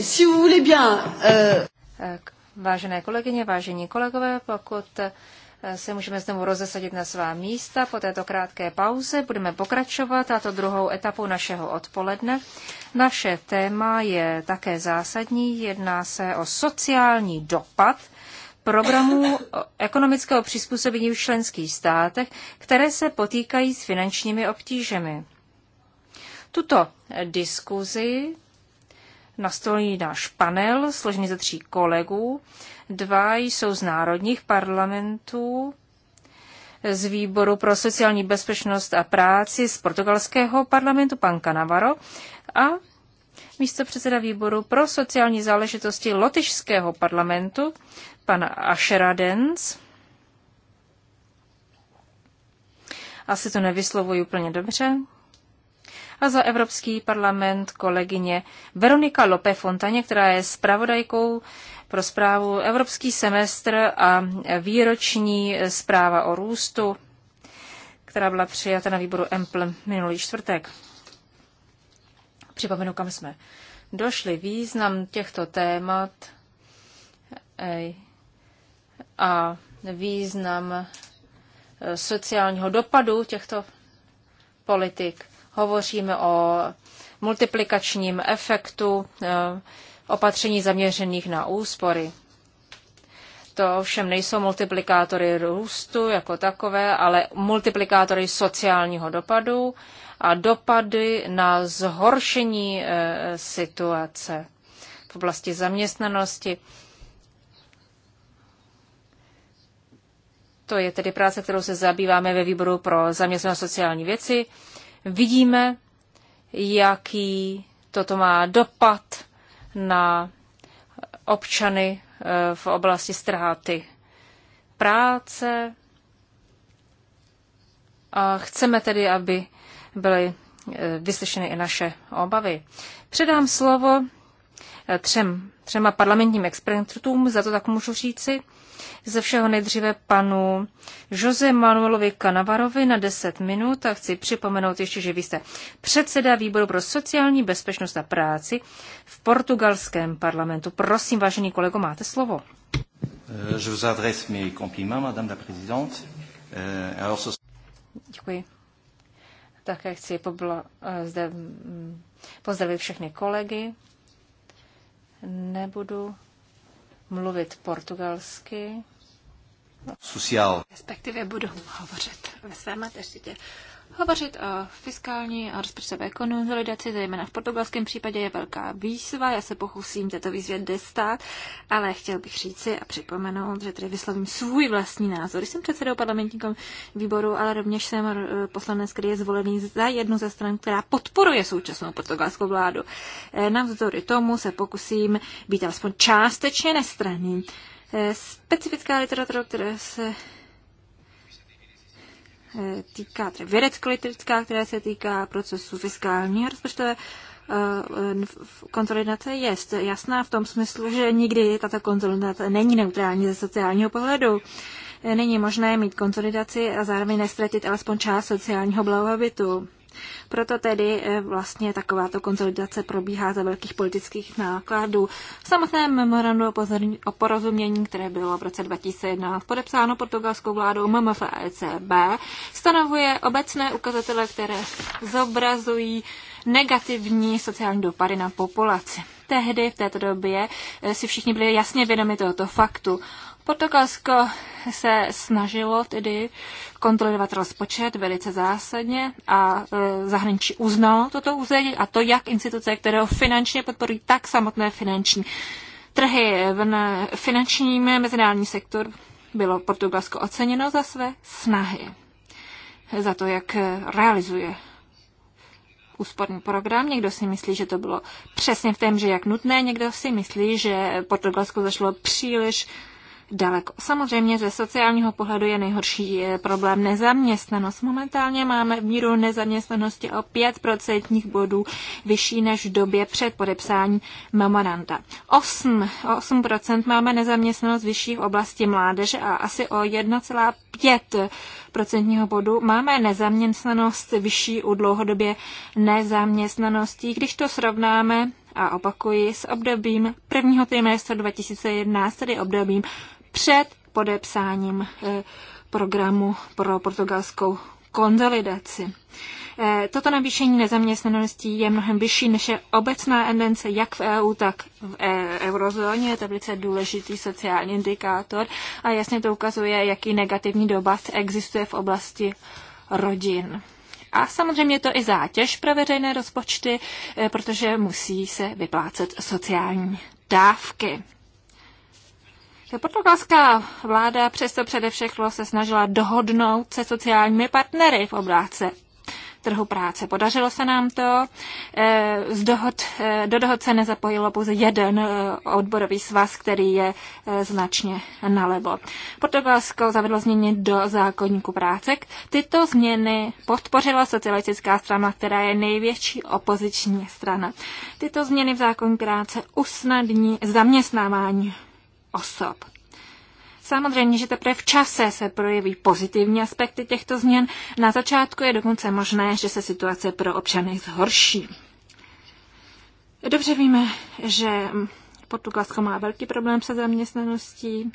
si vous voulez bien, euh, Vážené kolegyně, vážení kolegové, pokud eh, se můžeme znovu rozesadit na svá místa. Po této krátké pauze budeme pokračovat, a to druhou etapou našeho odpoledne. Naše téma je také zásadní, jedná se o sociální dopad programů ekonomického přizpůsobení v členských státech, které se potýkají s finančními obtížemi. Tuto diskuzi na je náš panel, složený ze tří kolegů. Dva jsou z národních parlamentů, z výboru pro sociální bezpečnost a práci z portugalského parlamentu, pan Canavaro, a místo předseda výboru pro sociální záležitosti lotyšského parlamentu, pan Ašeradens. Asi to nevyslovuji úplně dobře a za Evropský parlament kolegyně Veronika Lope Fontaně, která je zpravodajkou pro zprávu Evropský semestr a výroční zpráva o růstu, která byla přijata na výboru EMPL minulý čtvrtek. Připomenu, kam jsme došli. Význam těchto témat a význam eh, sociálního dopadu těchto politik. Hovoříme o multiplikačním efektu eh, opatření zaměřených na úspory. To ovšem nejsou multiplikátory růstu jako takové, ale multiplikátory sociálního dopadu a dopady na zhoršení eh, situace v oblasti zaměstnanosti. To je tedy práce, kterou se zabýváme ve výboru pro zaměstnanost sociální věci vidíme, jaký toto má dopad na občany eh, v oblasti ztráty práce. A chceme tedy, aby byly eh, vyslyšeny i naše obavy. Předám slovo eh, třem, třema parlamentním expertům, za to tak můžu říci ze všeho nejdříve panu Jose Manuelovi Kanavarovi na 10 minut a chci připomenout ještě, že vy jste předseda výboru pro sociální bezpečnost a práci v portugalském parlamentu. Prosím, vážený kolego, máte slovo. Euh, je vous adresse mes compliments, madame la présidente. Euh, Děkuji. Také chci pobla, eh, zde mm, pozdravit všechny kolegy. Nebudu mluvit portugalsky. Social. Respektive budu hovořit ve své mateřině. Hovořit o fiskální a rozpočtové konsolidaci, zejména v portugalském případě, je velká výzva. Já se pokusím této výzvě dostat, ale chtěl bych říci a připomenout, že tady vyslovím svůj vlastní názor. Jsem předsedou parlamentníkom výboru, ale rovněž jsem eh, poslanec, který je zvolený za jednu ze stran, která podporuje současnou portugalskou vládu. Eh, navzdory tomu se pokusím být alespoň částečně nestranný. Eh, specifická literatura, která se Eh, týká tedy vědecko která se týká procesu fiskálního rozpočtové eh, konsolidace je jasná v tom smyslu, že nikdy tato konsolidace není neutrální ze sociálního pohledu. Eh, není možné mít konsolidaci a zároveň nestratit alespoň část sociálního blahobytu. Proto tedy eh, vlastně takováto konsolidace probíhá za velkých politických nákladů. V samotném memorandu o porozumění, které bylo v roce 2011 podepsáno portugalskou vládou MMF a ECB, stanovuje obecné ukazatele, které zobrazují negativní sociální dopady na populaci. Tehdy, v této době, eh, si všichni byli jasně vědomi tohoto faktu. Portugalsko se snažilo tedy kontrolovat rozpočet velice zásadně a e, zahraničí uznalo toto území a to jak instituce, které ho finančně podporují, tak samotné finanční trhy. V finančním mezinárodní sektor bylo Portugalsko oceněno za své snahy, za to, jak realizuje úsporný program. Někdo si myslí, že to bylo přesně v tom, že jak nutné, někdo si myslí, že Portugalsko zašlo příliš daleko. Samozřejmě ze sociálního pohledu je nejhorší eh, problém nezaměstnanost. Momentálně máme míru nezaměstnanosti o 5% bodů vyšší než v době před podepsání memoranda. 8, 8% máme nezaměstnanost vyšší v oblasti mládeže a asi o 1,5 procentního bodu máme nezaměstnanost vyšší u dlouhodobě nezaměstnanosti, když to srovnáme a opakuji s obdobím prvního trimestru 2011, tedy obdobím před podepsáním eh, programu pro portugalskou konzolidaci. Eh, toto navýšení nezaměstnanosti je mnohem vyšší než je obecná tendence jak v EU, tak v e- eurozóně. Je to velice důležitý sociální indikátor a jasně to ukazuje, jaký negativní dopad existuje v oblasti rodin. A samozřejmě je to i zátěž pro veřejné rozpočty, eh, protože musí se vyplácet sociální dávky. Portugalská vláda přesto předevšechlo se snažila dohodnout se sociálními partnery v oblasti trhu práce. Podařilo se nám to. Eh, z dohod, eh, do dohod se nezapojilo pouze jeden eh, odborový svaz, který je značně nalevo. Portugalsko zavedlo změny do zákonníku práce. Tyto změny podpořila socialistická strana, která je největší opoziční strana. Tyto změny v zákonníku práce usnadní zaměstnávání osob. Samozřejmě, že teprve v čase se projeví pozitivní aspekty těchto změn. Na začátku je dokonce možné, že se situace pro občany zhorší. Dobře víme, že Portugalsko má velký problém se zaměstnaností,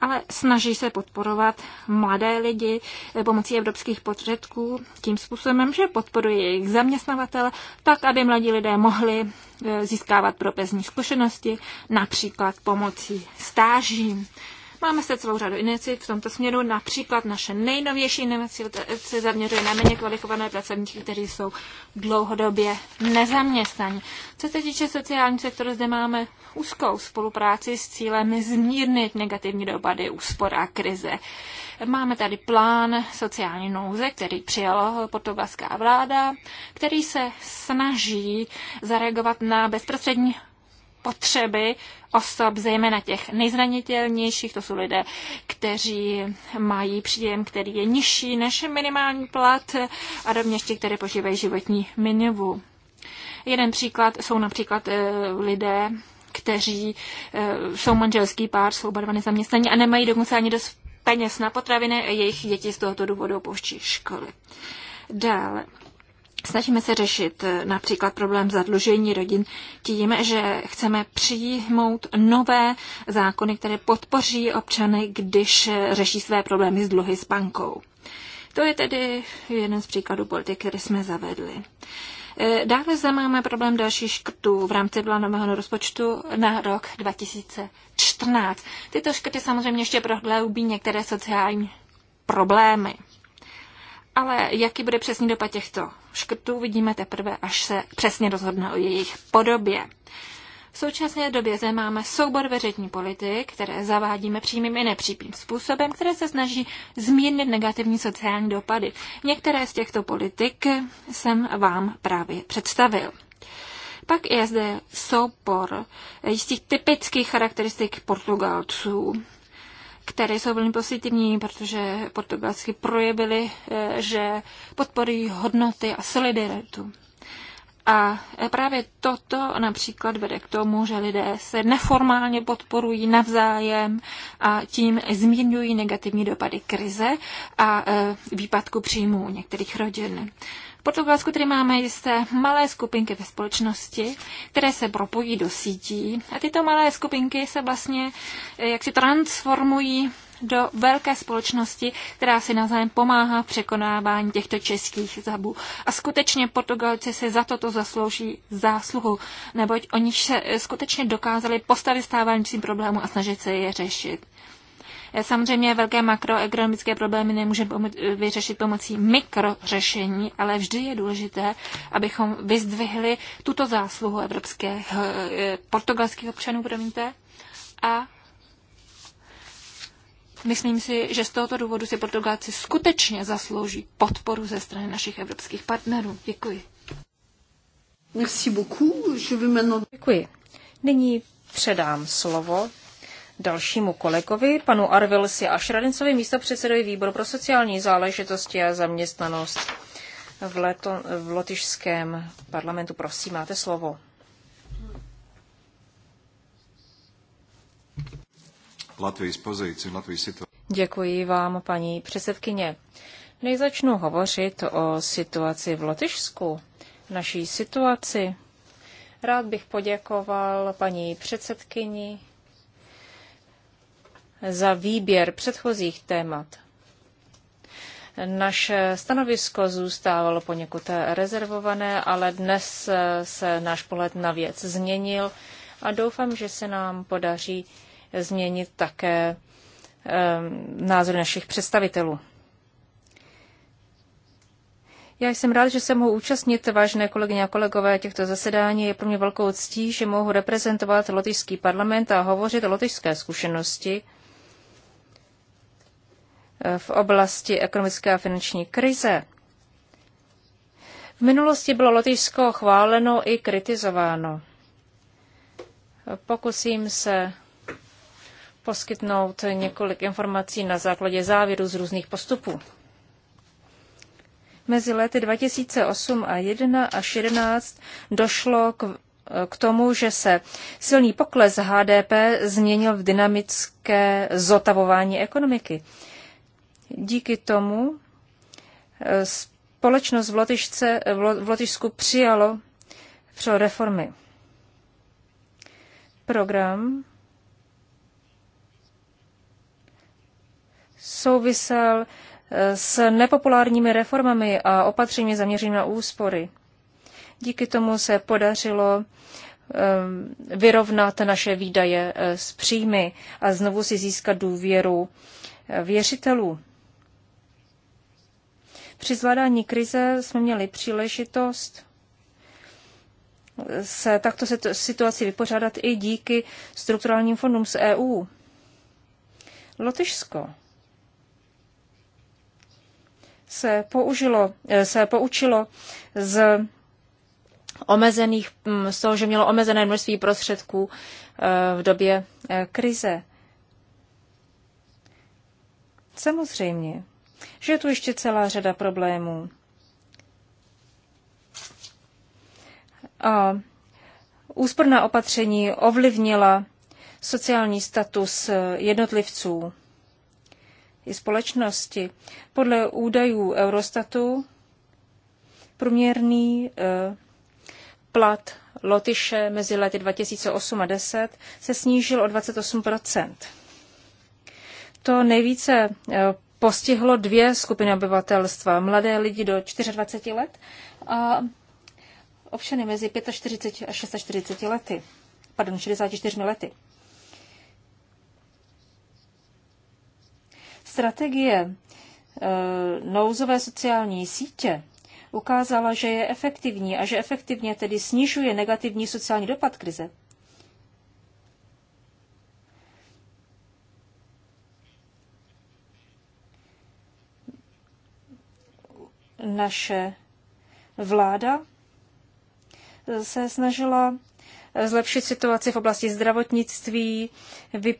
ale snaží se podporovat mladé lidi pomocí evropských potředků tím způsobem, že podporuje jejich zaměstnavatel, tak aby mladí lidé mohli eh, získávat profesní zkušenosti, například pomocí stáží. Máme se celou řadu iniciativ v tomto směru, například naše nejnovější iniciativa se zaměřuje na méně kvalifikované pracovníky, kteří jsou dlouhodobě nezaměstnaní. Co se týče sociální sektoru, zde máme úzkou spolupráci s cílem zmírnit negativní dopady úspor a krize. Máme tady plán sociální nouze, který přijala portugalská vláda, který se snaží zareagovat na bezprostřední potřeby osob, zejména těch nejzranitelnějších, to jsou lidé, kteří mají příjem, který je nižší než minimální plat a rovněž ti, kteří požívají životní minivu. Jeden příklad jsou například eh, lidé, kteří eh, jsou manželský pár, jsou oba dva nezaměstnaní a nemají dokonce ani dost peněz na potraviny, jejich děti z tohoto důvodu opouští školy. Dále. Snažíme se řešit eh, například problém zadlužení rodin tím, že chceme přijmout nové zákony, které podpoří občany, když eh, řeší své problémy s dluhy s bankou. To je tedy jeden z příkladů politik, které jsme zavedli. Eh, dále zde máme problém dalších škrtů v rámci plánového rozpočtu na rok 2014. Tyto škrty samozřejmě ještě prohloubí některé sociální problémy. Ale jaký bude přesný dopad těchto škrtů, vidíme teprve, až se přesně rozhodne o jejich podobě. V současné době zde máme soubor veřejní politik, které zavádíme přímým i nepřímým způsobem, které se snaží zmírnit negativní sociální dopady. Některé z těchto politik jsem vám právě představil. Pak je zde soubor jistých typických charakteristik Portugalců, které jsou velmi pozitivní, protože portugalsky projevili, eh, že podporují hodnoty a solidaritu. A eh, právě toto například vede k tomu, že lidé se neformálně podporují navzájem a tím zmírňují negativní dopady krize a eh, výpadku příjmů některých rodin. V Portugalsku tedy máme jisté malé skupinky ve společnosti, které se propojí do sítí a tyto malé skupinky se vlastně eh, jak si transformují do velké společnosti, která si navzájem pomáhá v překonávání těchto českých zabů. A skutečně Portugalci se za toto zaslouží zásluhu, neboť oni se eh, skutečně dokázali postavit stávajícím problému a snažit se je řešit. Samozřejmě velké makroekonomické problémy nemůžeme vyřešit pomocí mikrořešení, ale vždy je důležité, abychom vyzdvihli tuto zásluhu evropských eh, portugalských občanů, promiňte, a Myslím si, že z tohoto důvodu si Portugalci skutečně zaslouží podporu ze strany našich evropských partnerů. Děkuji. Děkuji. Nyní předám slovo dalšímu kolegovi, panu Arvilsi a místo předsedovi výboru pro sociální záležitosti a zaměstnanost v, leto, v lotyšském parlamentu. Prosím, máte slovo. Děkuji vám, paní předsedkyně. Než začnu hovořit o situaci v Lotyšsku, naší situaci, rád bych poděkoval paní předsedkyni za výběr předchozích témat. Naše stanovisko zůstávalo poněkud rezervované, ale dnes se náš pohled na věc změnil a doufám, že se nám podaří změnit také ehm, názor našich představitelů. Já jsem rád, že se mohu účastnit, vážné kolegyně a kolegové, těchto zasedání. Je pro mě velkou ctí, že mohu reprezentovat lotyšský parlament a hovořit o lotyšské zkušenosti v oblasti ekonomické a finanční krize. V minulosti bylo Lotyšsko chváleno i kritizováno. Pokusím se poskytnout několik informací na základě závěru z různých postupů. Mezi lety 2008 a 2011 až došlo k, k tomu, že se silný pokles HDP změnil v dynamické zotavování ekonomiky. Díky tomu eh, společnost v, Lotyšce, eh, v Lotyšsku přijalo pro reformy. Program souvisel eh, s nepopulárními reformami a opatřeními zaměřenými na úspory. Díky tomu se podařilo vyrovnat naše výdaje s příjmy a znovu si získat důvěru věřitelů. Při zvládání krize jsme měli příležitost se takto situaci vypořádat i díky strukturálním fondům z EU. Lotyšsko se, použilo, eh, se poučilo z omezených, hm, z toho, že mělo omezené množství prostředků eh, v době eh, krize. Samozřejmě, že je tu ještě celá řada problémů. A úsporná opatření ovlivnila sociální status jednotlivců i společnosti. Podle údajů Eurostatu průměrný eh, plat Lotyše mezi lety 2008 a 10 se snížil o 28 To nejvíce eh, postihlo dvě skupiny obyvatelstva. Mladé lidi do 24 let a občany mezi 45 a 46 lety. Pardon, 64 lety. Strategie e, nouzové sociální sítě ukázala, že je efektivní a že efektivně tedy snižuje negativní sociální dopad krize, naše vláda se snažila zlepšit situaci v oblasti zdravotnictví, vy,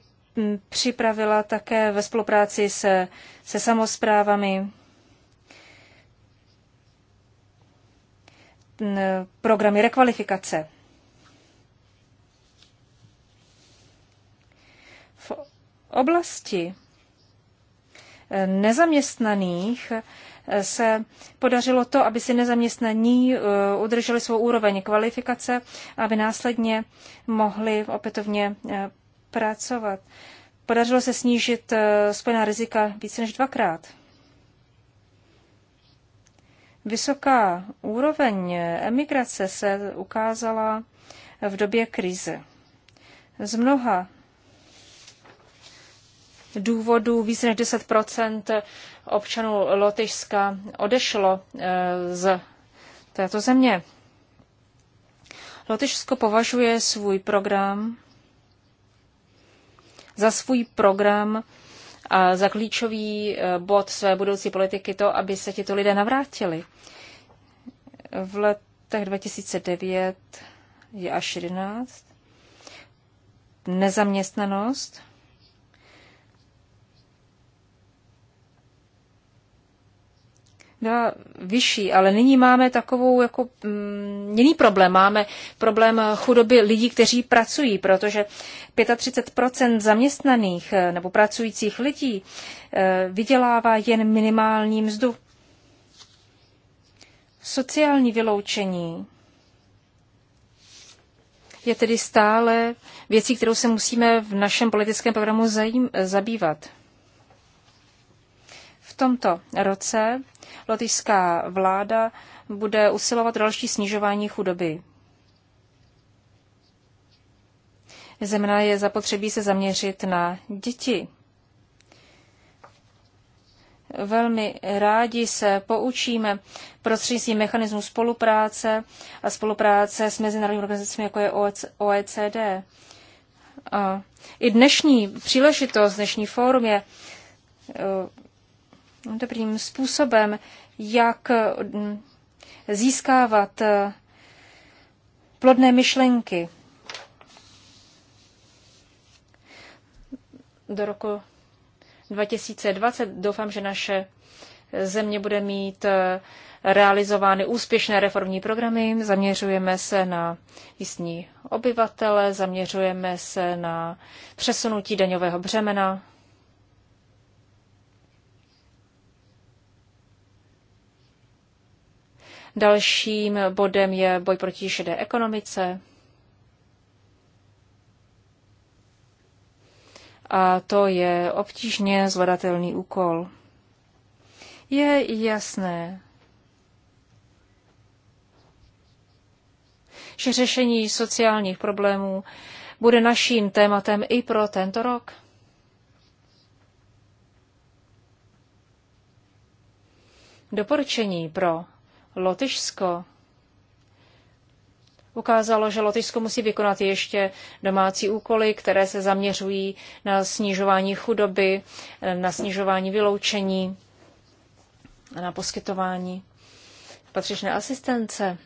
připravila také ve spolupráci se, se samozprávami programy rekvalifikace. V oblasti e, nezaměstnaných se podařilo to, aby si nezaměstnaní eh, udrželi svou úroveň kvalifikace, aby následně mohli opětovně eh, pracovat. Podařilo se snížit eh, spojená rizika více než dvakrát. Vysoká úroveň emigrace se ukázala v době krize. Z mnoha důvodů více než 10 občanů Lotyšska odešlo eh, z této země. Lotyšsko považuje svůj program za svůj program a za klíčový eh, bod své budoucí politiky to, aby se tito lidé navrátili. V letech 2009 je až 11. Nezaměstnanost byla vyšší, ale nyní máme takovou jako mm, jiný problém. Máme problém chudoby lidí, kteří pracují, protože 35% zaměstnaných eh, nebo pracujících lidí eh, vydělává jen minimální mzdu. Sociální vyloučení je tedy stále věcí, kterou se musíme v našem politickém programu zabývat tomto roce lotyšská vláda bude usilovat další snižování chudoby. Zemna je zapotřebí se zaměřit na děti. Velmi rádi se poučíme prostřednictvím mechanismu spolupráce a spolupráce s mezinárodními organizacemi, jako je OECD. E a I dnešní příležitost, dnešní fórum je dobrým způsobem, jak mm, získávat eh, plodné myšlenky do roku 2020. Doufám, že naše země bude mít eh, realizovány úspěšné reformní programy. Zaměřujeme se na místní obyvatele, zaměřujeme se na přesunutí daňového břemena Dalším bodem je boj proti šedé ekonomice. A to je obtížně zvladatelný úkol. Je jasné, že řešení sociálních problémů bude naším tématem i pro tento rok. Doporučení pro Lotyšsko ukázalo, že Lotyšsko musí vykonat ještě domácí úkoly, které se zaměřují na snižování chudoby, na snižování vyloučení, na poskytování patřičné asistence.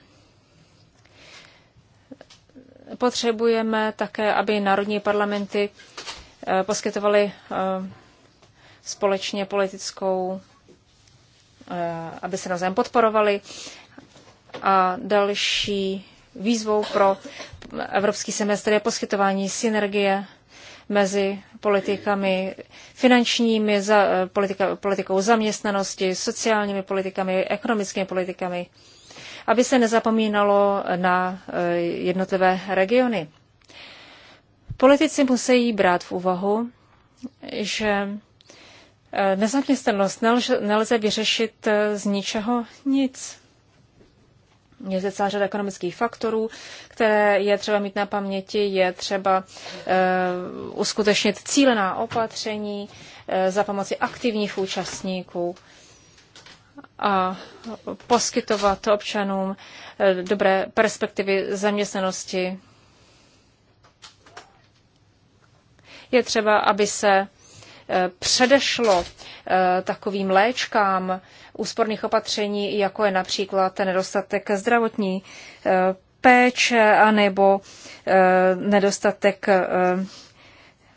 Potřebujeme také, aby národní parlamenty eh, poskytovaly eh, společně politickou Eh, aby se navzájem podporovali. A další výzvou pro evropský semestr je poskytování synergie mezi politikami finančními, za, eh, politika, politikou zaměstnanosti, sociálními politikami, ekonomickými politikami, aby se nezapomínalo na eh, jednotlivé regiony. Politici musí brát v úvahu, že Eh, nezaměstnanost nelze, nelze vyřešit eh, z ničeho nic. Je zde celá řada ekonomických faktorů, které je třeba mít na paměti, je třeba uh, uskutečnit cílená opatření uh, za pomoci aktivních účastníků a poskytovat občanům uh, dobré perspektivy zaměstnanosti. Je třeba, aby se Eh, předešlo eh, takovým léčkám úsporných opatření, jako je například ten nedostatek zdravotní eh, péče anebo nedostatek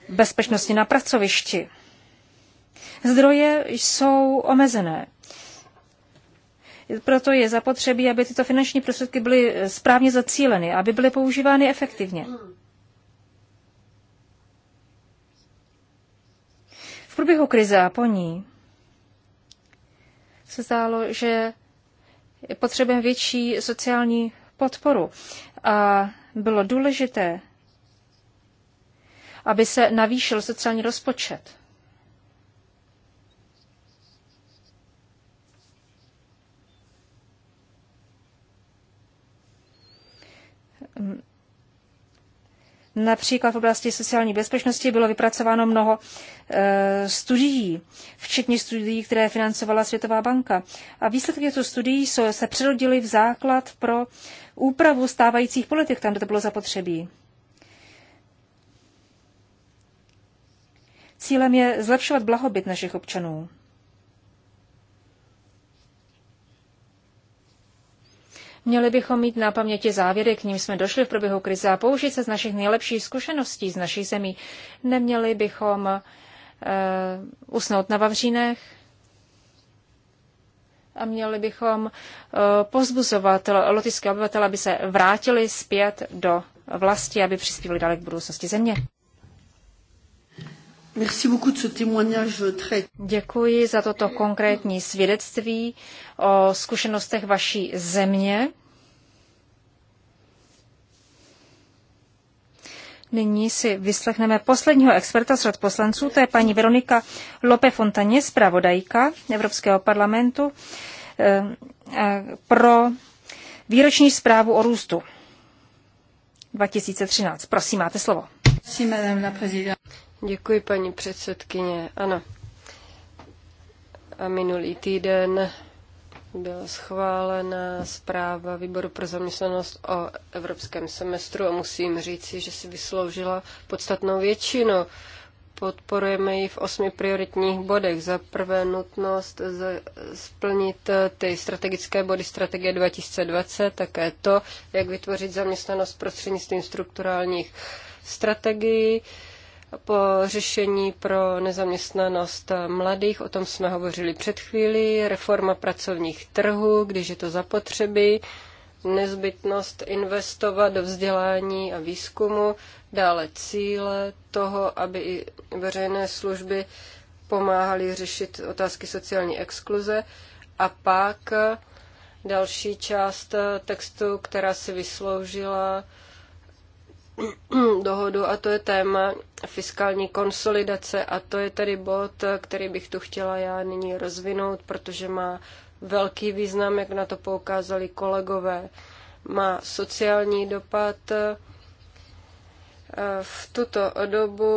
bezpečnosti na pracovišti. Zdroje jsou omezené. Proto je zapotřebí, aby tyto finanční prostředky byly správně zacíleny, aby byly používány efektivně. průběhu krize a po ní se zdálo, že potřebujeme větší sociální podporu. A bylo důležité, aby se navýšil sociální rozpočet. Například v oblasti sociální bezpečnosti bylo vypracováno mnoho Eh, studií, včetně studií, které financovala Světová banka. A výsledky těchto studií se přerodily v základ pro úpravu stávajících politik tam, kde to bylo zapotřebí. Cílem je zlepšovat blahobyt našich občanů. Měli bychom mít na paměti závěry, k ním jsme došli v průběhu krize a použít se z našich nejlepších zkušeností z naší zemí. Neměli bychom Eh, usnout na Vavřínech a měli bychom eh, pozbuzovat lotické obyvatele, aby se vrátili zpět do vlasti, aby přispívali dále k budoucnosti země. Děkuji za toto konkrétní svědectví o zkušenostech vaší země. Nyní si vyslechneme posledního experta z rad poslanců, to je paní Veronika Lope Fontaně, zpravodajka Evropského parlamentu eh, eh, pro výroční zprávu o růstu 2013. Prosím, máte slovo. Děkuji, paní předsedkyně. Ano. A minulý týden byla schválena zpráva výboru pro zaměstnanost o evropském semestru a musím říci, že si vysloužila podstatnou většinu. Podporujeme ji v osmi prioritních bodech. Za prvé nutnost splnit ty strategické body strategie 2020, také to, jak vytvořit zaměstnanost prostřednictvím strukturálních strategií po řešení pro nezaměstnanost mladých, o tom jsme hovořili před chvílí, reforma pracovních trhů, když je to zapotřeby, nezbytnost investovat do vzdělání a výzkumu, dále cíle toho, aby i veřejné služby pomáhaly řešit otázky sociální exkluze a pak další část textu, která se vysloužila dohodu a to je téma fiskální konsolidace a to je tedy bod, který bych tu chtěla já nyní rozvinout, protože má velký význam, jak na to poukázali kolegové. Má sociální dopad. V tuto dobu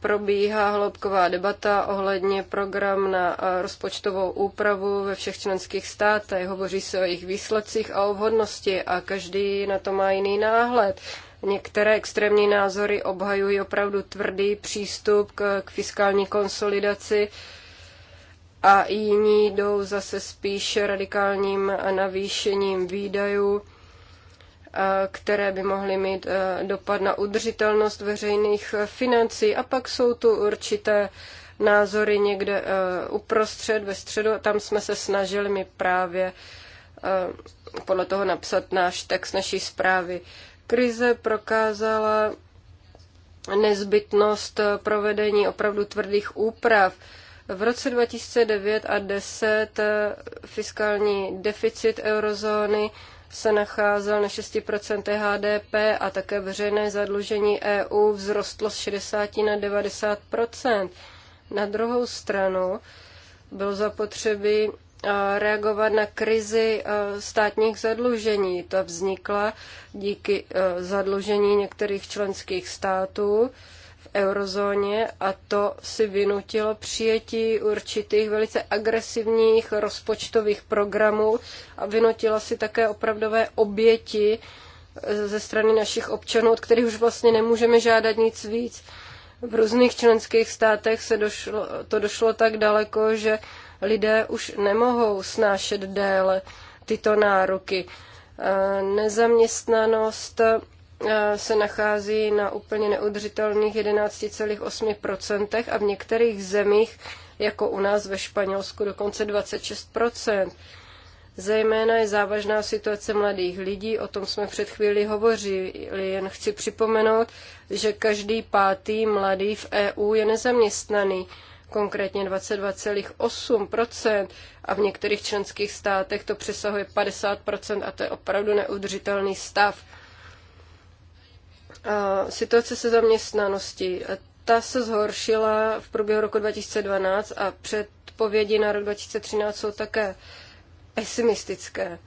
probíhá hloubková debata ohledně program na rozpočtovou úpravu ve všech členských státech. Hovoří se o jejich výsledcích a o vhodnosti a každý na to má jiný náhled. Některé extrémní názory obhajují opravdu tvrdý přístup k, k fiskální konsolidaci a jiní jdou zase spíš radikálním navýšením výdajů, eh, které by mohly mít eh, dopad na udržitelnost veřejných financí. A pak jsou tu určité názory někde eh, uprostřed, ve středu. Tam jsme se snažili mi právě podle toho napsat náš text naší zprávy. Krize prokázala nezbytnost provedení opravdu tvrdých úprav. V roce 2009 a 10 eh, fiskální deficit eurozóny se nacházel na 6% HDP a také veřejné zadlužení EU vzrostlo z 60 na 90%. Na druhou stranu bylo zapotřebí reagovat na krizi e, státních zadlužení. Ta vznikla díky e, zadlužení některých členských států v eurozóně a to si vynutilo přijetí určitých velice agresivních rozpočtových programů a vynutilo si také opravdové oběti e, ze strany našich občanů, od kterých už vlastně nemůžeme žádat nic víc. V různých členských státech se došlo, to došlo tak daleko, že lidé už nemohou snášet déle tyto nároky. E, nezaměstnanost e, se nachází na úplně neudržitelných 11,8% a v některých zemích, jako u nás ve Španělsku, dokonce 26%. Zejména je závažná situace mladých lidí, o tom jsme před chvílí hovořili. Jen chci připomenout, že každý pátý mladý v EU je nezaměstnaný konkrétně 22,8 a v některých členských státech to přesahuje 50 a to je opravdu neudržitelný stav. A situace se zaměstnanosti. Ta se zhoršila v průběhu roku 2012 a předpovědi na rok 2013 jsou také pesimistické.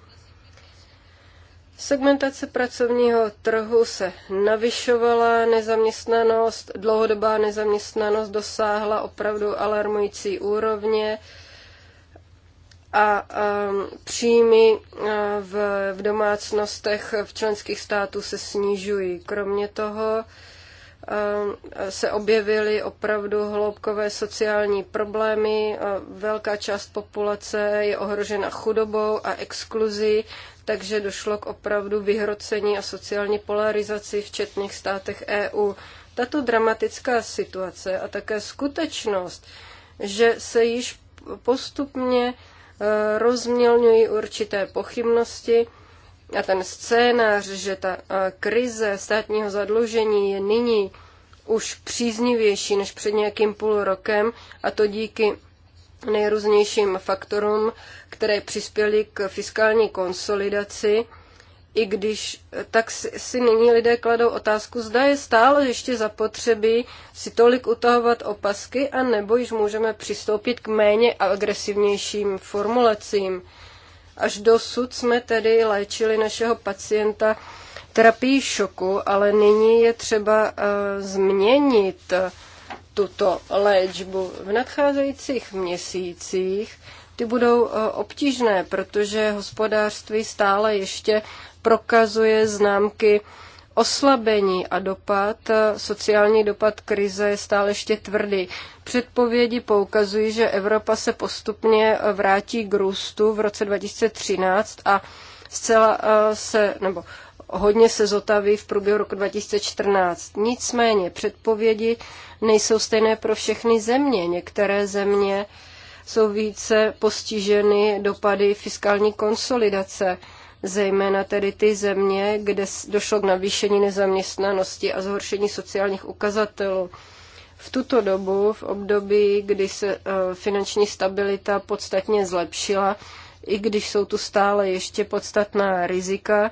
Segmentace pracovního trhu se navyšovala, nezaměstnanost, dlouhodobá nezaměstnanost dosáhla opravdu alarmující úrovně a um, příjmy uh, v, v domácnostech v členských států se snižují. Kromě toho um, se objevily opravdu hloubkové sociální problémy. Uh, velká část populace je ohrožena chudobou a exkluzí takže došlo k opravdu vyhrocení a sociální polarizaci v četných státech EU. Tato dramatická situace a také skutečnost, že se již postupně e, rozmělňují určité pochybnosti a ten scénář, že ta e, krize státního zadlužení je nyní už příznivější než před nějakým půl rokem a to díky nejrůznějším faktorům, které přispěly k fiskální konsolidaci, i když eh, tak si nyní lidé kladou otázku, zda je stále ještě zapotřebí si tolik utahovat opasky, a nebo již můžeme přistoupit k méně agresivnějším formulacím. Až dosud jsme tedy léčili našeho pacienta terapii šoku, ale nyní je třeba uh, změnit uh, tuto léčbu. V nadcházejících měsících ty budou eh, obtížné, protože hospodářství stále ještě prokazuje známky oslabení a dopad, eh, sociální dopad krize je stále ještě tvrdý. Předpovědi poukazují, že Evropa se postupně eh, vrátí k růstu v roce 2013 a zcela se, nebo hodně se zotaví v průběhu roku 2014. Nicméně předpovědi nejsou stejné pro všechny země. Některé země jsou více postiženy dopady fiskální konsolidace, zejména tedy ty země, kde došlo k navýšení nezaměstnanosti a zhoršení sociálních ukazatelů. V tuto dobu, v období, kdy se eh, finanční stabilita podstatně zlepšila, i když jsou tu stále ještě podstatná rizika,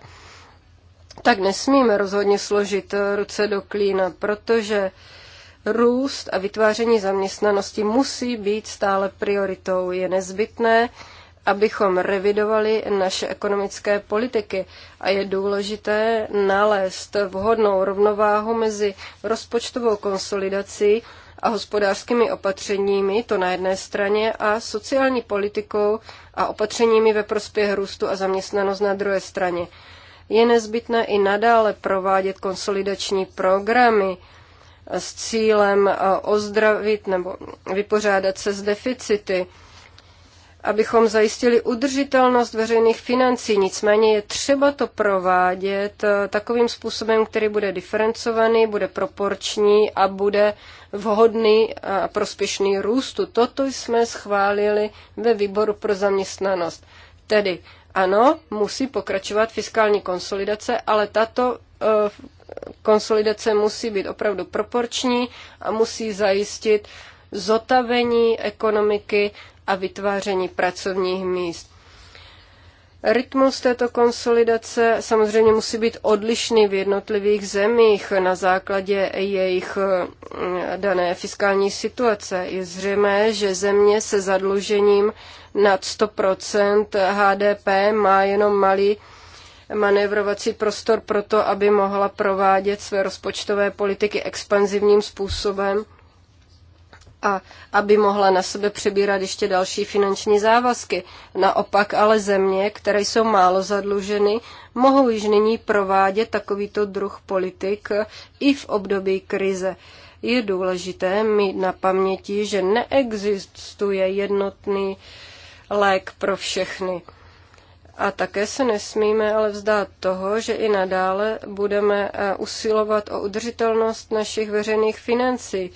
tak nesmíme rozhodně složit ruce do klína, protože Růst a vytváření zaměstnanosti musí být stále prioritou. Je nezbytné, abychom revidovali naše ekonomické politiky a je důležité nalézt vhodnou rovnováhu mezi rozpočtovou konsolidací a hospodářskými opatřeními, to na jedné straně, a sociální politikou a opatřeními ve prospěch růstu a zaměstnanost na druhé straně. Je nezbytné i nadále provádět konsolidační programy, s cílem eh, ozdravit nebo vypořádat se s deficity, abychom zajistili udržitelnost veřejných financí. Nicméně je třeba to provádět eh, takovým způsobem, který bude diferencovaný, bude proporční a bude vhodný a prospěšný růstu. Toto jsme schválili ve výboru pro zaměstnanost. Tedy ano, musí pokračovat fiskální konsolidace, ale tato eh, konsolidace musí být opravdu proporční a musí zajistit zotavení ekonomiky a vytváření pracovních míst. Rytmus této konsolidace samozřejmě musí být odlišný v jednotlivých zemích na základě jejich mm, dané fiskální situace. Je zřejmé, že země se zadlužením nad 100 HDP má jenom malý manévrovací prostor pro to, aby mohla provádět své rozpočtové politiky expanzivním způsobem a aby mohla na sebe přebírat ještě další finanční závazky. Naopak ale země, které jsou málo zadluženy, mohou již nyní provádět takovýto druh politik i v období krize. Je důležité mít na paměti, že neexistuje jednotný lék pro všechny. A také se nesmíme ale vzdát toho, že i nadále budeme eh, usilovat o udržitelnost našich veřejných financí,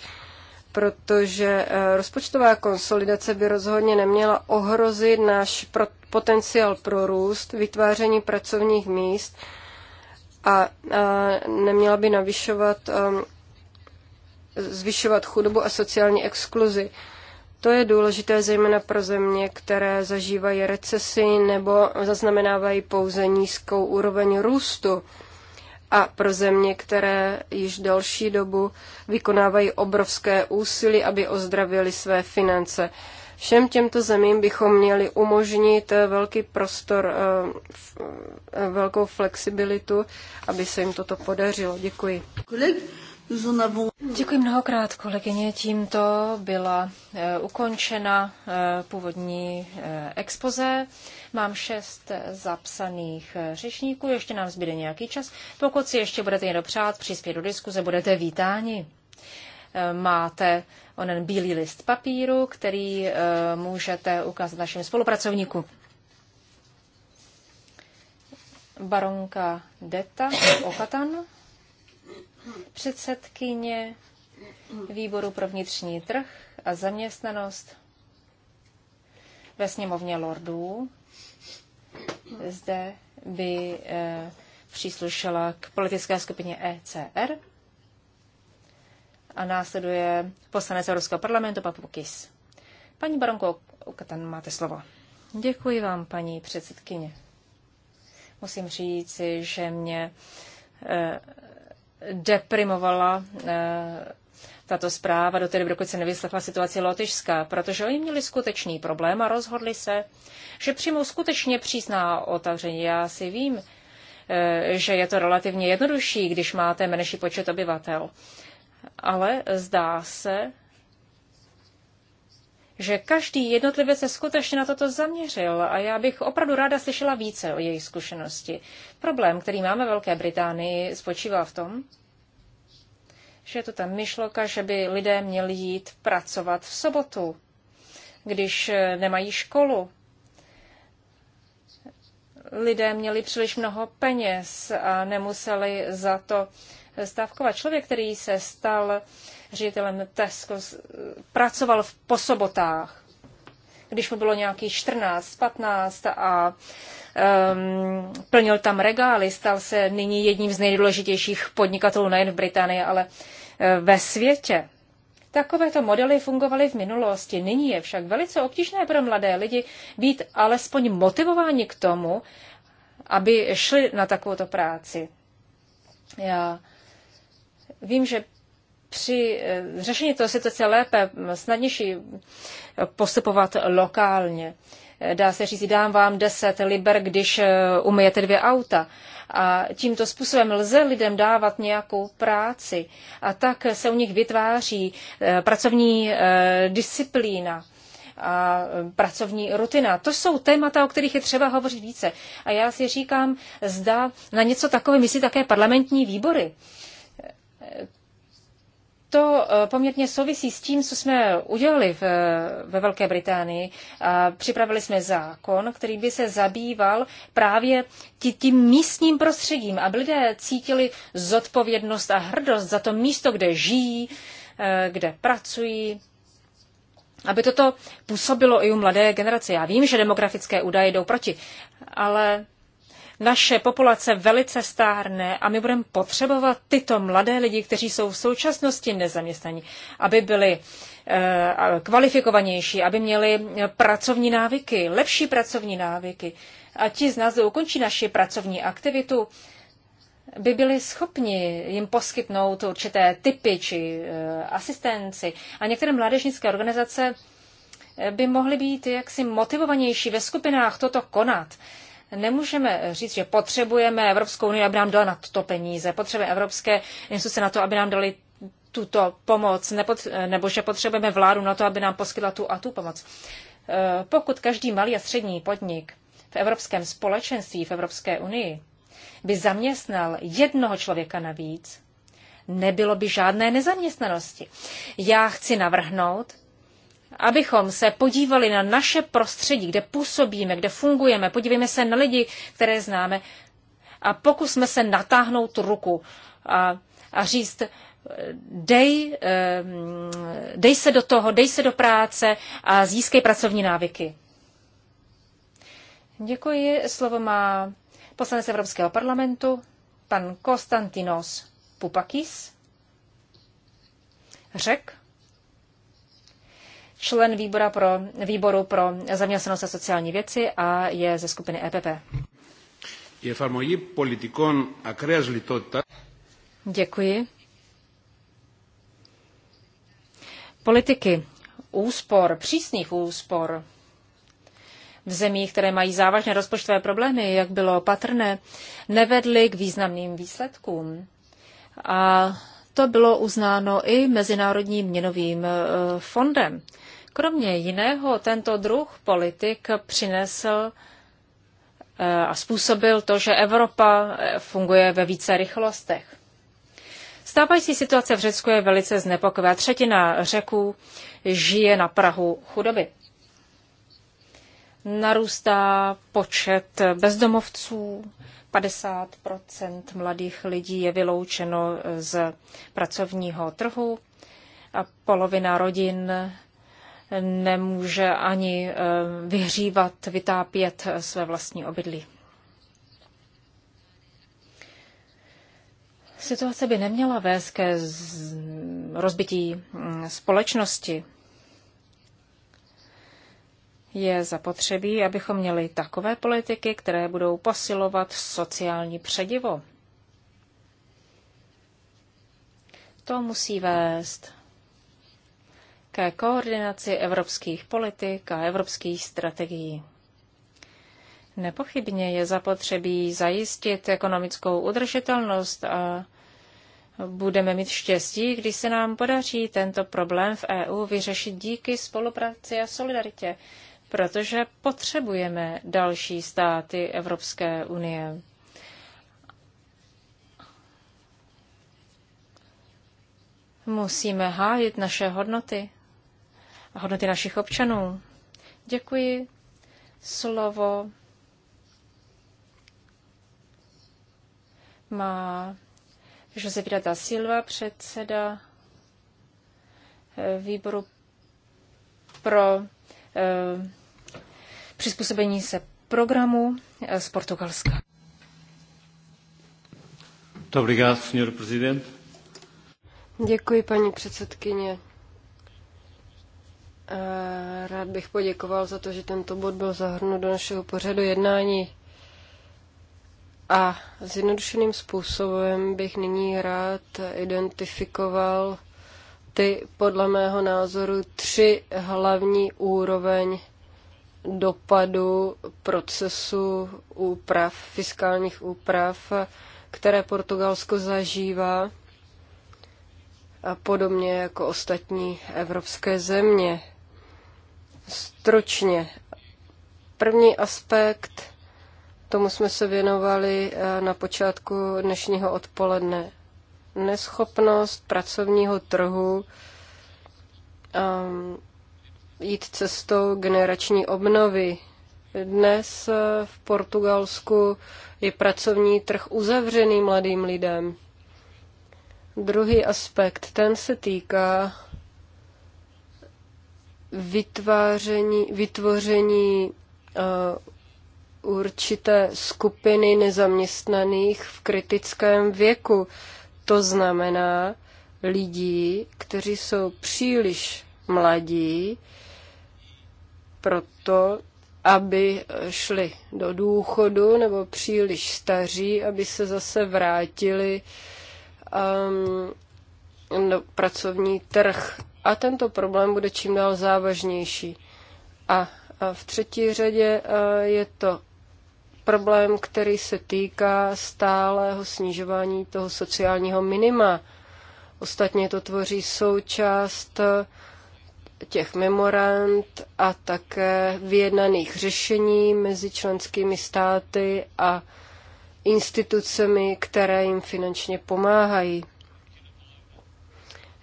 protože eh, rozpočtová konsolidace by rozhodně neměla ohrozit náš potenciál pro růst, vytváření pracovních míst a eh, neměla by navyšovat, zvyšovat chudobu a sociální exkluzi. To je důležité zejména pro země, které zažívají recesi nebo zaznamenávají pouze nízkou úroveň růstu a pro země, které již delší dobu vykonávají obrovské úsilí, aby ozdravili své finance. Všem těmto zemím bychom měli umožnit velký prostor, eh, eh, velkou flexibilitu, aby se jim toto podařilo. Děkuji. Kolik? Děkuji mnohokrát, kolegyně. Tímto byla eh, ukončena eh, původní eh, expoze. Mám šest zapsaných řečníků, ještě nám zbyde nějaký čas. Pokud si ještě budete někdo přát, přispět do diskuze, budete vítáni. Máte onen bílý list papíru, který můžete ukázat našim spolupracovníkům. Baronka Deta Okatan předsedkyně výboru pro vnitřní trh a zaměstnanost ve sněmovně lordů. Zde by eh, příslušela k politické skupině ECR a následuje poslanec Evropského parlamentu Papukis. Paní baronko Katan, máte slovo. Děkuji vám, paní předsedkyně. Musím říct, že mě eh, deprimovala eh, tato zpráva do té doby, dokud se nevyslechla situaci Lotyšská, protože oni měli skutečný problém a rozhodli se, že přijmou skutečně přísná otevření. Já si vím, eh, že je to relativně jednodušší, když máte menší počet obyvatel. Ale zdá se, že každý jednotlivě se skutečně na toto zaměřil a já bych opravdu ráda slyšela více o jejich zkušenosti. Problém, který máme v Velké Británii, spočívá v tom, že je to ta myšloka, že by lidé měli jít pracovat v sobotu, když eh, nemají školu. Lidé měli příliš mnoho peněz a nemuseli za to eh, stávkovat. Člověk, který se stal ředitelem Tesco pracoval v posobotách, když mu bylo nějaký 14, 15 a um, plnil tam regály, stal se nyní jedním z nejdůležitějších podnikatelů nejen v Británii, ale e, ve světě. Takovéto modely fungovaly v minulosti, nyní je však velice obtížné pro mladé lidi být alespoň motivováni k tomu, aby šli na takovouto práci. Já vím, že při eh, řešení toho situace lépe, snadnější postupovat lokálně. Eh, dá se říct, dám vám 10 liber, když eh, umyjete dvě auta. A tímto způsobem lze lidem dávat nějakou práci. A tak se u nich vytváří pracovní disciplína a pracovní rutina. To jsou témata, o kterých je třeba hovořit více. A já si říkám, zda na něco takové myslí také parlamentní výbory to eh, poměrně souvisí s tím, co jsme udělali v, eh, ve Velké Británii. Připravili jsme zákon, který by se zabýval právě tím místním prostředím, aby lidé cítili zodpovědnost a hrdost za to místo, kde žijí, eh, kde pracují, aby toto působilo i u mladé generace. Já vím, že demografické údaje jdou proti, ale naše populace velice stárne a my budeme potřebovat tyto mladé lidi, kteří jsou v současnosti nezaměstnaní, aby byli eh, kvalifikovanější, aby měli pracovní návyky, lepší pracovní návyky. A ti z nás, kdo ukončí naši pracovní aktivitu, by byli schopni jim poskytnout určité typy či eh, asistenci. A některé mládežnické organizace eh, by mohly být jaksi motivovanější ve skupinách toto konat nemůžeme říct, že potřebujeme Evropskou unii, aby nám dala na to peníze, potřebujeme evropské instituce na to, aby nám dali tuto pomoc, nebo že potřebujeme vládu na to, aby nám poskytla tu a tu pomoc. E, pokud každý malý a střední podnik v Evropském společenství, v Evropské unii, by zaměstnal jednoho člověka navíc, nebylo by žádné nezaměstnanosti. Já chci navrhnout, abychom se podívali na naše prostředí, kde působíme, kde fungujeme, podívejme se na lidi, které známe a pokusme se natáhnout ruku a, a říct, dej, ehm, dej se do toho, dej se do práce a získej pracovní návyky. Děkuji. Slovo má poslanec Evropského parlamentu, pan Konstantinos Pupakis. Řekl, člen výbora pro, výboru pro zaměstnanost a sociální věci a je ze skupiny EPP. Děkuji. Politiky úspor, přísných úspor v zemích, které mají závažné rozpočtové problémy, jak bylo patrné, nevedly k významným výsledkům. A to bylo uznáno i Mezinárodním měnovým eh, fondem. Kromě jiného, tento druh politik přinesl eh, a způsobil to, že Evropa eh, funguje ve více rychlostech. Stávající situace v Řecku je velice znepokojivá. Třetina Řeků žije na Prahu chudoby. Narůstá počet bezdomovců, 50 mladých lidí je vyloučeno z pracovního trhu a polovina rodin nemůže ani eh, vyhřívat, vytápět eh, své vlastní obydlí. Situace by neměla vést ke rozbití mm, společnosti. Je zapotřebí, abychom měli takové politiky, které budou posilovat sociální předivo. To musí vést ke koordinaci evropských politik a evropských strategií. Nepochybně je zapotřebí zajistit ekonomickou udržitelnost a budeme mít štěstí, když se nám podaří tento problém v EU vyřešit díky spolupráci a solidaritě, protože potřebujeme další státy Evropské unie. Musíme hájit naše hodnoty a hodnoty našich občanů. Děkuji. Slovo má José Pirata Silva, předseda eh, výboru pro eh, přizpůsobení se programu eh, z Portugalska. Děkuji, paní předsedkyně. Eh, rád bych poděkoval za to, že tento bod byl zahrnut do našeho pořadu jednání. A zjednodušeným způsobem bych nyní rád identifikoval ty, podle mého názoru, tři hlavní úroveň dopadu procesu úprav, fiskálních úprav, které Portugalsko zažívá, a podobně jako ostatní evropské země. Stručně. První aspekt, tomu jsme se věnovali eh, na počátku dnešního odpoledne. Neschopnost pracovního trhu ehm, jít cestou generační obnovy. Dnes eh, v Portugalsku je pracovní trh uzavřený mladým lidem. Druhý aspekt, ten se týká vytváření, vytvoření uh, určité skupiny nezaměstnaných v kritickém věku. To znamená lidí, kteří jsou příliš mladí, proto aby šli do důchodu nebo příliš staří, aby se zase vrátili um, No, pracovní trh. A tento problém bude čím dál závažnější. A v třetí řadě e, je to problém, který se týká stálého snižování toho sociálního minima. Ostatně to tvoří součást e, těch memorand a také vyjednaných řešení mezi členskými státy a institucemi, které jim finančně pomáhají.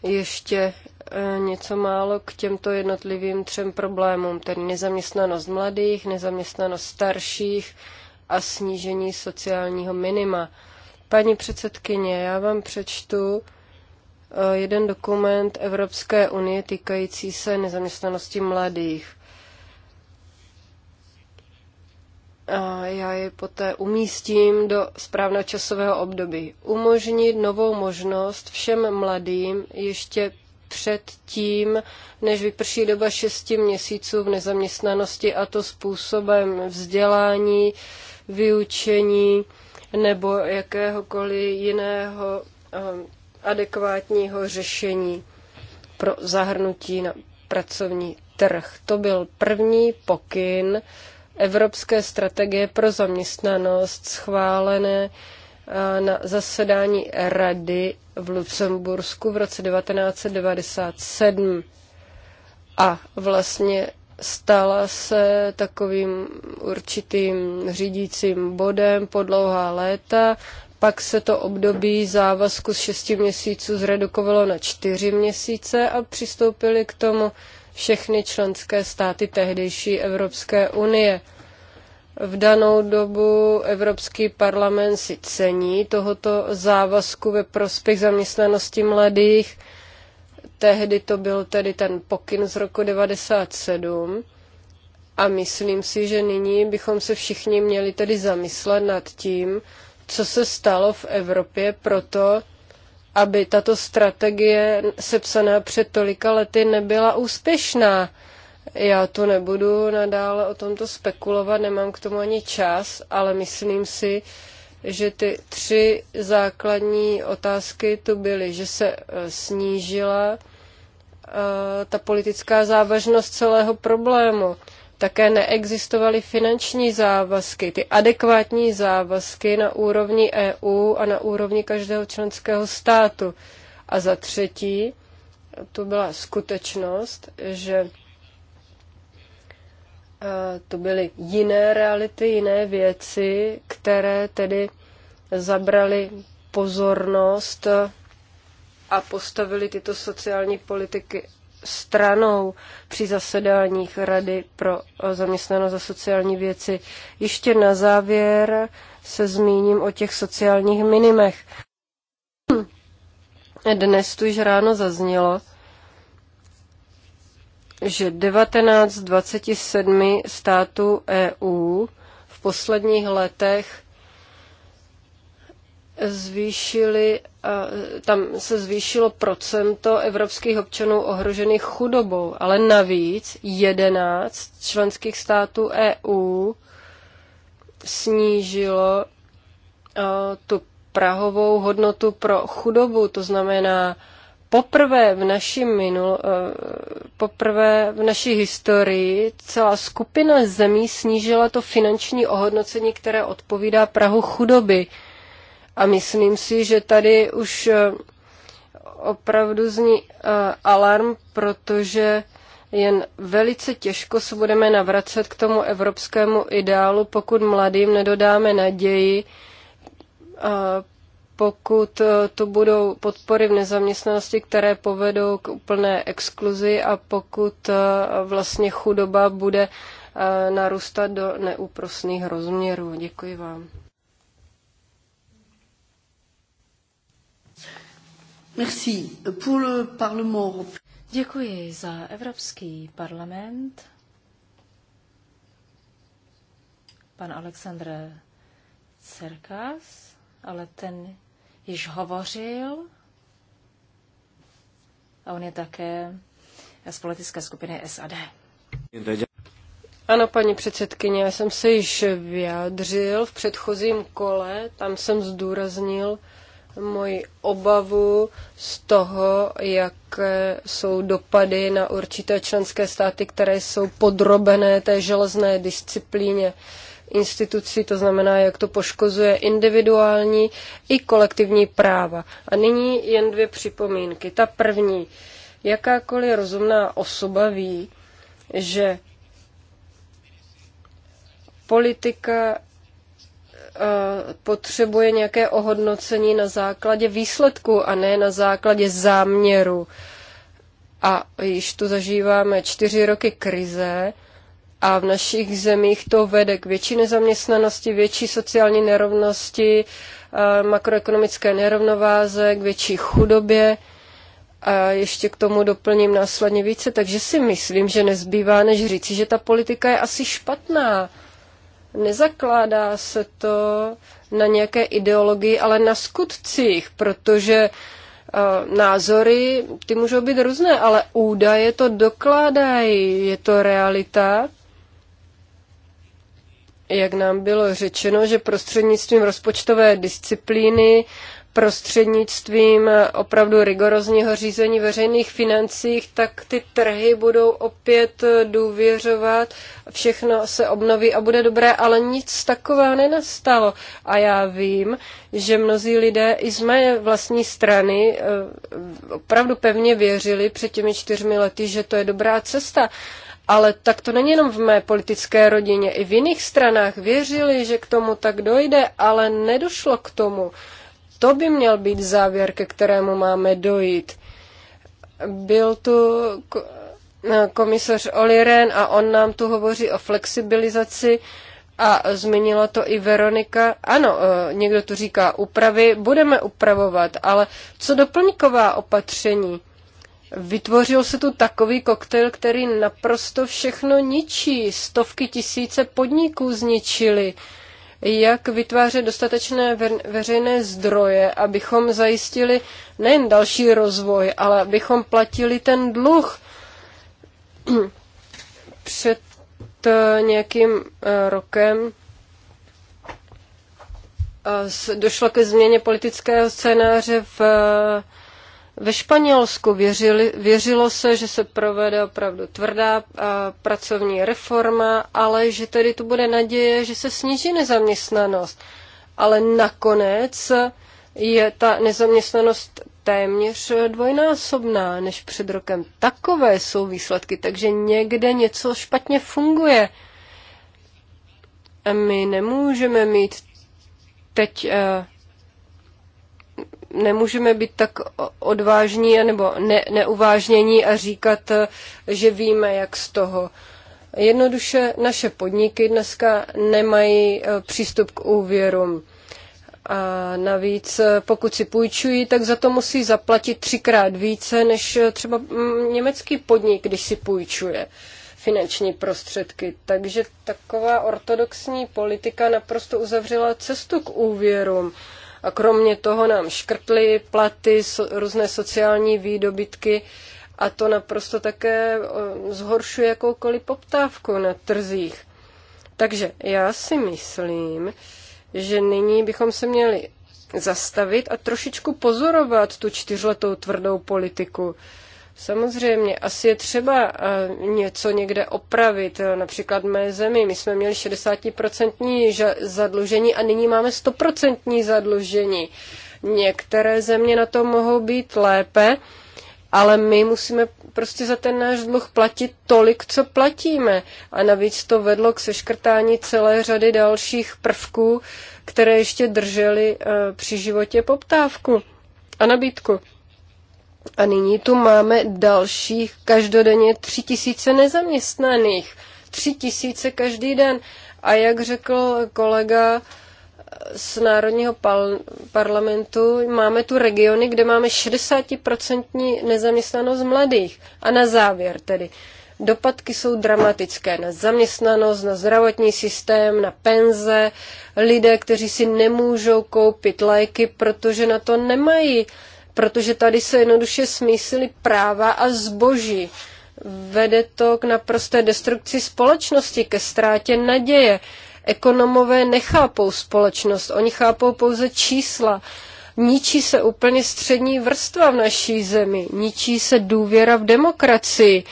Ještě eh, něco málo k těmto jednotlivým třem problémům, tedy nezaměstnanost mladých, nezaměstnanost starších a snížení sociálního minima. Paní předsedkyně, já vám přečtu eh, jeden dokument Evropské unie týkající se nezaměstnanosti mladých. já je poté umístím do správného časového období. Umožnit novou možnost všem mladým ještě před tím, než vyprší doba 6 měsíců v nezaměstnanosti a to způsobem vzdělání, vyučení nebo jakéhokoliv jiného ehm, adekvátního řešení pro zahrnutí na pracovní trh. To byl první pokyn, Evropské strategie pro zaměstnanost schválené na zasedání Rady v Lucembursku v roce 1997. A vlastně stala se takovým určitým řídícím bodem po dlouhá léta. Pak se to období závazku z 6 měsíců zredukovalo na 4 měsíce a přistoupili k tomu všechny členské státy tehdejší Evropské unie. V danou dobu Evropský parlament si cení tohoto závazku ve prospěch zaměstnanosti mladých. Tehdy to byl tedy ten pokyn z roku 97. A myslím si, že nyní bychom se všichni měli tedy zamyslet nad tím, co se stalo v Evropě proto, aby tato strategie sepsaná před tolika lety nebyla úspěšná. Já to nebudu nadále o tomto spekulovat, nemám k tomu ani čas, ale myslím si, že ty tři základní otázky tu byly, že se eh, snížila eh, ta politická závažnost celého problému, také neexistovaly finanční závazky, ty adekvátní závazky na úrovni EU a na úrovni každého členského státu. A za třetí, to byla skutečnost, že to byly jiné reality, jiné věci, které tedy zabrali pozornost a postavili tyto sociální politiky stranou při zasedáních Rady pro zaměstnanost a sociální věci. Ještě na závěr se zmíním o těch sociálních minimech. Dnes tu již ráno zaznělo, že 19 z 27 států EU v posledních letech zvýšili tam se zvýšilo procento evropských občanů ohrožených chudobou, ale navíc 11 členských států EU snížilo tu prahovou hodnotu pro chudobu, to znamená poprvé v naší minul, poprvé v naší historii celá skupina zemí snížila to finanční ohodnocení, které odpovídá prahu chudoby. A myslím si, že tady už eh, opravdu zní eh, alarm, protože jen velice těžko se budeme navracet k tomu evropskému ideálu, pokud mladým nedodáme naději, eh, pokud to budou podpory v nezaměstnanosti, které povedou k úplné exkluzi a pokud vlastně chudoba bude narůstat do neúprosných rozměrů. Děkuji vám. Děkuji za Evropský parlament. Pan Aleksandr Cerkas, ale ten již hovořil a on je také z politické skupiny SAD. Ano, paní předsedkyně, já jsem se již vyjádřil v předchozím kole, tam jsem zdůraznil, moji obavu z toho, jak jsou dopady na určité členské státy, které jsou podrobené té železné disciplíně institucí, to znamená, jak to poškozuje individuální i kolektivní práva. A nyní jen dvě připomínky. Ta první, jakákoliv rozumná osoba ví, že politika Eh, potřebuje nějaké ohodnocení na základě výsledku a ne na základě záměru. A již tu zažíváme čtyři roky krize a v našich zemích to vede k větší nezaměstnanosti, větší sociální nerovnosti, eh, makroekonomické nerovnováze, k větší chudobě. A ještě k tomu doplním následně více, takže si myslím, že nezbývá, než říci, že ta politika je asi špatná Nezakládá se to na nějaké ideologii, ale na skutcích, protože eh, názory, ty můžou být různé, ale údaje to dokládají, je to realita. Jak nám bylo řečeno, že prostřednictvím rozpočtové disciplíny prostřednictvím opravdu rigorozního řízení veřejných financí, tak ty trhy budou opět důvěřovat, všechno se obnoví a bude dobré, ale nic takového nenastalo. A já vím, že mnozí lidé i z mé vlastní strany eh, opravdu pevně věřili před těmi čtyřmi lety, že to je dobrá cesta. Ale tak to není jenom v mé politické rodině. I v jiných stranách věřili, že k tomu tak dojde, ale nedošlo k tomu. To by měl být závěr, ke kterému máme dojít. Byl tu eh, komisař Oli Ren a on nám tu hovoří o flexibilizaci a zmínila to i Veronika. Ano, eh, někdo tu říká úpravy, budeme upravovat, ale co doplňková opatření? Vytvořil se tu takový koktejl, který naprosto všechno ničí. Stovky tisíce podniků zničili jak vytvářet dostatečné veřejné zdroje, abychom zajistili nejen další rozvoj, ale abychom platili ten dluh. Před eh, nějakým eh, rokem eh, došlo ke změně politického scénáře v ve Španělsku věřili, věřilo se, že se provede opravdu tvrdá pracovní reforma, ale že tedy tu bude naděje, že se sníží nezaměstnanost. Ale nakonec je ta nezaměstnanost téměř dvojnásobná než před rokem. Takové jsou výsledky, takže někde něco špatně funguje. A my nemůžeme mít teď nemůžeme být tak odvážní nebo ne, neuvážnění a říkat, eh, že víme, jak z toho. Jednoduše naše podniky dneska nemají eh, přístup k úvěrům. A navíc, eh, pokud si půjčují, tak za to musí zaplatit třikrát více než třeba mm, německý podnik, když si půjčuje finanční prostředky. Takže taková ortodoxní politika naprosto uzavřela cestu k úvěrům. A kromě toho nám škrtly platy, so, různé sociální výdobytky a to naprosto také zhoršuje jakoukoliv poptávku na trzích. Takže já si myslím, že nyní bychom se měli zastavit a trošičku pozorovat tu čtyřletou tvrdou politiku. Samozřejmě, asi je třeba eh, něco někde opravit. Eh, například mé zemi, my jsme měli 60% zadlužení a nyní máme 100% zadlužení. Některé země na to mohou být lépe, ale my musíme prostě za ten náš dluh platit tolik, co platíme. A navíc to vedlo k seškrtání celé řady dalších prvků, které ještě držely eh, při životě poptávku a nabídku. A nyní tu máme dalších každodenně tři tisíce nezaměstnaných. Tři tisíce každý den. A jak řekl kolega z Národního parlamentu, máme tu regiony, kde máme 60% nezaměstnanost mladých. A na závěr tedy. Dopadky jsou dramatické na zaměstnanost, na zdravotní systém, na penze, lidé, kteří si nemůžou koupit léky, protože na to nemají protože tady se jednoduše smísily práva a zboží. Vede to k naprosté destrukci společnosti, ke ztrátě naděje. Ekonomové nechápou společnost, oni chápou pouze čísla. Ničí se úplně střední vrstva v naší zemi, ničí se důvěra v demokracii,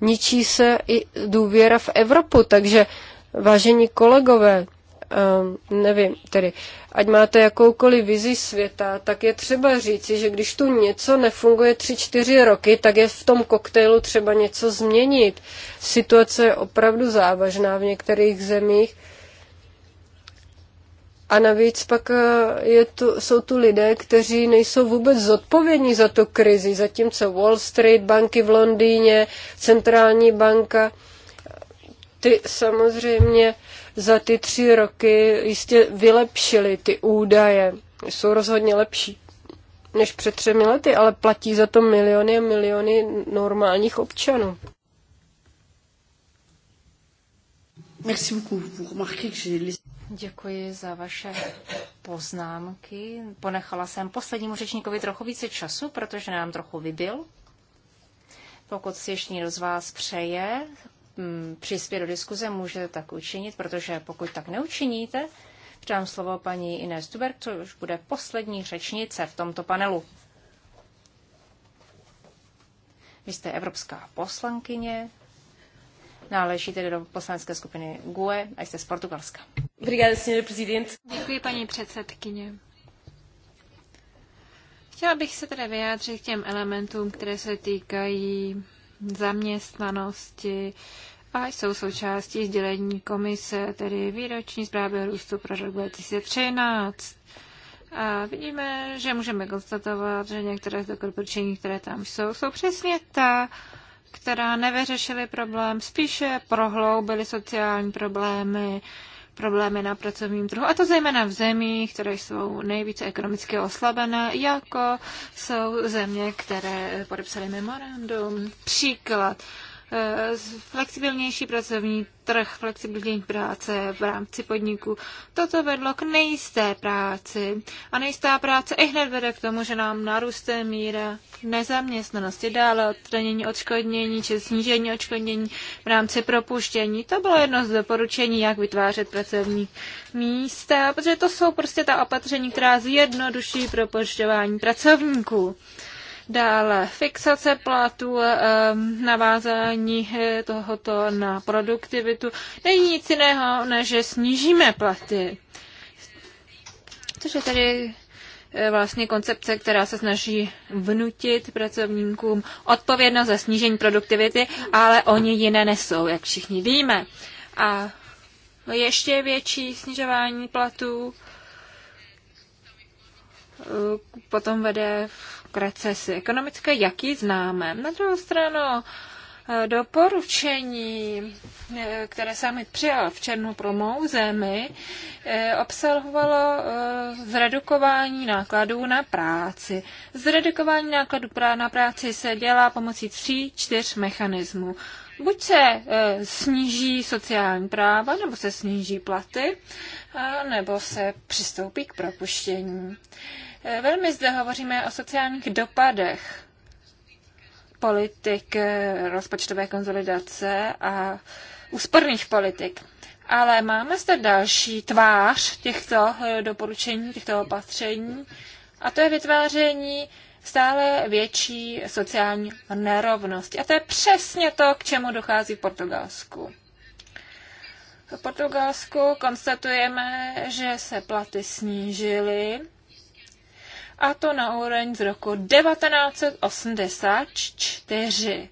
ničí se i důvěra v Evropu. Takže, vážení kolegové, Ehm, nevím, tedy, ať máte jakoukoliv vizi světa, tak je třeba říci, že když tu něco nefunguje 3-4 roky, tak je v tom koktejlu třeba něco změnit. Situace je opravdu závažná v některých zemích. A navíc pak eh, je tu, jsou tu lidé, kteří nejsou vůbec zodpovědní za tu krizi, zatímco Wall Street, banky v Londýně, centrální banka, ty samozřejmě za ty tři roky jistě vylepšili ty údaje. Jsou rozhodně lepší než před třemi lety, ale platí za to miliony a miliony normálních občanů. Děkuji za vaše poznámky. Ponechala jsem poslednímu řečníkovi trochu více času, protože nám trochu vybil. Pokud si ještě někdo z vás přeje Mm, přispět do diskuze, můžete tak učinit, protože pokud tak neučiníte, předám slovo paní Inés Tuberk, což bude poslední řečnice v tomto panelu. Vy jste evropská poslankyně, náležíte tedy do poslanecké skupiny GUE a jste z Portugalska. Děkuji, paní předsedkyně. Chtěla bych se tedy vyjádřit k těm elementům, které se týkají zaměstnanosti a jsou součástí sdělení komise, tedy výroční zprávy růstu pro rok 2013. A vidíme, že můžeme konstatovat, že některé z doporučení, které tam jsou, jsou přesně ta, která nevyřešily problém, spíše prohloubily sociální problémy, problémy na pracovním trhu, a to zejména v zemích, které jsou nejvíce ekonomicky oslabené, jako jsou země, které podepsaly memorandum. Příklad flexibilnější pracovní trh, flexibilní práce v rámci podniku. Toto vedlo k nejisté práci. A nejistá práce i hned vede k tomu, že nám naroste míra nezaměstnanosti, dále odstranění odškodnění či snížení odškodnění v rámci propuštění. To bylo jedno z doporučení, jak vytvářet pracovní místa, protože to jsou prostě ta opatření, která zjednoduší propuštění pracovníků. Dále fixace platů, ehm, navázání eh, tohoto na produktivitu. Není nic jiného, než že snížíme platy. Což je tady eh, vlastně koncepce, která se snaží vnutit pracovníkům odpovědnost za snížení produktivity, ale oni ji nenesou, jak všichni víme. A ještě větší snižování platů eh, potom vede k recesi ekonomické, jaký známe. Na druhou stranu eh, doporučení, eh, které summit přijal v černu pro mou zemi, eh, obsahovalo zredukování nákladů na práci. Zredukování nákladů na práci se dělá pomocí tří, čtyř mechanismů. Buď se sníží sociální práva, nebo se sníží platy, nebo se přistoupí k propuštění. Eh, velmi zde hovoříme o sociálních dopadech politik eh, rozpočtové konsolidace a úsporných politik. Ale máme zde další tvář těchto eh, doporučení, těchto opatření, a to je vytváření stále větší sociální nerovnosti. A to je přesně to, k čemu dochází v Portugalsku. V Portugalsku konstatujeme, že se platy snížily a to na úroveň z roku 1984.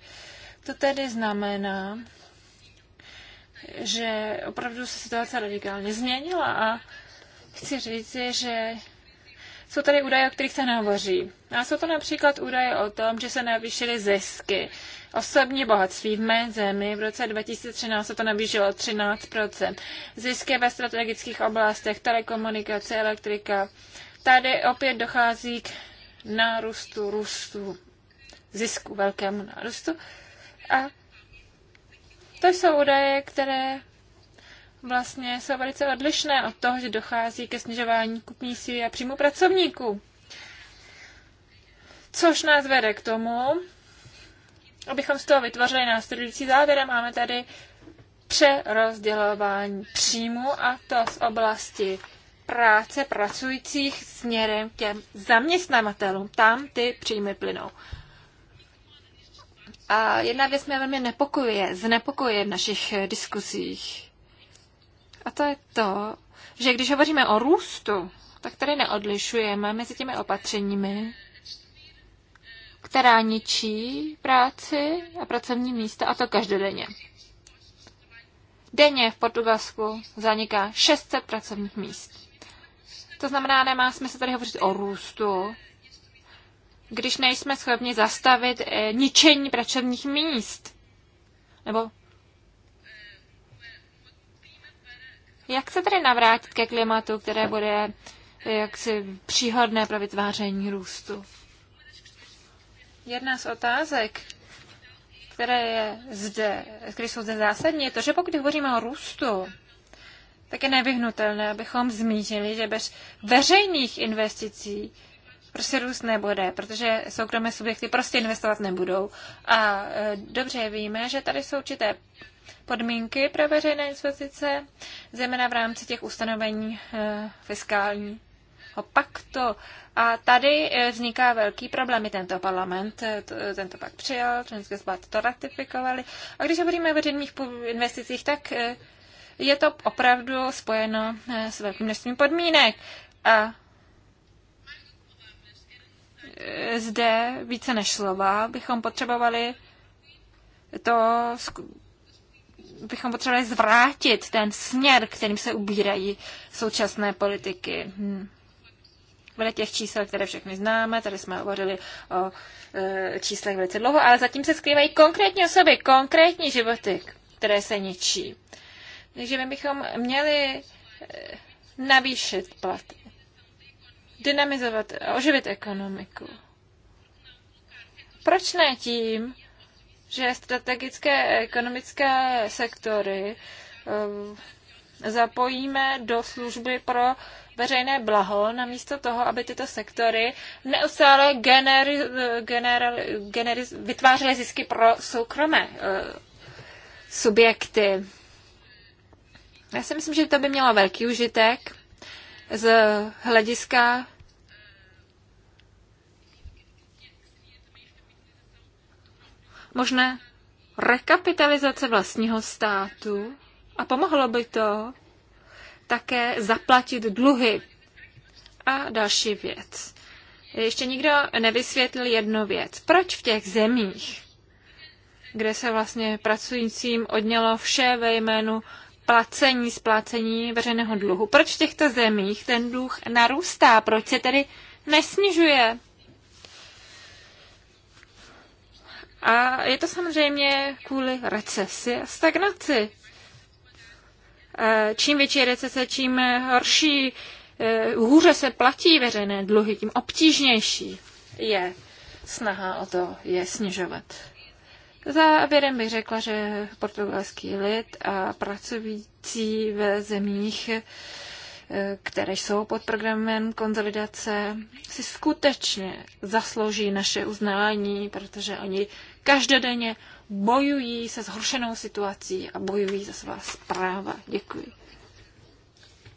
To tedy znamená, že opravdu se situace radikálně změnila a chci říct, že jsou tady údaje, o kterých se nehovoří. A jsou to například údaje o tom, že se navýšily zisky. Osobní bohatství v mé zemi v roce 2013 se to navýšilo 13%. Zisky ve strategických oblastech, telekomunikace, elektrika, tady opět dochází k nárůstu, růstu zisku, velkému nárůstu. A to jsou údaje, které vlastně jsou velice odlišné od toho, že dochází ke snižování kupní síly a příjmu pracovníků. Což nás vede k tomu, abychom z toho vytvořili následující závěr. Máme tady přerozdělování příjmu a to z oblasti práce pracujících směrem k těm zaměstnavatelům. Tam ty příjmy plynou. A jedna věc mě velmi nepokojuje, znepokojuje v našich diskuzích A to je to, že když hovoříme o růstu, tak tady neodlišujeme mezi těmi opatřeními, která ničí práci a pracovní místa, a to každodenně. Denně v Portugalsku zaniká 600 pracovních míst. To znamená, nemá smysl tady hovořit o růstu, když nejsme schopni zastavit eh, ničení pracovních míst. Nebo jak se tedy navrátit ke klimatu, které bude eh, jaksi příhodné pro vytváření růstu? Jedna z otázek, které, je zde, které jsou zde zásadní, je to, že pokud hovoříme o růstu, tak je nevyhnutelné, abychom zmínili, že bez veřejných investicí prostě růst nebude, protože soukromé subjekty prostě investovat nebudou. A e, dobře víme, že tady jsou určité podmínky pro veřejné investice, zejména v rámci těch ustanovení e, fiskální paktu. A tady e, vzniká velký problém. I tento parlament tento pak přijal, členské státy to ratifikovali. A když hovoříme o veřejných investicích, tak je to opravdu spojeno eh, s velkým množstvím podmínek. A eh, zde více než slova bychom potřebovali to bychom potřebovali zvrátit ten směr, kterým se ubírají současné politiky. Hmm. Bude těch čísel, které všechny známe, tady jsme hovořili o e, číslech velice dlouho, ale zatím se skrývají konkrétní osoby, konkrétní životy, které se ničí že my bychom měli eh, navýšit platy, dynamizovat, oživit ekonomiku. Proč ne tím, že strategické ekonomické sektory eh, zapojíme do služby pro veřejné blaho, namísto toho, aby tyto sektory neustále gener, gener, gener, vytvářely zisky pro soukromé eh, subjekty. Já si myslím, že to by mělo velký užitek z hlediska možné rekapitalizace vlastního státu a pomohlo by to také zaplatit dluhy. A další věc. Ještě nikdo nevysvětlil jednu věc. Proč v těch zemích, kde se vlastně pracujícím odnělo vše ve jménu placení, splácení veřejného dluhu. Proč v těchto zemích ten dluh narůstá? Proč se tedy nesnižuje? A je to samozřejmě kvůli recesi a stagnaci. Čím větší recese, čím horší, e, hůře se platí veřejné dluhy, tím obtížnější je snaha o to je snižovat. Závěrem bych řekla, že portugalský lid a pracující ve zemích, eh, které jsou pod programem konzolidace, si skutečně zaslouží naše uznání, protože oni každodenně bojují se zhoršenou situací a bojují za svá zpráva. Děkuji.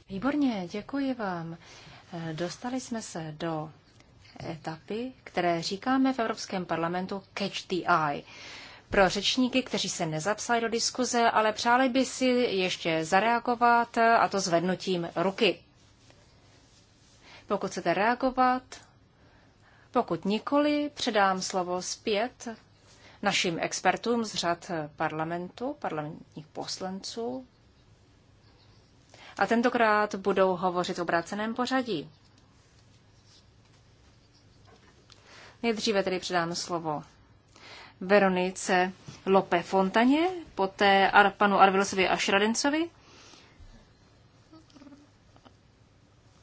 Výborně, děkuji vám. Eh, dostali jsme se do etapy, které říkáme v Evropském parlamentu catch the eye pro řečníky, kteří se nezapsali do diskuze, ale přáli by si ještě zareagovat a to zvednutím ruky. Pokud chcete reagovat, pokud nikoli, předám slovo zpět našim expertům z řad parlamentu, parlamentních poslanců. A tentokrát budou hovořit v obráceném pořadí. Nejdříve tedy předám slovo Veronice Lope Fontaně, poté Ar, panu Arvilsovi a Šradencovi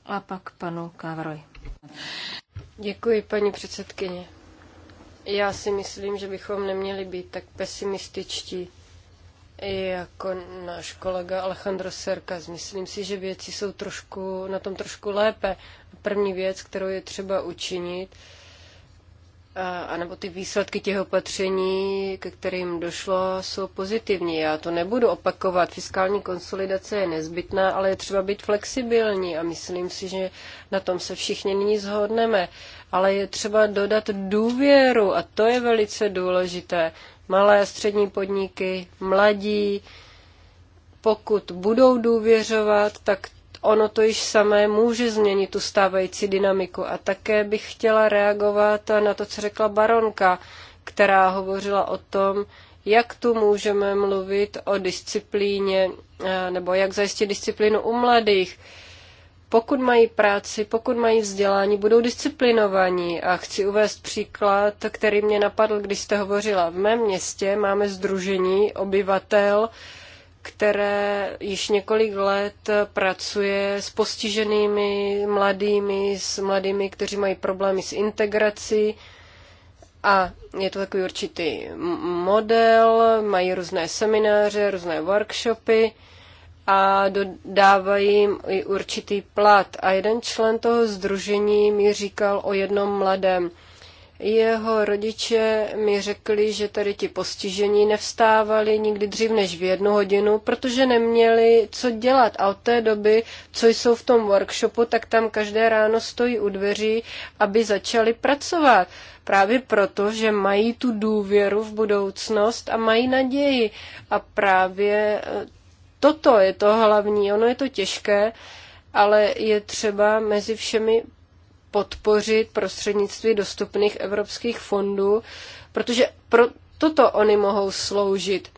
a pak panu Kávroj. Děkuji, paní předsedkyně. Já si myslím, že bychom neměli být tak pesimističtí jako náš kolega Alejandro Serkas. Myslím si, že věci jsou trošku, na tom trošku lépe. První věc, kterou je třeba učinit, anebo ty výsledky těch opatření, ke kterým došlo, jsou pozitivní. Já to nebudu opakovat. Fiskální konsolidace je nezbytná, ale je třeba být flexibilní a myslím si, že na tom se všichni nyní zhodneme. Ale je třeba dodat důvěru a to je velice důležité. Malé střední podniky, mladí, pokud budou důvěřovat, tak ono to již samé může změnit tu stávající dynamiku. A také bych chtěla reagovat na to, co řekla baronka, která hovořila o tom, jak tu můžeme mluvit o disciplíně, eh, nebo jak zajistit disciplínu u mladých. Pokud mají práci, pokud mají vzdělání, budou disciplinovaní. A chci uvést příklad, který mě napadl, když jste hovořila. V mém městě máme združení obyvatel, které již několik let pracuje s postiženými mladými, s mladými, kteří mají problémy s integrací. A je to takový určitý model, mají různé semináře, různé workshopy a dodávají jim i určitý plat. A jeden člen toho združení mi říkal o jednom mladém jeho rodiče mi řekli, že tady ti postižení nevstávali nikdy dřív než v jednu hodinu, protože neměli co dělat. A od té doby, co jsou v tom workshopu, tak tam každé ráno stojí u dveří, aby začali pracovat. Právě proto, že mají tu důvěru v budoucnost a mají naději. A právě e, toto je to hlavní. Ono je to těžké, ale je třeba mezi všemi podpořit prostřednictví dostupných evropských fondů, protože pro toto oni mohou sloužit.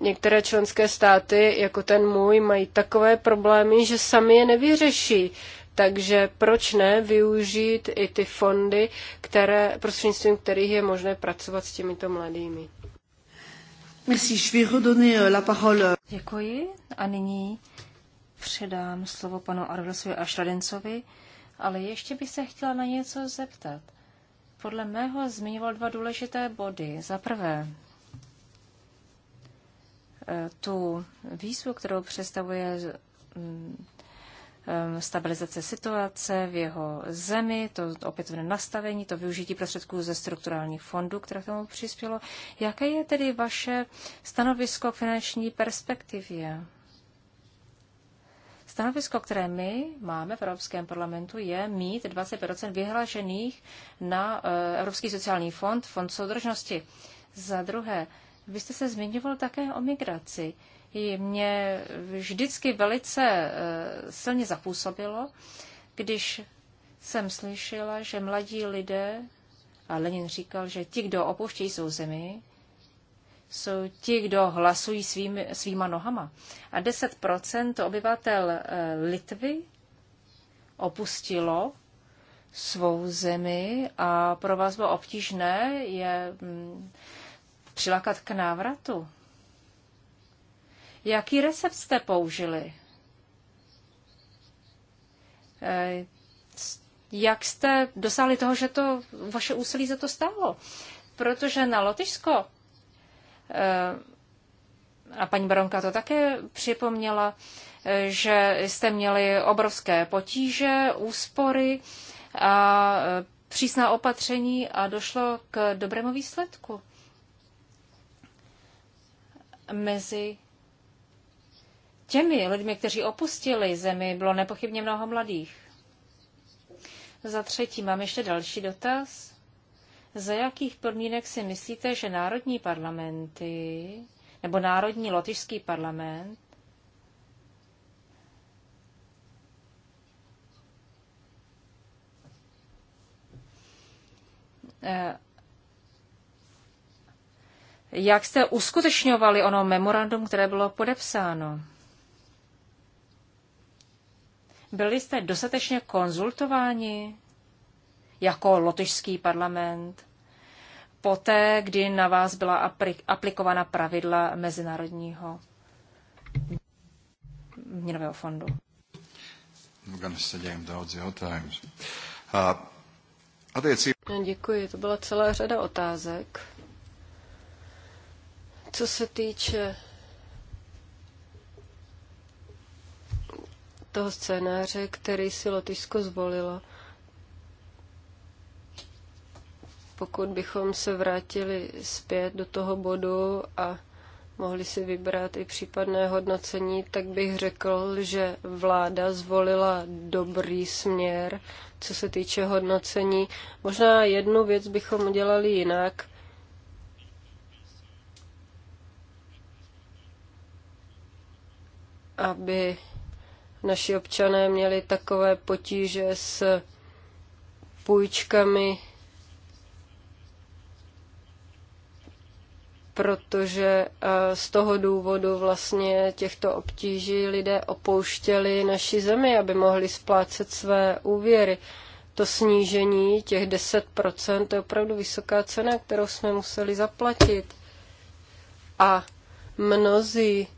Některé členské státy, jako ten můj, mají takové problémy, že sami je nevyřeší. Takže proč ne využít i ty fondy, které, prostřednictvím kterých je možné pracovat s těmito mladými? Euh, euh, Děkuji a nyní předám slovo panu Arvlesovi a Šradencovi ale ještě bych se chtěla na něco zeptat. Podle mého zmiňoval dva důležité body. Za prvé, e, tu výzvu, kterou představuje mm, e, stabilizace situace v jeho zemi, to opětovné nastavení, to využití prostředků ze strukturálních fondů, které k tomu přispělo. Jaké je tedy vaše stanovisko k finanční perspektivě? Stanovisko, které my máme v Evropském parlamentu, je mít 20 vyhlášených na eh, Evropský sociální fond, fond soudržnosti. Za druhé, vy jste se zmiňoval také o migraci. Mě vždycky velice eh, silně zapůsobilo, když jsem slyšela, že mladí lidé, a Lenin říkal, že ti, kdo opouštějí svou zemi, jsou ti, kdo hlasují svými, svýma nohama. A 10% obyvatel eh, Litvy opustilo svou zemi a pro vás bylo obtížné je mm, přilákat k návratu. Jaký recept jste použili? Eh, jak jste dosáhli toho, že to vaše úsilí za to stálo? Protože na Lotyšsko Eh, a paní baronka to také připomněla, eh, že jste měli obrovské potíže, úspory a eh, přísná opatření a došlo k dobrému výsledku mezi těmi lidmi, kteří opustili zemi, bylo nepochybně mnoho mladých. Za třetí mám ještě další dotaz za jakých podmínek si myslíte, že národní parlamenty nebo národní lotyšský parlament eh, jak jste uskutečňovali ono memorandum, které bylo podepsáno? Byli jste dostatečně konzultováni? jako lotyšský parlament, poté, kdy na vás byla aplikována pravidla Mezinárodního měnového fondu. Děkuji, to byla celá řada otázek. Co se týče toho scénáře, který si Lotyšsko zvolilo, pokud bychom se vrátili zpět do toho bodu a mohli si vybrat i případné hodnocení, tak bych řekl, že vláda zvolila dobrý směr, co se týče hodnocení. Možná jednu věc bychom udělali jinak. Aby naši občané měli takové potíže s půjčkami protože eh, z toho důvodu vlastně těchto obtíží lidé opouštěli naši zemi, aby mohli splácet své úvěry. To snížení těch 10% to je opravdu vysoká cena, kterou jsme museli zaplatit. A mnozí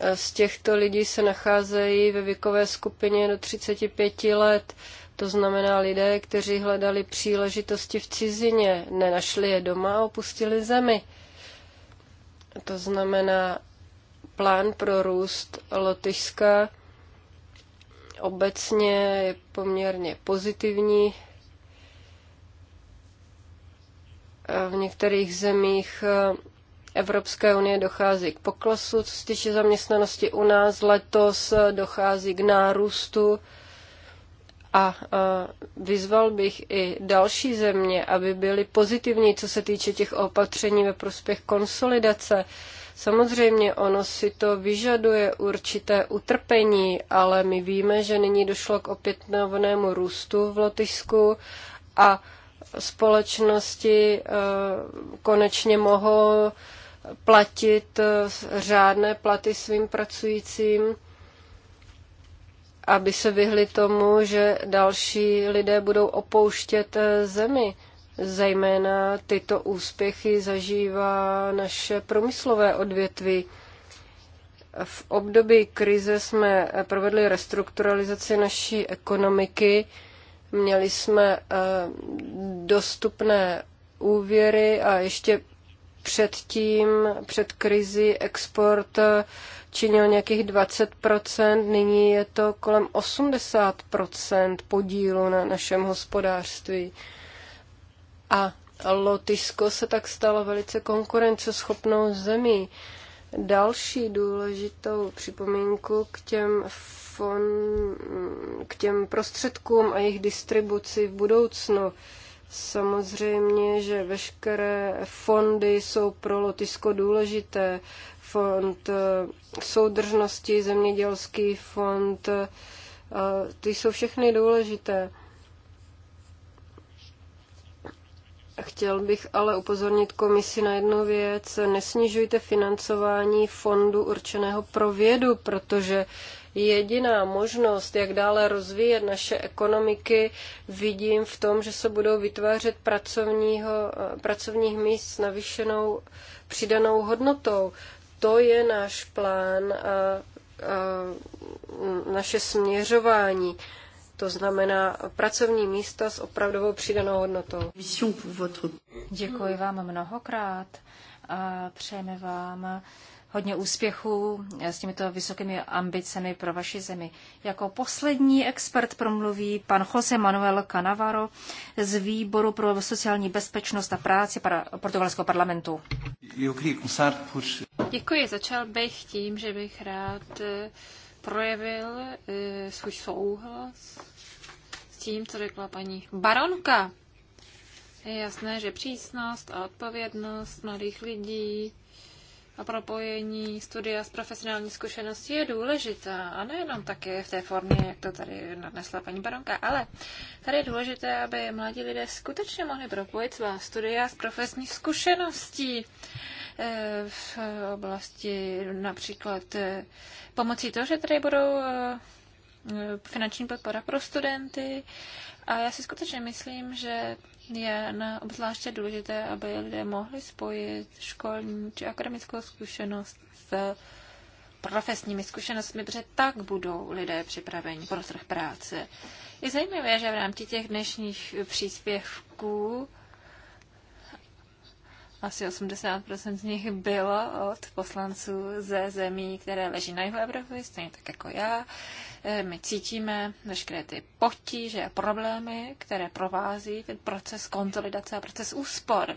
eh, z těchto lidí se nacházejí ve věkové skupině do 35 let. To znamená lidé, kteří hledali příležitosti v cizině, nenašli je doma a opustili zemi. To znamená plán pro růst Lotyšska obecně je poměrně pozitivní. V některých zemích Evropské unie dochází k poklesu, co se týče zaměstnanosti u nás. Letos dochází k nárůstu a e, vyzval bych i další země, aby byly pozitivní, co se týče těch opatření ve prospěch konsolidace. Samozřejmě ono si to vyžaduje určité utrpení, ale my víme, že nyní došlo k opětovnému růstu v Lotyšsku a společnosti e, konečně mohou platit e, řádné platy svým pracujícím aby se vyhli tomu, že další lidé budou opouštět eh, zemi. Zejména tyto úspěchy zažívá naše průmyslové odvětví. V období krize jsme provedli restrukturalizaci naší ekonomiky, měli jsme eh, dostupné úvěry a ještě předtím, před krizi, export eh, činil nějakých 20%, nyní je to kolem 80% podílu na našem hospodářství. A Lotyšsko se tak stalo velice konkurenceschopnou zemí. Další důležitou připomínku k těm fon, k těm prostředkům a jejich distribuci v budoucnu. Samozřejmě, že veškeré fondy jsou pro lotisko důležité. Fond eh, soudržnosti, zemědělský fond, eh, ty jsou všechny důležité. Chtěl bych ale upozornit komisi na jednu věc. Nesnižujte financování fondu určeného pro vědu, protože Jediná možnost, jak dále rozvíjet naše ekonomiky, vidím v tom, že se budou vytvářet pracovního, pracovních míst s navýšenou přidanou hodnotou. To je náš plán a, a naše směřování. To znamená pracovní místa s opravdovou přidanou hodnotou. Děkuji vám mnohokrát a přejeme vám hodně úspěchů eh, s těmito vysokými ambicemi pro vaši zemi. Jako poslední expert promluví pan Jose Manuel Canavaro z Výboru pro sociální bezpečnost a práci portugalského parlamentu. Děkuji. Začal bych tím, že bych rád eh, projevil eh, svůj souhlas s tím, co řekla paní baronka. Je jasné, že přísnost a odpovědnost mladých lidí a propojení studia s profesionální zkušeností je důležitá. A nejenom taky v té formě, jak to tady nadnesla paní baronka, ale tady je důležité, aby mladí lidé skutečně mohli propojit svá studia s profesní zkušeností eh, v oblasti například eh, pomocí toho, že tady budou eh, Eh, finanční podpora pro studenty. A já si skutečně myslím, že je na obzvláště důležité, aby lidé mohli spojit školní či akademickou zkušenost s profesními zkušenostmi, protože tak budou lidé připraveni pro trh práce. Je zajímavé, že v rámci těch dnešních příspěvků asi 80% z nich bylo od poslanců ze zemí, které leží na jihu Evropy, stejně tak jako já my cítíme veškeré ty potíže a problémy, které provází ten proces konsolidace a proces úspor.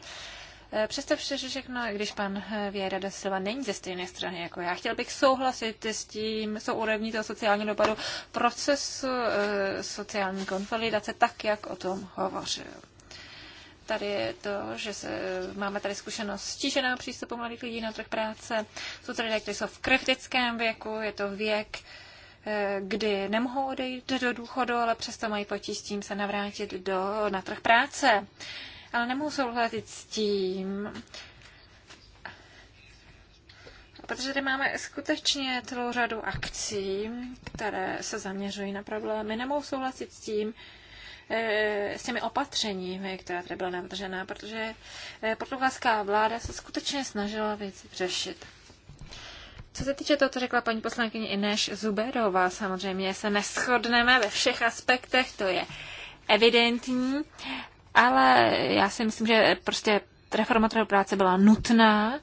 Eh, Přesto vše, že všechno, když pan eh, Věra da Silva není ze stejné strany jako já, chtěl bych souhlasit s tím, jsou úrovní toho sociálního dopadu procesu e, sociální konsolidace, tak jak o tom hovořil. Tady je to, že se, máme tady zkušenost stíženého přístupu mladých lidí na trh práce. Jsou to lidé, kteří jsou v kritickém věku, je to věk, e, Eh, kdy nemohou odejít do důchodu, ale přesto mají potíž s tím se navrátit do, na trh práce. Ale nemohou souhlasit s tím, protože tady máme skutečně celou řadu akcí, které se zaměřují na problémy. Nemohou souhlasit s tím, eh, s těmi opatřeními, která tady byla navržená, protože eh, portugalská vláda se skutečně snažila věci řešit. Co se týče toho, co řekla paní poslankyně Ineš Zuberová, samozřejmě se neschodneme ve všech aspektech, to je evidentní, ale já si myslím, že prostě reforma trhu práce byla nutná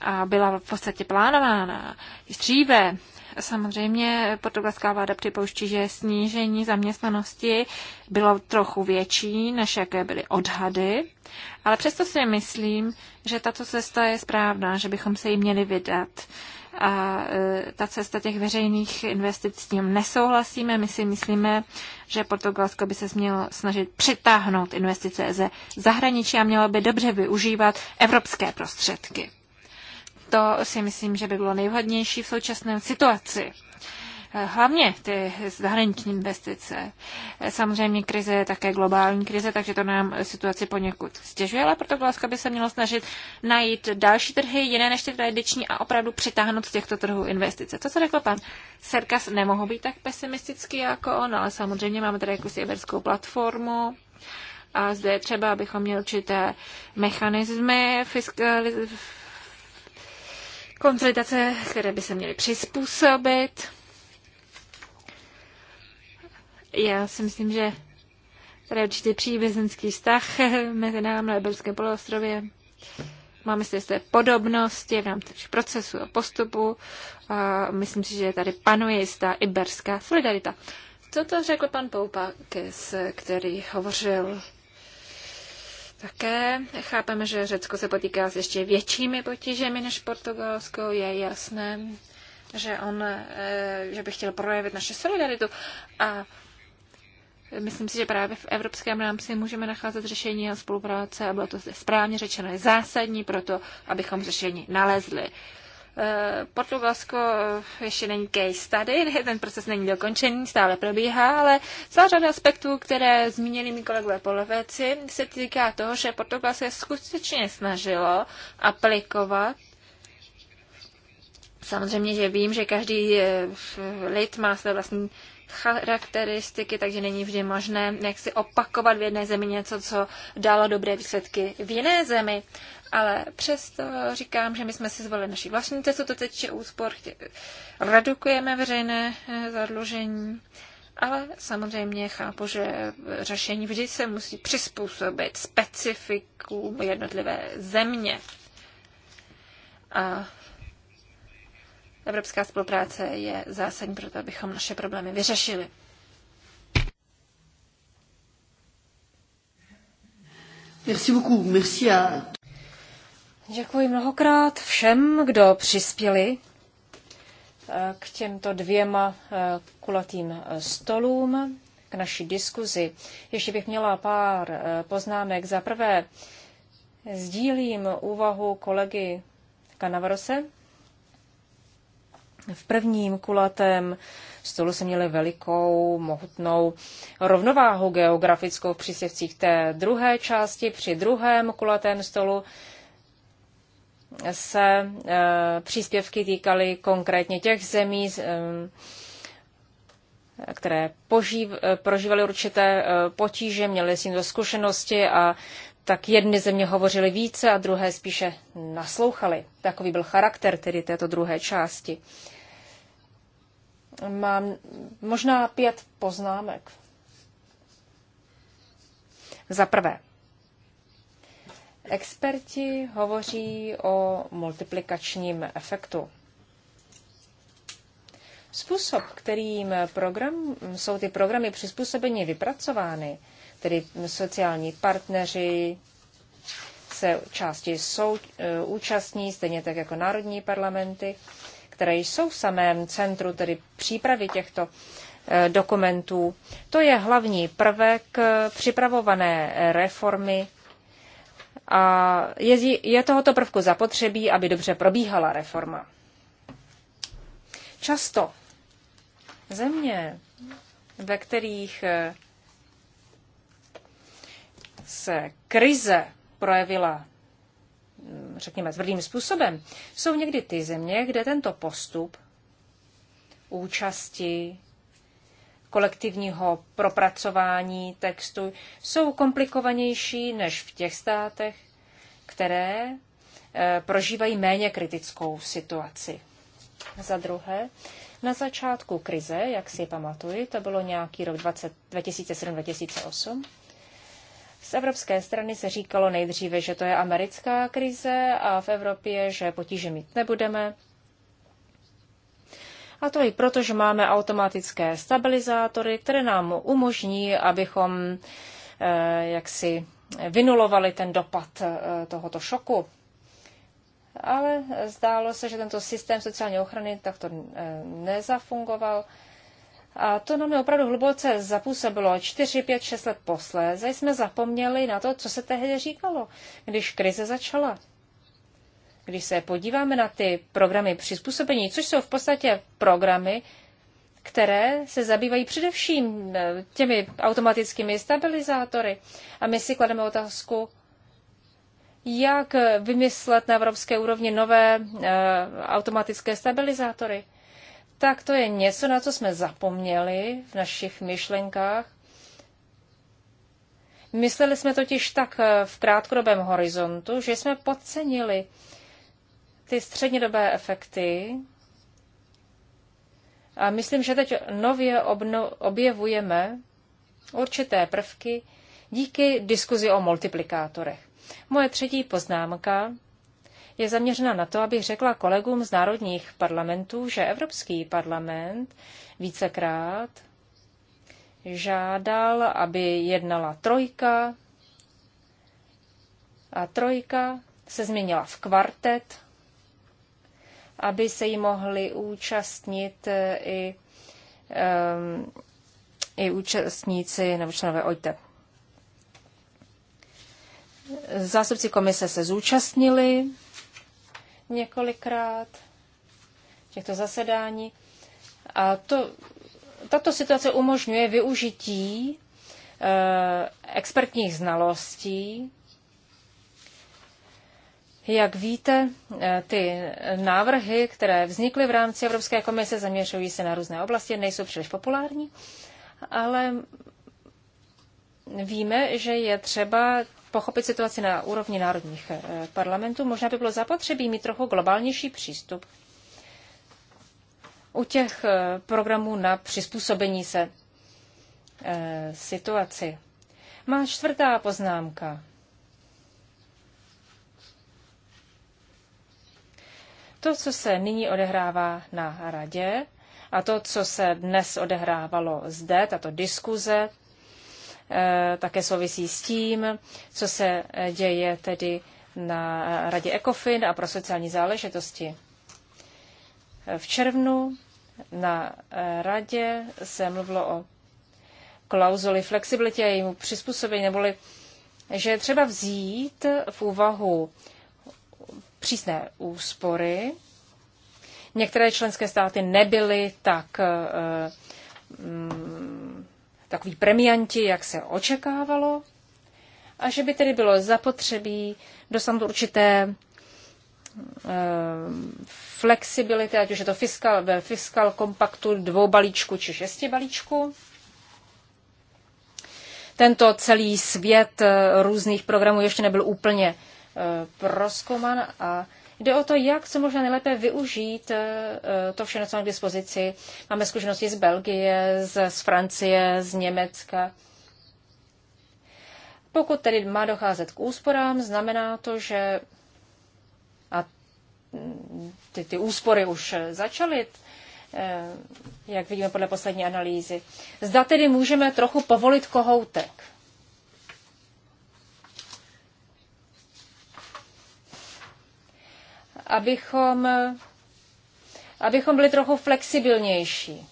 a byla v podstatě plánována již dříve Samozřejmě portugalská vláda připouští, že snížení zaměstnanosti bylo trochu větší, než jaké byly odhady, ale přesto si myslím, že tato cesta je správná, že bychom se jí měli vydat. A e, ta cesta těch veřejných investic s tím nesouhlasíme. My si myslíme, že Portugalsko by se mělo snažit přitáhnout investice ze zahraničí a mělo by dobře využívat evropské prostředky. To si myslím, že by bylo nejvhodnější v současné situaci hlavně ty zahraniční investice. Samozřejmě krize je také globální krize, takže to nám situaci poněkud stěžuje, ale proto Glasgow by se mělo snažit najít další trhy, jiné než ty tradiční a opravdu přitáhnout z těchto trhů investice. To, co řekl pan Serkas, nemohu být tak pesimistický jako on, ale samozřejmě máme tady jakousi iberskou platformu, a zde je třeba, abychom měli určité mechanismy fiskalizace konzolidace, které by se měly přizpůsobit. Já si myslím, že tady je určitě příbězenský vztah mezi námi na Eberském poloostrově. Máme si zde podobnosti v rámci procesu a postupu. A myslím si, že tady panuje jistá iberská solidarita. Co to řekl pan Poupakis, který hovořil také. Chápeme, že Řecko se potýká s ještě většími potížemi než Portugalsko. Je jasné, že on, eh, že by chtěl projevit naše solidaritu. A myslím si, že právě v evropském rámci můžeme nacházet řešení a spolupráce, a bylo to zde správně řečeno, je zásadní pro to, abychom řešení nalezli. Eh, Portugalsko eh, ještě není case tady, ten proces není dokončený, stále probíhá, ale celá řada aspektů, které zmínili mi kolegové poloveci, se týká toho, že Portugalsko se skutečně snažilo aplikovat Samozřejmě, že vím, že každý eh, lid má své vlastní charakteristiky, takže není vždy možné jak si opakovat v jedné zemi něco, co dalo dobré výsledky v jiné zemi. Ale přesto říkám, že my jsme si zvolili naši vlastní cestu, to teď je úspor, redukujeme veřejné eh, zadlužení, ale samozřejmě chápu, že řešení vždy se musí přizpůsobit specifikům jednotlivé země. A Evropská spolupráce je zásadní pro to, abychom naše problémy vyřešili. Merci beaucoup. Merci à... Děkuji mnohokrát všem, kdo přispěli eh, k těmto dvěma eh, kulatým eh, stolům, k naší diskuzi. Ještě bych měla pár poznámek. Za prvé, sdílím úvahu kolegy Kanavarose, v prvním kulatém stolu se měli velikou, mohutnou rovnováhu geografickou v přísevcích té druhé části. Při druhém kulatém stolu se e, příspěvky týkaly konkrétně těch zemí, e, které požív, e, prožívaly určité potíže, měly s tím zkušenosti a tak jedny země hovořily více a druhé spíše naslouchaly. Takový byl charakter tedy této druhé části. E, Mám možná pět poznámek. Za prvé, experti hovoří o multiplikačním efektu. Způsob, kterým program, jsou ty programy přizpůsobeně vypracovány, tedy sociální partneři se části sou, eh, účastní, stejně tak jako národní parlamenty, které jsou v samém centru, tedy přípravy těchto eh, dokumentů. To je hlavní prvek eh, připravované eh, reformy a je, je tohoto prvku zapotřebí, aby dobře probíhala reforma. Často země, ve kterých se krize projevila Mm, řekněme, tvrdým způsobem, jsou někdy ty země, kde tento postup účasti, kolektivního propracování textu jsou komplikovanější než v těch státech, které eh, prožívají méně kritickou situaci. Za druhé, na začátku krize, jak si pamatuju, to bylo nějaký rok 2007-2008, z evropské strany se říkalo nejdříve, že to je americká krize a v Evropě, že potíže mít nebudeme. A to i proto, že máme automatické stabilizátory, které nám umožní, abychom eh, jaksi vynulovali ten dopad eh, tohoto šoku. Ale zdálo se, že tento systém sociální ochrany takto eh, nezafungoval. Eh, a to na mě opravdu hluboce zapůsobilo. čtyři, pět, šest let posléze jsme zapomněli na to, co se tehdy říkalo, když krize začala. Když se podíváme na ty programy přizpůsobení, což jsou v podstatě programy, které se zabývají především eh, těmi automatickými stabilizátory. A my si klademe otázku, jak vymyslet na evropské úrovni nové eh, automatické stabilizátory tak to je něco, na co jsme zapomněli v našich myšlenkách. Mysleli jsme totiž tak eh, v krátkodobém horizontu, že jsme podcenili ty střednědobé efekty. A myslím, že teď nově objevujeme určité prvky díky diskuzi o multiplikátorech. Moje třetí poznámka je zaměřena na to, abych řekla kolegům z národních parlamentů, že Evropský parlament vícekrát žádal, aby jednala trojka a trojka se změnila v kvartet, aby se jí mohli účastnit eh, i, um, i účastníci nebo členové OJTE. Zástupci komise se zúčastnili několikrát těchto zasedání. A to, tato situace umožňuje využití eh, expertních znalostí. Jak víte, eh, ty návrhy, které vznikly v rámci Evropské komise, zaměřují se na různé oblasti, nejsou příliš populární, ale víme, že je třeba pochopit situaci na úrovni národních eh, parlamentů. Možná by bylo zapotřebí mít trochu globálnější přístup u těch eh, programů na přizpůsobení se eh, situaci. Má čtvrtá poznámka. To, co se nyní odehrává na radě a to, co se dnes odehrávalo zde, tato diskuze, Eh, také souvisí s tím, co se eh, děje tedy na eh, Radě ECOFIN a pro sociální záležitosti. V červnu na Radě se mluvilo o klauzuli flexibilitě a jejímu přizpůsobení, neboli že je třeba vzít v úvahu přísné úspory. Některé členské státy nebyly tak mm, takový premianti, jak se očekávalo, a že by tedy bylo zapotřebí dostat určité eh, flexibility, ať už je to fiskal, ve fiskal kompaktu dvou balíčku či šesti balíčku. Tento celý svět eh, různých programů ještě nebyl úplně eh, proskouman a Jde o to, jak se možná nejlépe využít eh, eh, to všechno, co máme k dispozici. Máme zkušenosti z Belgie, z, z Francie, z Německa. Pokud tedy má docházet k úsporám, znamená to, že a mm, ty, ty úspory už začaly, eh, jak vidíme podle poslední analýzy. Zda tedy můžeme trochu povolit kohoutek. abychom, abychom byli trochu flexibilnější.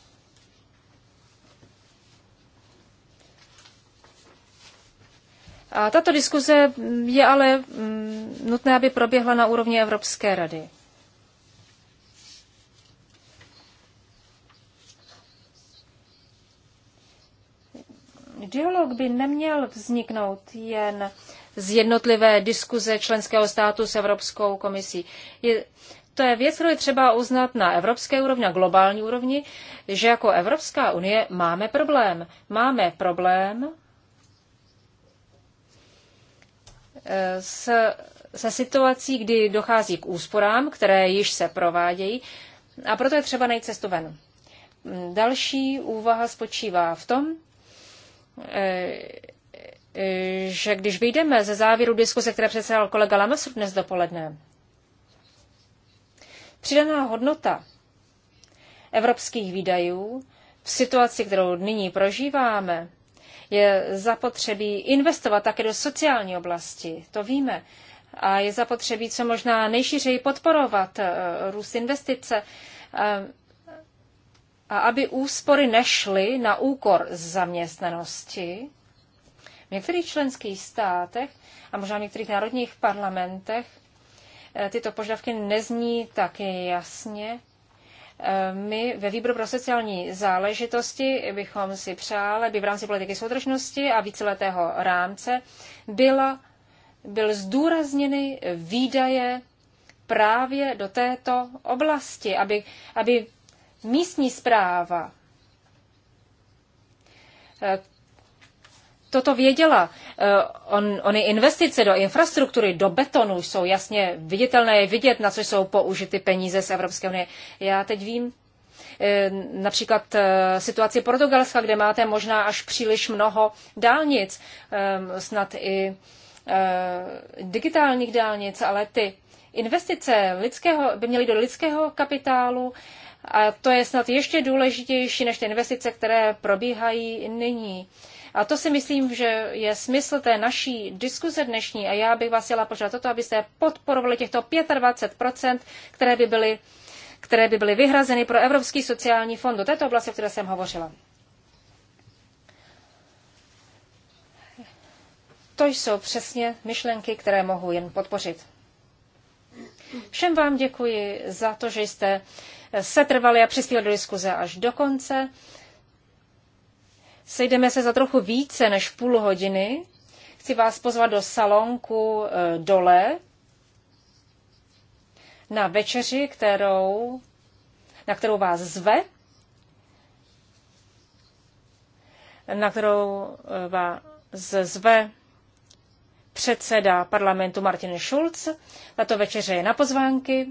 A tato diskuze je ale mm, nutné, aby proběhla na úrovni Evropské rady. Dialog by neměl vzniknout jen z jednotlivé diskuze členského státu s Evropskou komisí. Je, to je věc, kterou je třeba uznat na evropské úrovni, na globální úrovni, že jako Evropská unie máme problém. Máme problém eh, s, se situací, kdy dochází k úsporám, které již se provádějí, a proto je třeba najít cestu ven. Další úvaha spočívá v tom, eh, že když vyjdeme ze závěru diskuse, které předsedal kolega Lamasur dnes dopoledne, přidaná hodnota evropských výdajů v situaci, kterou nyní prožíváme, je zapotřebí investovat také do sociální oblasti, to víme. A je zapotřebí co možná nejšířeji podporovat eh, růst investice. Eh, a aby úspory nešly na úkor zaměstnanosti, v některých členských státech a možná v některých národních parlamentech eh, tyto požadavky nezní tak jasně. Eh, my ve výboru pro sociální záležitosti bychom si přáli, aby v rámci politiky soudržnosti a víceletého rámce byla, byl zdůrazněny výdaje právě do této oblasti, aby, aby místní zpráva eh, toto věděla. Eh, on, ony investice do infrastruktury, do betonu jsou jasně viditelné, je vidět, na co jsou použity peníze z Evropské unie. Já teď vím eh, například eh, situaci Portugalska, kde máte možná až příliš mnoho dálnic, snad i digitálních dálnic, ale ty investice lidského, by měly do lidského kapitálu a to je snad ještě důležitější než ty investice, které probíhají nyní. A to si myslím, že je smysl té naší diskuze dnešní a já bych vás chtěla požádat o to, abyste podporovali těchto 25%, které by byly které by byly vyhrazeny pro Evropský sociální fond do této oblasti, o které jsem hovořila. To jsou přesně myšlenky, které mohu jen podpořit. Všem vám děkuji za to, že jste setrvali a přispěli do diskuze až do konce. Sejdeme se za trochu více než půl hodiny. Chci vás pozvat do salonku e, dole na večeři, kterou, na kterou vás zve, na kterou e, vás zve předseda parlamentu Martin Schulz. Tato večeře je na pozvánky.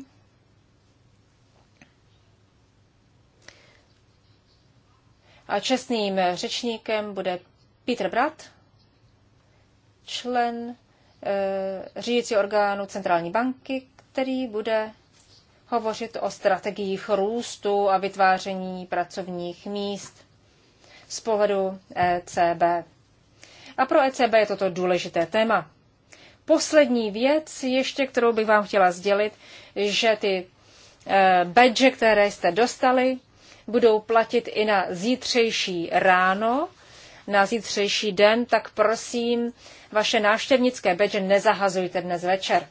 A čestným řečníkem bude Peter Brat, člen e, eh, řídícího orgánu Centrální banky, který bude hovořit o strategiích růstu a vytváření pracovních míst z pohledu ECB. A pro ECB je toto důležité téma. Poslední věc ještě, kterou bych vám chtěla sdělit, že ty eh, badge, které jste dostali, budou platit i na zítřejší ráno, na zítřejší den, tak prosím, vaše návštěvnické badge nezahazujte dnes večer.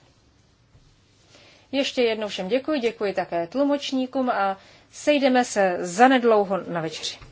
Ještě jednou všem děkuji, děkuji také tlumočníkům a sejdeme se zanedlouho na večeři.